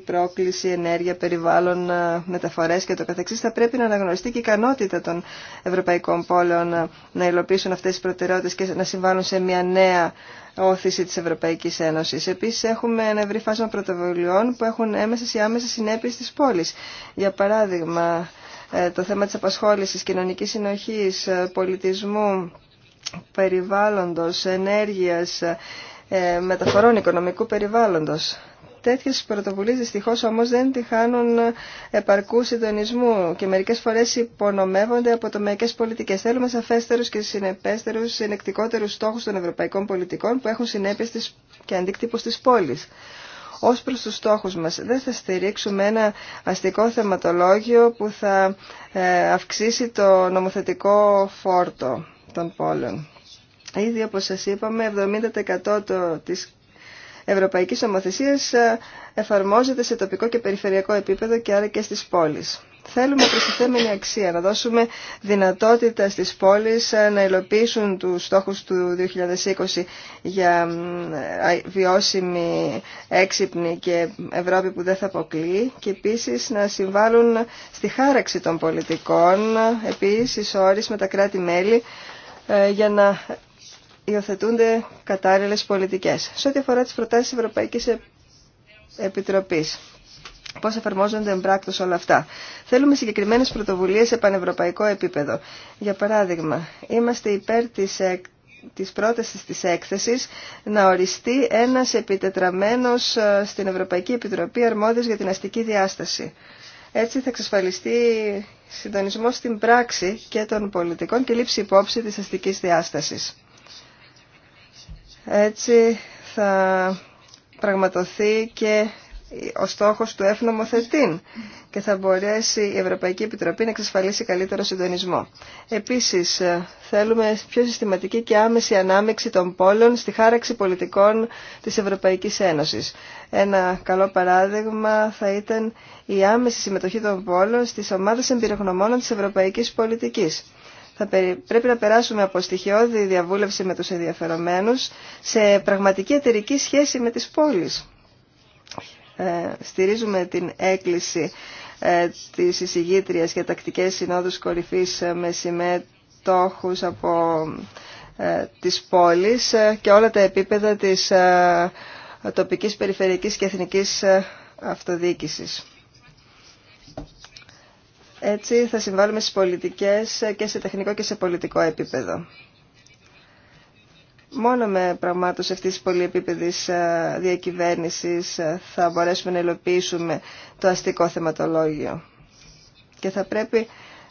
πρόκληση, ενέργεια, περιβάλλον, μεταφορές και το καθεξής. Θα πρέπει να αναγνωριστεί και η ικανότητα των ευρωπαϊκών πόλεων να υλοποιήσουν αυτές τις προτεραιότητες και να συμβάλλουν σε μια νέα όθηση της Ευρωπαϊκής Ένωσης. Επίσης έχουμε ένα ευρύ φάσμα πρωτοβουλειών που έχουν έμεσες ή άμεσες συνέπειες στις πόλεις. Για παράδειγμα, ε, το θέμα της απασχόλησης, κοινωνικής συνοχής, ε, πολιτισμού, περιβάλλοντος, ενέργειας, ε, μεταφορών οικονομικού περιβάλλοντος. Τέτοιες πρωτοβουλίες δυστυχώ όμως δεν τη χάνουν επαρκού συντονισμού και μερικές φορές υπονομεύονται από τομεακές πολιτικές. Θέλουμε σαφέστερους και συνεπέστερους, συνεκτικότερους στόχους των ευρωπαϊκών πολιτικών που έχουν συνέπειες και αντίκτυπο της πόλης. Ως προς τους στόχους μας, δεν θα στηρίξουμε ένα αστικό θεματολόγιο που θα ε, αυξήσει το νομοθετικό φόρτο των πόλεων. Ήδη, όπως σας είπαμε, 70% της ευρωπαϊκής νομοθεσίας ε, εφαρμόζεται σε τοπικό και περιφερειακό επίπεδο και άρα και στις πόλεις. Θέλουμε προστιθέμενη αξία, να δώσουμε δυνατότητα στις πόλεις ε, να υλοποιήσουν τους στόχους του 2020 για βιώσιμη, έξυπνη και Ευρώπη που δεν θα αποκλεί και επίσης να συμβάλλουν στη χάραξη των πολιτικών, επίσης όρις με τα κράτη-μέλη ε, για να υιοθετούνται κατάλληλες πολιτικές. Σε ό,τι αφορά τις προτάσεις Ευρωπαϊκής Επιτροπής. Πώ εφαρμόζονται εμπράκτο όλα αυτά. Θέλουμε συγκεκριμένε πρωτοβουλίε σε πανευρωπαϊκό επίπεδο. Για παράδειγμα, είμαστε υπέρ της της πρότασης της έκθεσης να οριστεί ένας επιτετραμένος ε, στην Ευρωπαϊκή Επιτροπή αρμόδιος για την αστική διάσταση. Έτσι θα εξασφαλιστεί συντονισμό στην πράξη και των πολιτικών και λήψη υπόψη της αστικής διάστασης. Έτσι θα πραγματοθεί και ο στόχος του εφνομοθετήν και θα μπορέσει η Ευρωπαϊκή Επιτροπή να εξασφαλίσει καλύτερο συντονισμό. Επίσης, ε, θέλουμε πιο συστηματική και άμεση ανάμειξη των πόλων στη χάραξη πολιτικών της Ευρωπαϊκής Ένωσης. Ένα καλό παράδειγμα θα ήταν η άμεση συμμετοχή των πόλων στις ομάδες εμπειρογνωμόνων της Ευρωπαϊκής Πολιτικής. Θα πρέπει να περάσουμε από στοιχειώδη διαβούλευση με τους ενδιαφερομένους σε πραγματική εταιρική σχέση με τις πόλεις ε, στηρίζουμε την έκκληση ε, της εισηγήτριας για τακτικές συνόδους κορυφής ε, με συμμετόχους από τις πόλεις και όλα τα επίπεδα της τοπικής, περιφερειακής και εθνικής αυτοδιοίκησης. Έτσι θα συμβάλλουμε στις πολιτικές και σε τεχνικό και σε πολιτικό επίπεδο. Μόνο με πραγμάτως αυτής της πολυεπίπεδης ε, διακυβέρνησης ε, θα μπορέσουμε να υλοποιήσουμε το αστικό θεματολόγιο. Και θα πρέπει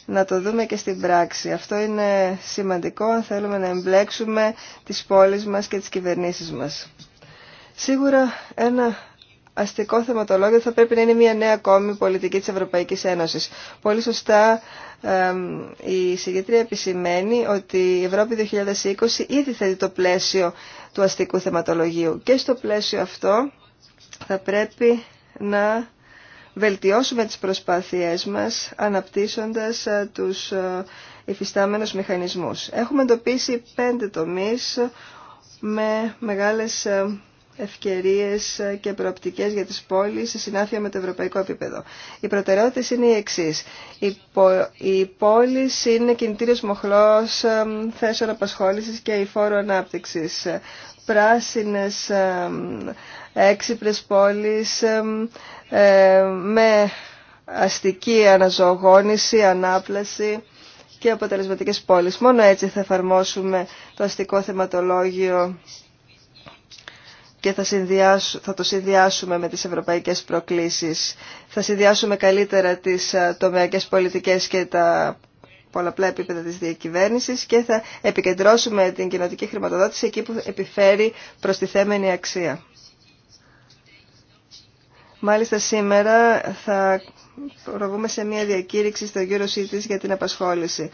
να το δούμε και στην πράξη. Αυτό είναι σημαντικό αν θέλουμε να εμπλέξουμε τις πόλεις μας και τις κυβερνήσεις μας. Σίγουρα ένα αστικό θεματολόγιο θα πρέπει να είναι μια νέα ακόμη πολιτική της Ευρωπαϊκής Ένωσης. Πολύ σωστά η συγκεκριτή επισημαίνει ότι η Ευρώπη 2020 ήδη θέτει το πλαίσιο του αστικού θεματολογίου και στο πλαίσιο αυτό θα πρέπει να βελτιώσουμε τις προσπάθειές μας αναπτύσσοντας ε, τους ε, υφιστάμενους μηχανισμούς. Έχουμε εντοπίσει πέντε τομείς με μεγάλες ε, ευκαιρίες και προοπτικές για τις πόλεις σε συνάφεια με το ευρωπαϊκό επίπεδο. Οι προτεραιότητες είναι οι εξής. Οι πόλεις είναι κινητήριος μοχλός θέσεων απασχόλησης και η φόρο ανάπτυξης. Πράσινες έξυπνες πόλεις ε, με αστική αναζωογόνηση, ανάπλαση και αποτελεσματικές πόλεις. Μόνο έτσι θα εφαρμόσουμε το αστικό θεματολόγιο και θα, θα το συνδυάσουμε με τις ευρωπαϊκές προκλήσεις. Θα συνδυάσουμε καλύτερα τις ε, τομεακές πολιτικές και τα πολλαπλά επίπεδα της διακυβέρνησης και θα επικεντρώσουμε την κοινοτική χρηματοδότηση εκεί που επιφέρει προστιθέμενη αξία. Μάλιστα σήμερα θα προβούμε σε μια διακήρυξη στο EuroCities για την απασχόληση,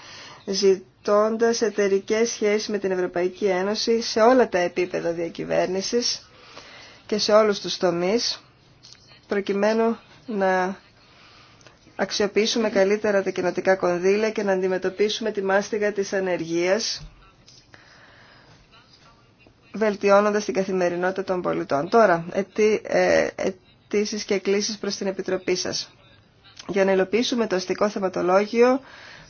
ζητώντας εταιρικές σχέσεις με την Ευρωπαϊκή Ένωση σε όλα τα επίπεδα διακυβέρνησης, και σε όλους τους τομείς προκειμένου να αξιοποιήσουμε καλύτερα τα κοινοτικά κονδύλια και να αντιμετωπίσουμε τη μάστιγα της ανεργίας βελτιώνοντας την καθημερινότητα των πολιτών. Τώρα, ε, αιτήσει και κλήσει προς την Επιτροπή σας. Για να υλοποιήσουμε το αστικό θεματολόγιο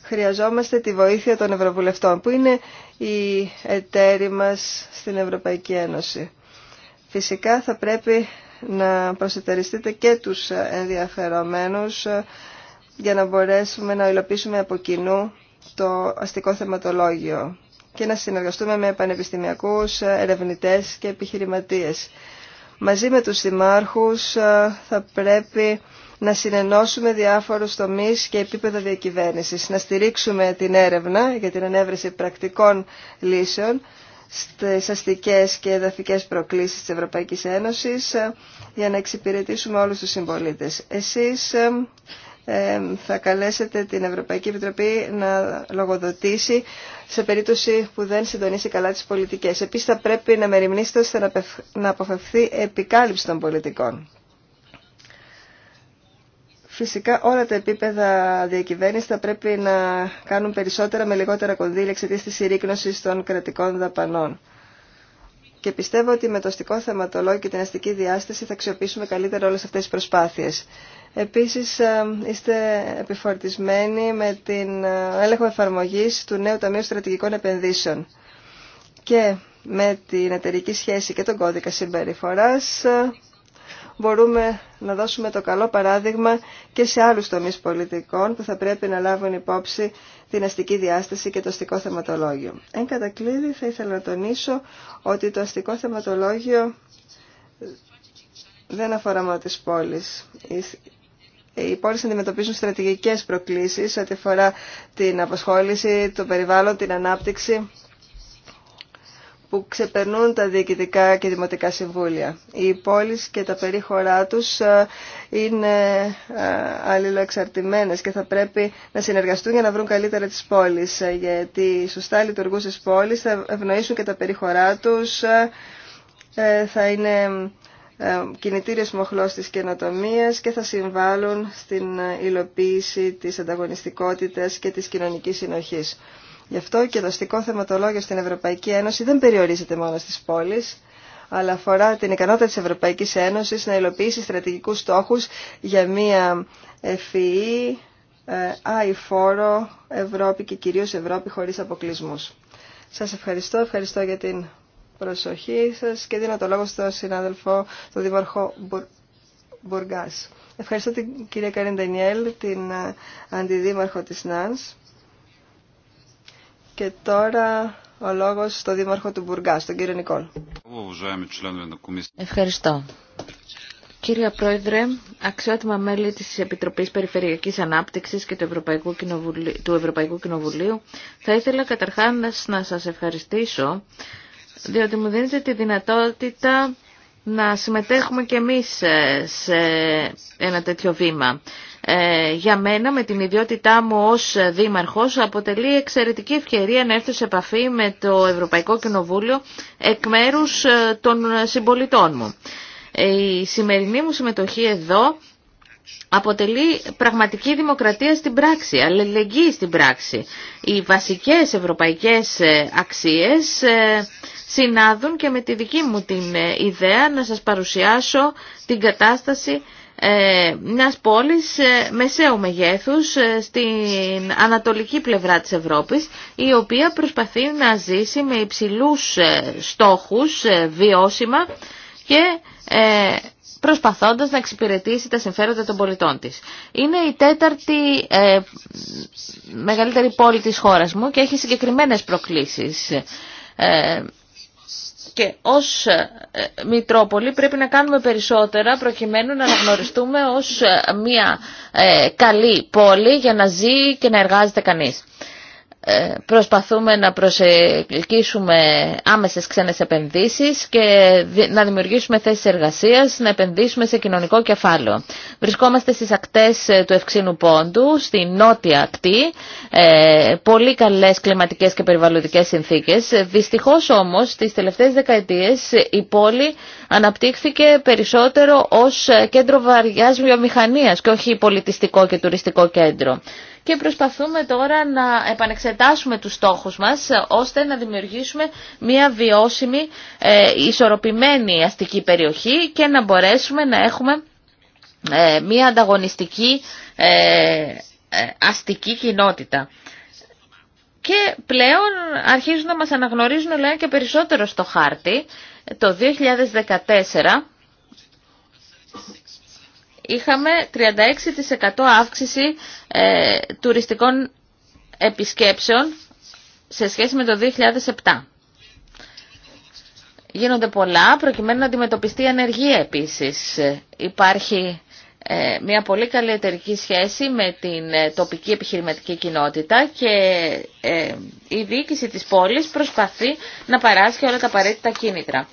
χρειαζόμαστε τη βοήθεια των Ευρωβουλευτών που είναι οι εταίροι μας στην Ευρωπαϊκή Ένωση. Φυσικά θα πρέπει να προσετεριστείτε και τους ενδιαφερομένους ε, για να μπορέσουμε να υλοποιήσουμε από κοινού το αστικό θεματολόγιο και να συνεργαστούμε με πανεπιστημιακούς, ε, ερευνητές και επιχειρηματίες. Μαζί με τους δημάρχους ε, θα πρέπει να συνενώσουμε διάφορους τομείς και επίπεδα διακυβέρνησης, να στηρίξουμε την έρευνα για την ανέβρεση πρακτικών λύσεων στις αστικές και εδαφικές προκλήσεις της Ευρωπαϊκής Ένωσης ε, για να εξυπηρετήσουμε όλους τους συμπολίτες. Εσείς ε, ε, θα καλέσετε την Ευρωπαϊκή Επιτροπή να λογοδοτήσει σε περίπτωση που δεν συντονίσει καλά τις πολιτικές. Επίσης θα πρέπει να μεριμνήσετε ώστε να αποφευθεί επικάλυψη των πολιτικών. Φυσικά όλα τα επίπεδα διακυβέρνηση θα πρέπει να κάνουν περισσότερα με λιγότερα κονδύλια εξαιτία τη συρρήκνωση των κρατικών δαπανών. Και πιστεύω ότι με το αστικό θεματολόγιο και την αστική διάσταση θα αξιοποιήσουμε καλύτερα όλε αυτέ τι προσπάθειε. Επίση, ε, είστε επιφορτισμένοι με την ε, έλεγχο εφαρμογή του νέου Ταμείου Στρατηγικών Επενδύσεων. Και με την εταιρική σχέση και τον κώδικα συμπεριφορά. Ε, μπορούμε να δώσουμε το καλό παράδειγμα και σε άλλους τομείς πολιτικών που θα πρέπει να λάβουν υπόψη την αστική διάσταση και το αστικό θεματολόγιο. Εν κατακλείδη θα ήθελα να τονίσω ότι το αστικό θεματολόγιο δεν αφορά μόνο τις πόλεις. Οι πόλεις αντιμετωπίζουν στρατηγικές προκλήσεις ό,τι αφορά την αποσχόληση το περιβάλλον, την ανάπτυξη που ξεπερνούν τα διοικητικά και δημοτικά συμβούλια. Οι πόλεις και τα περίχωρά τους ε, είναι ε, αλληλοεξαρτημένες και θα πρέπει να συνεργαστούν για να βρουν καλύτερα τις πόλεις, ε, γιατί σωστά λειτουργούσε πόλεις θα ευνοήσουν και τα περίχωρά τους, θα είναι κινητήριος μοχλός της καινοτομίας και θα συμβάλλουν στην υλοποίηση της ανταγωνιστικότητας και της κοινωνική συνοχής. Γι' αυτό και το αστικό θεματολόγιο στην Ευρωπαϊκή Ένωση δεν περιορίζεται μόνο στις πόλεις, αλλά αφορά την ικανότητα της Ευρωπαϊκής Ένωσης να υλοποιήσει στρατηγικούς στόχους για μια e e, ευφυή, αηφόρο Ευρώπη και κυρίως Ευρώπη χωρίς αποκλεισμούς. Σας ευχαριστώ, ευχαριστώ για την προσοχή σας και δίνω το λόγο στον συνάδελφο, τον Δήμαρχο Μπουργκάς. Ευχαριστώ την κυρία Καρίν Ντανιέλ, την ε, αντιδήμαρχο της ΝΑΝΣ και τώρα ο λόγος στο Δήμαρχο του Μπουργκά, στον κύριο Νικόλ. Ευχαριστώ. Κύριε Πρόεδρε, αξιότιμα μέλη της Επιτροπής Περιφερειακής Ανάπτυξης και του Ευρωπαϊκού, Κοινοβουλίου, του Ευρωπαϊκού Κοινοβουλίου, θα ήθελα καταρχάς να σας ευχαριστήσω, διότι μου δίνετε τη δυνατότητα να συμμετέχουμε και εμείς ε, σε ένα τέτοιο βήμα. Ε, για μένα με την ιδιότητά μου ως δήμαρχος αποτελεί εξαιρετική ευκαιρία να έρθω σε επαφή με το Ευρωπαϊκό Κοινοβούλιο εκ μέρους ε, των συμπολιτών μου. Η σημερινή μου συμμετοχή εδώ αποτελεί πραγματική δημοκρατία στην πράξη, αλληλεγγύη στην πράξη. Οι βασικές ευρωπαϊκές αξίες συνάδουν και με τη δική μου την ε, ιδέα να σας παρουσιάσω την κατάσταση ε, μιας πόλης ε, μεσαίου μεγέθους στην ανατολική πλευρά της Ευρώπης η οποία προσπαθεί να ζήσει με υψηλούς στόχους βιώσιμα και προσπαθώντας να εξυπηρετήσει τα συμφέροντα των πολιτών της. Είναι η τέταρτη μεγαλύτερη πόλη της χώρας μου και έχει συγκεκριμένες προκλήσεις. Και ως ε, Μητρόπολη πρέπει να κάνουμε περισσότερα προκειμένου να αναγνωριστούμε ως ε, μια ε, καλή πόλη για να ζει και να εργάζεται κανείς. Ε, προσπαθούμε να προσελκύσουμε άμεσες ξένες επενδύσεις και να δημιουργήσουμε θέσεις εργασίας, να επενδύσουμε σε κοινωνικό κεφάλαιο. Βρισκόμαστε στις ακτές ε, του Ευξήνου Πόντου, στη νότια ακτή, ε, πολύ καλές κλιματικές και περιβαλλοντικές συνθήκες. Δυστυχώς όμως, τις τελευταίες δεκαετίες η πόλη αναπτύχθηκε περισσότερο ως κέντρο βαριάς βιομηχανίας και όχι πολιτιστικό και τουριστικό κέντρο και προσπαθούμε τώρα να επανεξετάσουμε τους στόχους μας ώστε να δημιουργήσουμε μια βιώσιμη, ε, ισορροπημένη αστική περιοχή και να μπορέσουμε να έχουμε ε, μια ανταγωνιστική ε, αστική κοινότητα. Και πλέον αρχίζουν να μας αναγνωρίζουν και περισσότερο στο χάρτη. Το 2014 είχαμε 36% αύξηση ε, τουριστικών επισκέψεων σε σχέση με το 2007. Γίνονται πολλά προκειμένου να αντιμετωπιστεί η ανεργία επίσης. Υπάρχει ε, μια πολύ καλή εταιρική σχέση με την ε, τοπική επιχειρηματική κοινότητα και η διοίκηση της πόλης προσπαθεί να παράσχει όλα τα απαραίτητα κίνητρα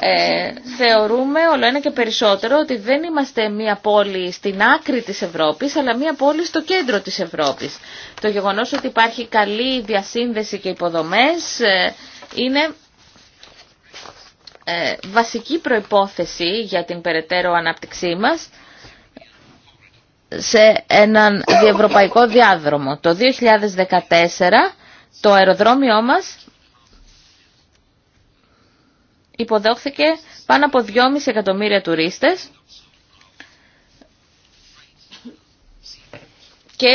ε, θεωρούμε όλο ένα και περισσότερο ότι δεν είμαστε μια πόλη στην άκρη της Ευρώπης, αλλά μια πόλη στο κέντρο της Ευρώπης. Το γεγονός ότι υπάρχει καλή διασύνδεση και υποδομές ε, είναι ε, βασική προϋπόθεση για την περαιτέρω ανάπτυξή μας σε έναν διευρωπαϊκό διάδρομο. Το 2014 το αεροδρόμιό μας υποδόχθηκε πάνω από 2,5 εκατομμύρια τουρίστες και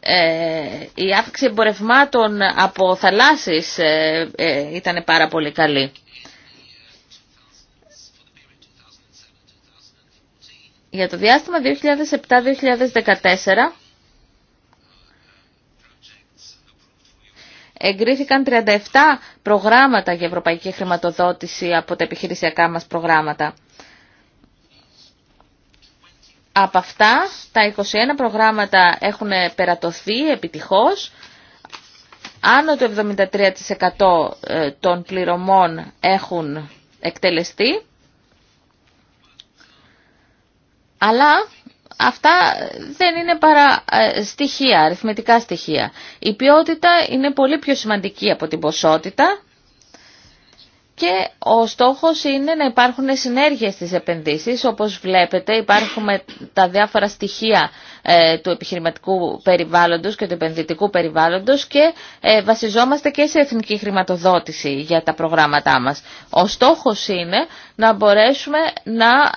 ε, η αύξηση εμπορευμάτων από θαλάσσεις ε, ε, ήταν πάρα πολύ καλή. Για το διάστημα 2007-2014 εγκρίθηκαν 37 προγράμματα για ευρωπαϊκή χρηματοδότηση από τα επιχειρησιακά μας προγράμματα. Από αυτά, τα 21 προγράμματα έχουν περατωθεί επιτυχώς. Άνω του 73% ε, των πληρωμών έχουν εκτελεστεί. Αλλά αυτά δεν είναι παρά ε, στοιχεία, αριθμητικά στοιχεία. Η ποιότητα είναι πολύ πιο σημαντική από την ποσότητα και ο στόχος είναι να υπάρχουν συνέργειες στις επενδύσεις. Όπως βλέπετε υπάρχουν τα διάφορα στοιχεία ε, του επιχειρηματικού περιβάλλοντος και του επενδυτικού περιβάλλοντος και ε, βασιζόμαστε και σε εθνική χρηματοδότηση για τα προγράμματά μας. Ο στόχος είναι να μπορέσουμε να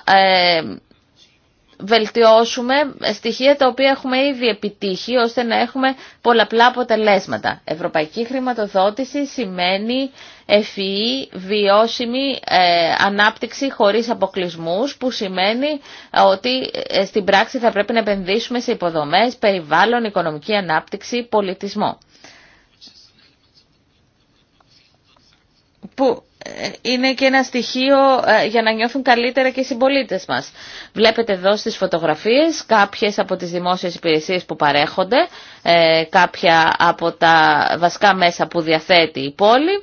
βελτιώσουμε στοιχεία τα οποία έχουμε ήδη επιτύχει ώστε να έχουμε πολλαπλά αποτελέσματα. Ευρωπαϊκή χρηματοδότηση σημαίνει ευφυή, βιώσιμη ε, ανάπτυξη χωρίς αποκλεισμούς που σημαίνει ε, ότι ε, στην πράξη θα πρέπει να επενδύσουμε σε υποδομές, περιβάλλον, οικονομική ανάπτυξη, πολιτισμό είναι και ένα στοιχείο ε, για να νιώθουν καλύτερα και οι συμπολίτες μας. Βλέπετε εδώ στις φωτογραφίες κάποιες από τις δημόσιες υπηρεσίες που παρέχονται, ε, κάποια από τα βασικά μέσα που διαθέτει η πόλη.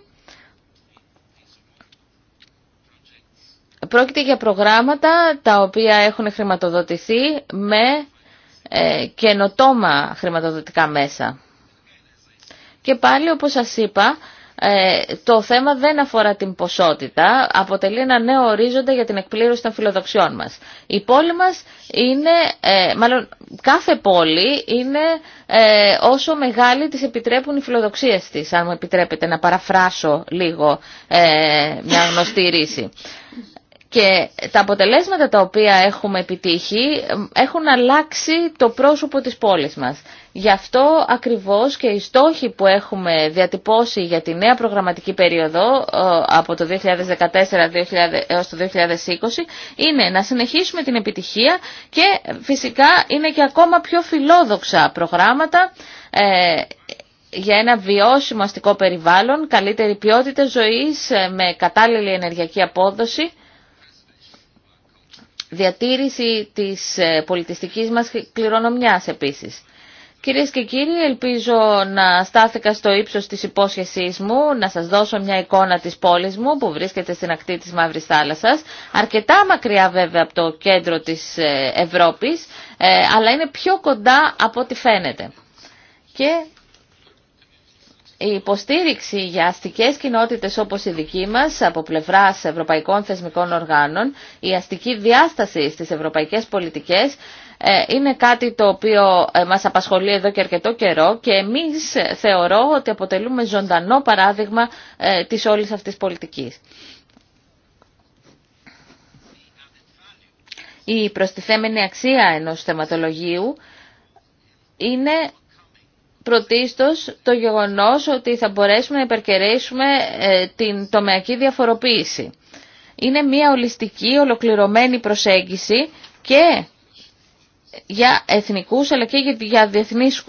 Πρόκειται για προγράμματα τα οποία έχουν χρηματοδοτηθεί με ε, καινοτόμα χρηματοδοτικά μέσα. Και πάλι όπως σας είπα ε, το θέμα δεν αφορά την ποσότητα, αποτελεί ένα νέο ορίζοντα για την εκπλήρωση των φιλοδοξιών μας. Η πόλη μας είναι, ε, μάλλον κάθε πόλη είναι ε, όσο μεγάλη τις επιτρέπουν οι φιλοδοξίες της, αν μου επιτρέπετε να παραφράσω λίγο ε, μια γνωστή ρίση. Και τα αποτελέσματα τα οποία έχουμε επιτύχει έχουν αλλάξει το πρόσωπο της πόλης μας. Γι' αυτό ακριβώς και οι στόχοι που έχουμε διατυπώσει για τη νέα προγραμματική περίοδο ε, από το 2014 έως το 2020 είναι να συνεχίσουμε την επιτυχία και φυσικά είναι και ακόμα πιο φιλόδοξα προγράμματα ε, για ένα βιώσιμο αστικό περιβάλλον, καλύτερη ποιότητα ζωής ε, με κατάλληλη ενεργειακή απόδοση διατήρηση της πολιτιστικής μας κληρονομιάς επίσης. Κυρίες και κύριοι, ελπίζω να στάθηκα στο ύψος της υπόσχεσής μου, να σας δώσω μια εικόνα της πόλης μου που βρίσκεται στην ακτή της Μαύρης Θάλασσας, αρκετά μακριά βέβαια από το κέντρο της ε, Ευρώπης, ε, αλλά είναι πιο κοντά από ό,τι φαίνεται. Και η υποστήριξη για αστικές κοινότητες όπως η δική μας από πλευράς ευρωπαϊκών θεσμικών οργάνων, η αστική διάσταση στις ευρωπαϊκές πολιτικές ε, είναι κάτι το οποίο ε, μας απασχολεί εδώ και αρκετό καιρό και εμείς θεωρώ ότι αποτελούμε ζωντανό παράδειγμα ε, της όλης αυτής της πολιτικής. Η προστιθέμενη αξία ενός θεματολογίου είναι πρωτίστως το γεγονός ότι θα μπορέσουμε να υπερκερέσουμε την τομεακή διαφοροποίηση. Είναι μια ολιστική, ολοκληρωμένη προσέγγιση και για εθνικούς αλλά και για διεθνείς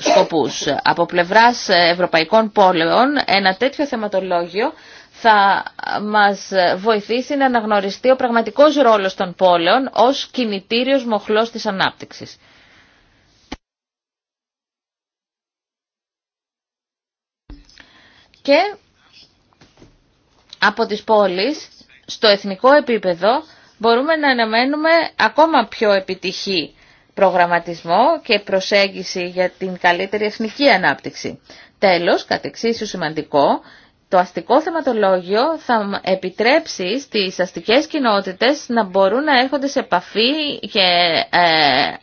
σκοπούς. Από πλευράς ευρωπαϊκών πόλεων ένα τέτοιο θεματολόγιο θα μας βοηθήσει να αναγνωριστεί ο πραγματικός ρόλος των πόλεων ως κινητήριος μοχλός της ανάπτυξης. Και από τις πόλεις, στο εθνικό επίπεδο, μπορούμε να αναμένουμε ακόμα πιο επιτυχή προγραμματισμό και προσέγγιση για την καλύτερη εθνική ανάπτυξη. Τέλος, κατ' εξίσου σημαντικό, το αστικό θεματολόγιο θα επιτρέψει στις αστικές κοινότητες να μπορούν να έρχονται σε επαφή και ε,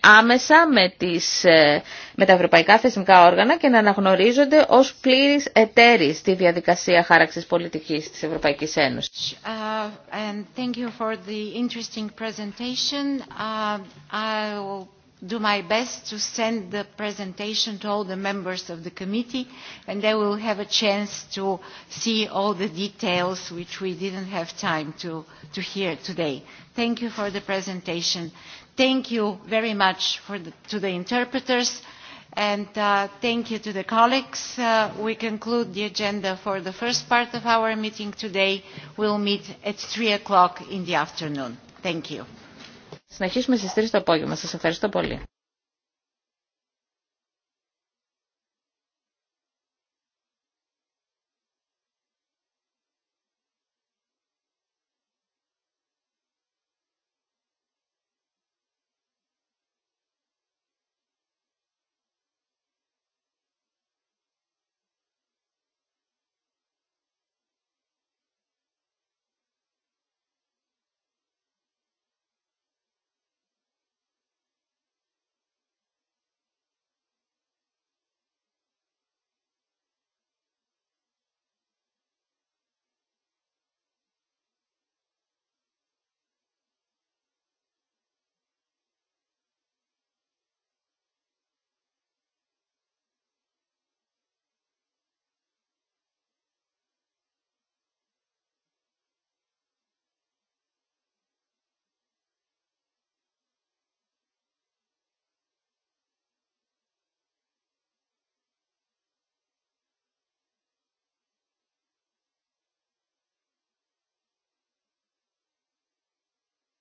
άμεσα με, τις, ε, με τα ευρωπαϊκά θεσμικά όργανα και να αναγνωρίζονται ως πλήρης εταίροι στη διαδικασία χάραξης πολιτικής της Ευρωπαϊκής Ένωσης do my best to send the presentation to all the members of the committee and they will have a chance to see all the details which we didn't have time to hear today. Thank you for the presentation. Thank you very much to the interpreters and thank you to the colleagues. We conclude the agenda for the first part of our meeting today. We'll meet at 3 o'clock in the afternoon. Thank you. Συνεχίσουμε στις 3 το απόγευμα. Σας ευχαριστώ πολύ.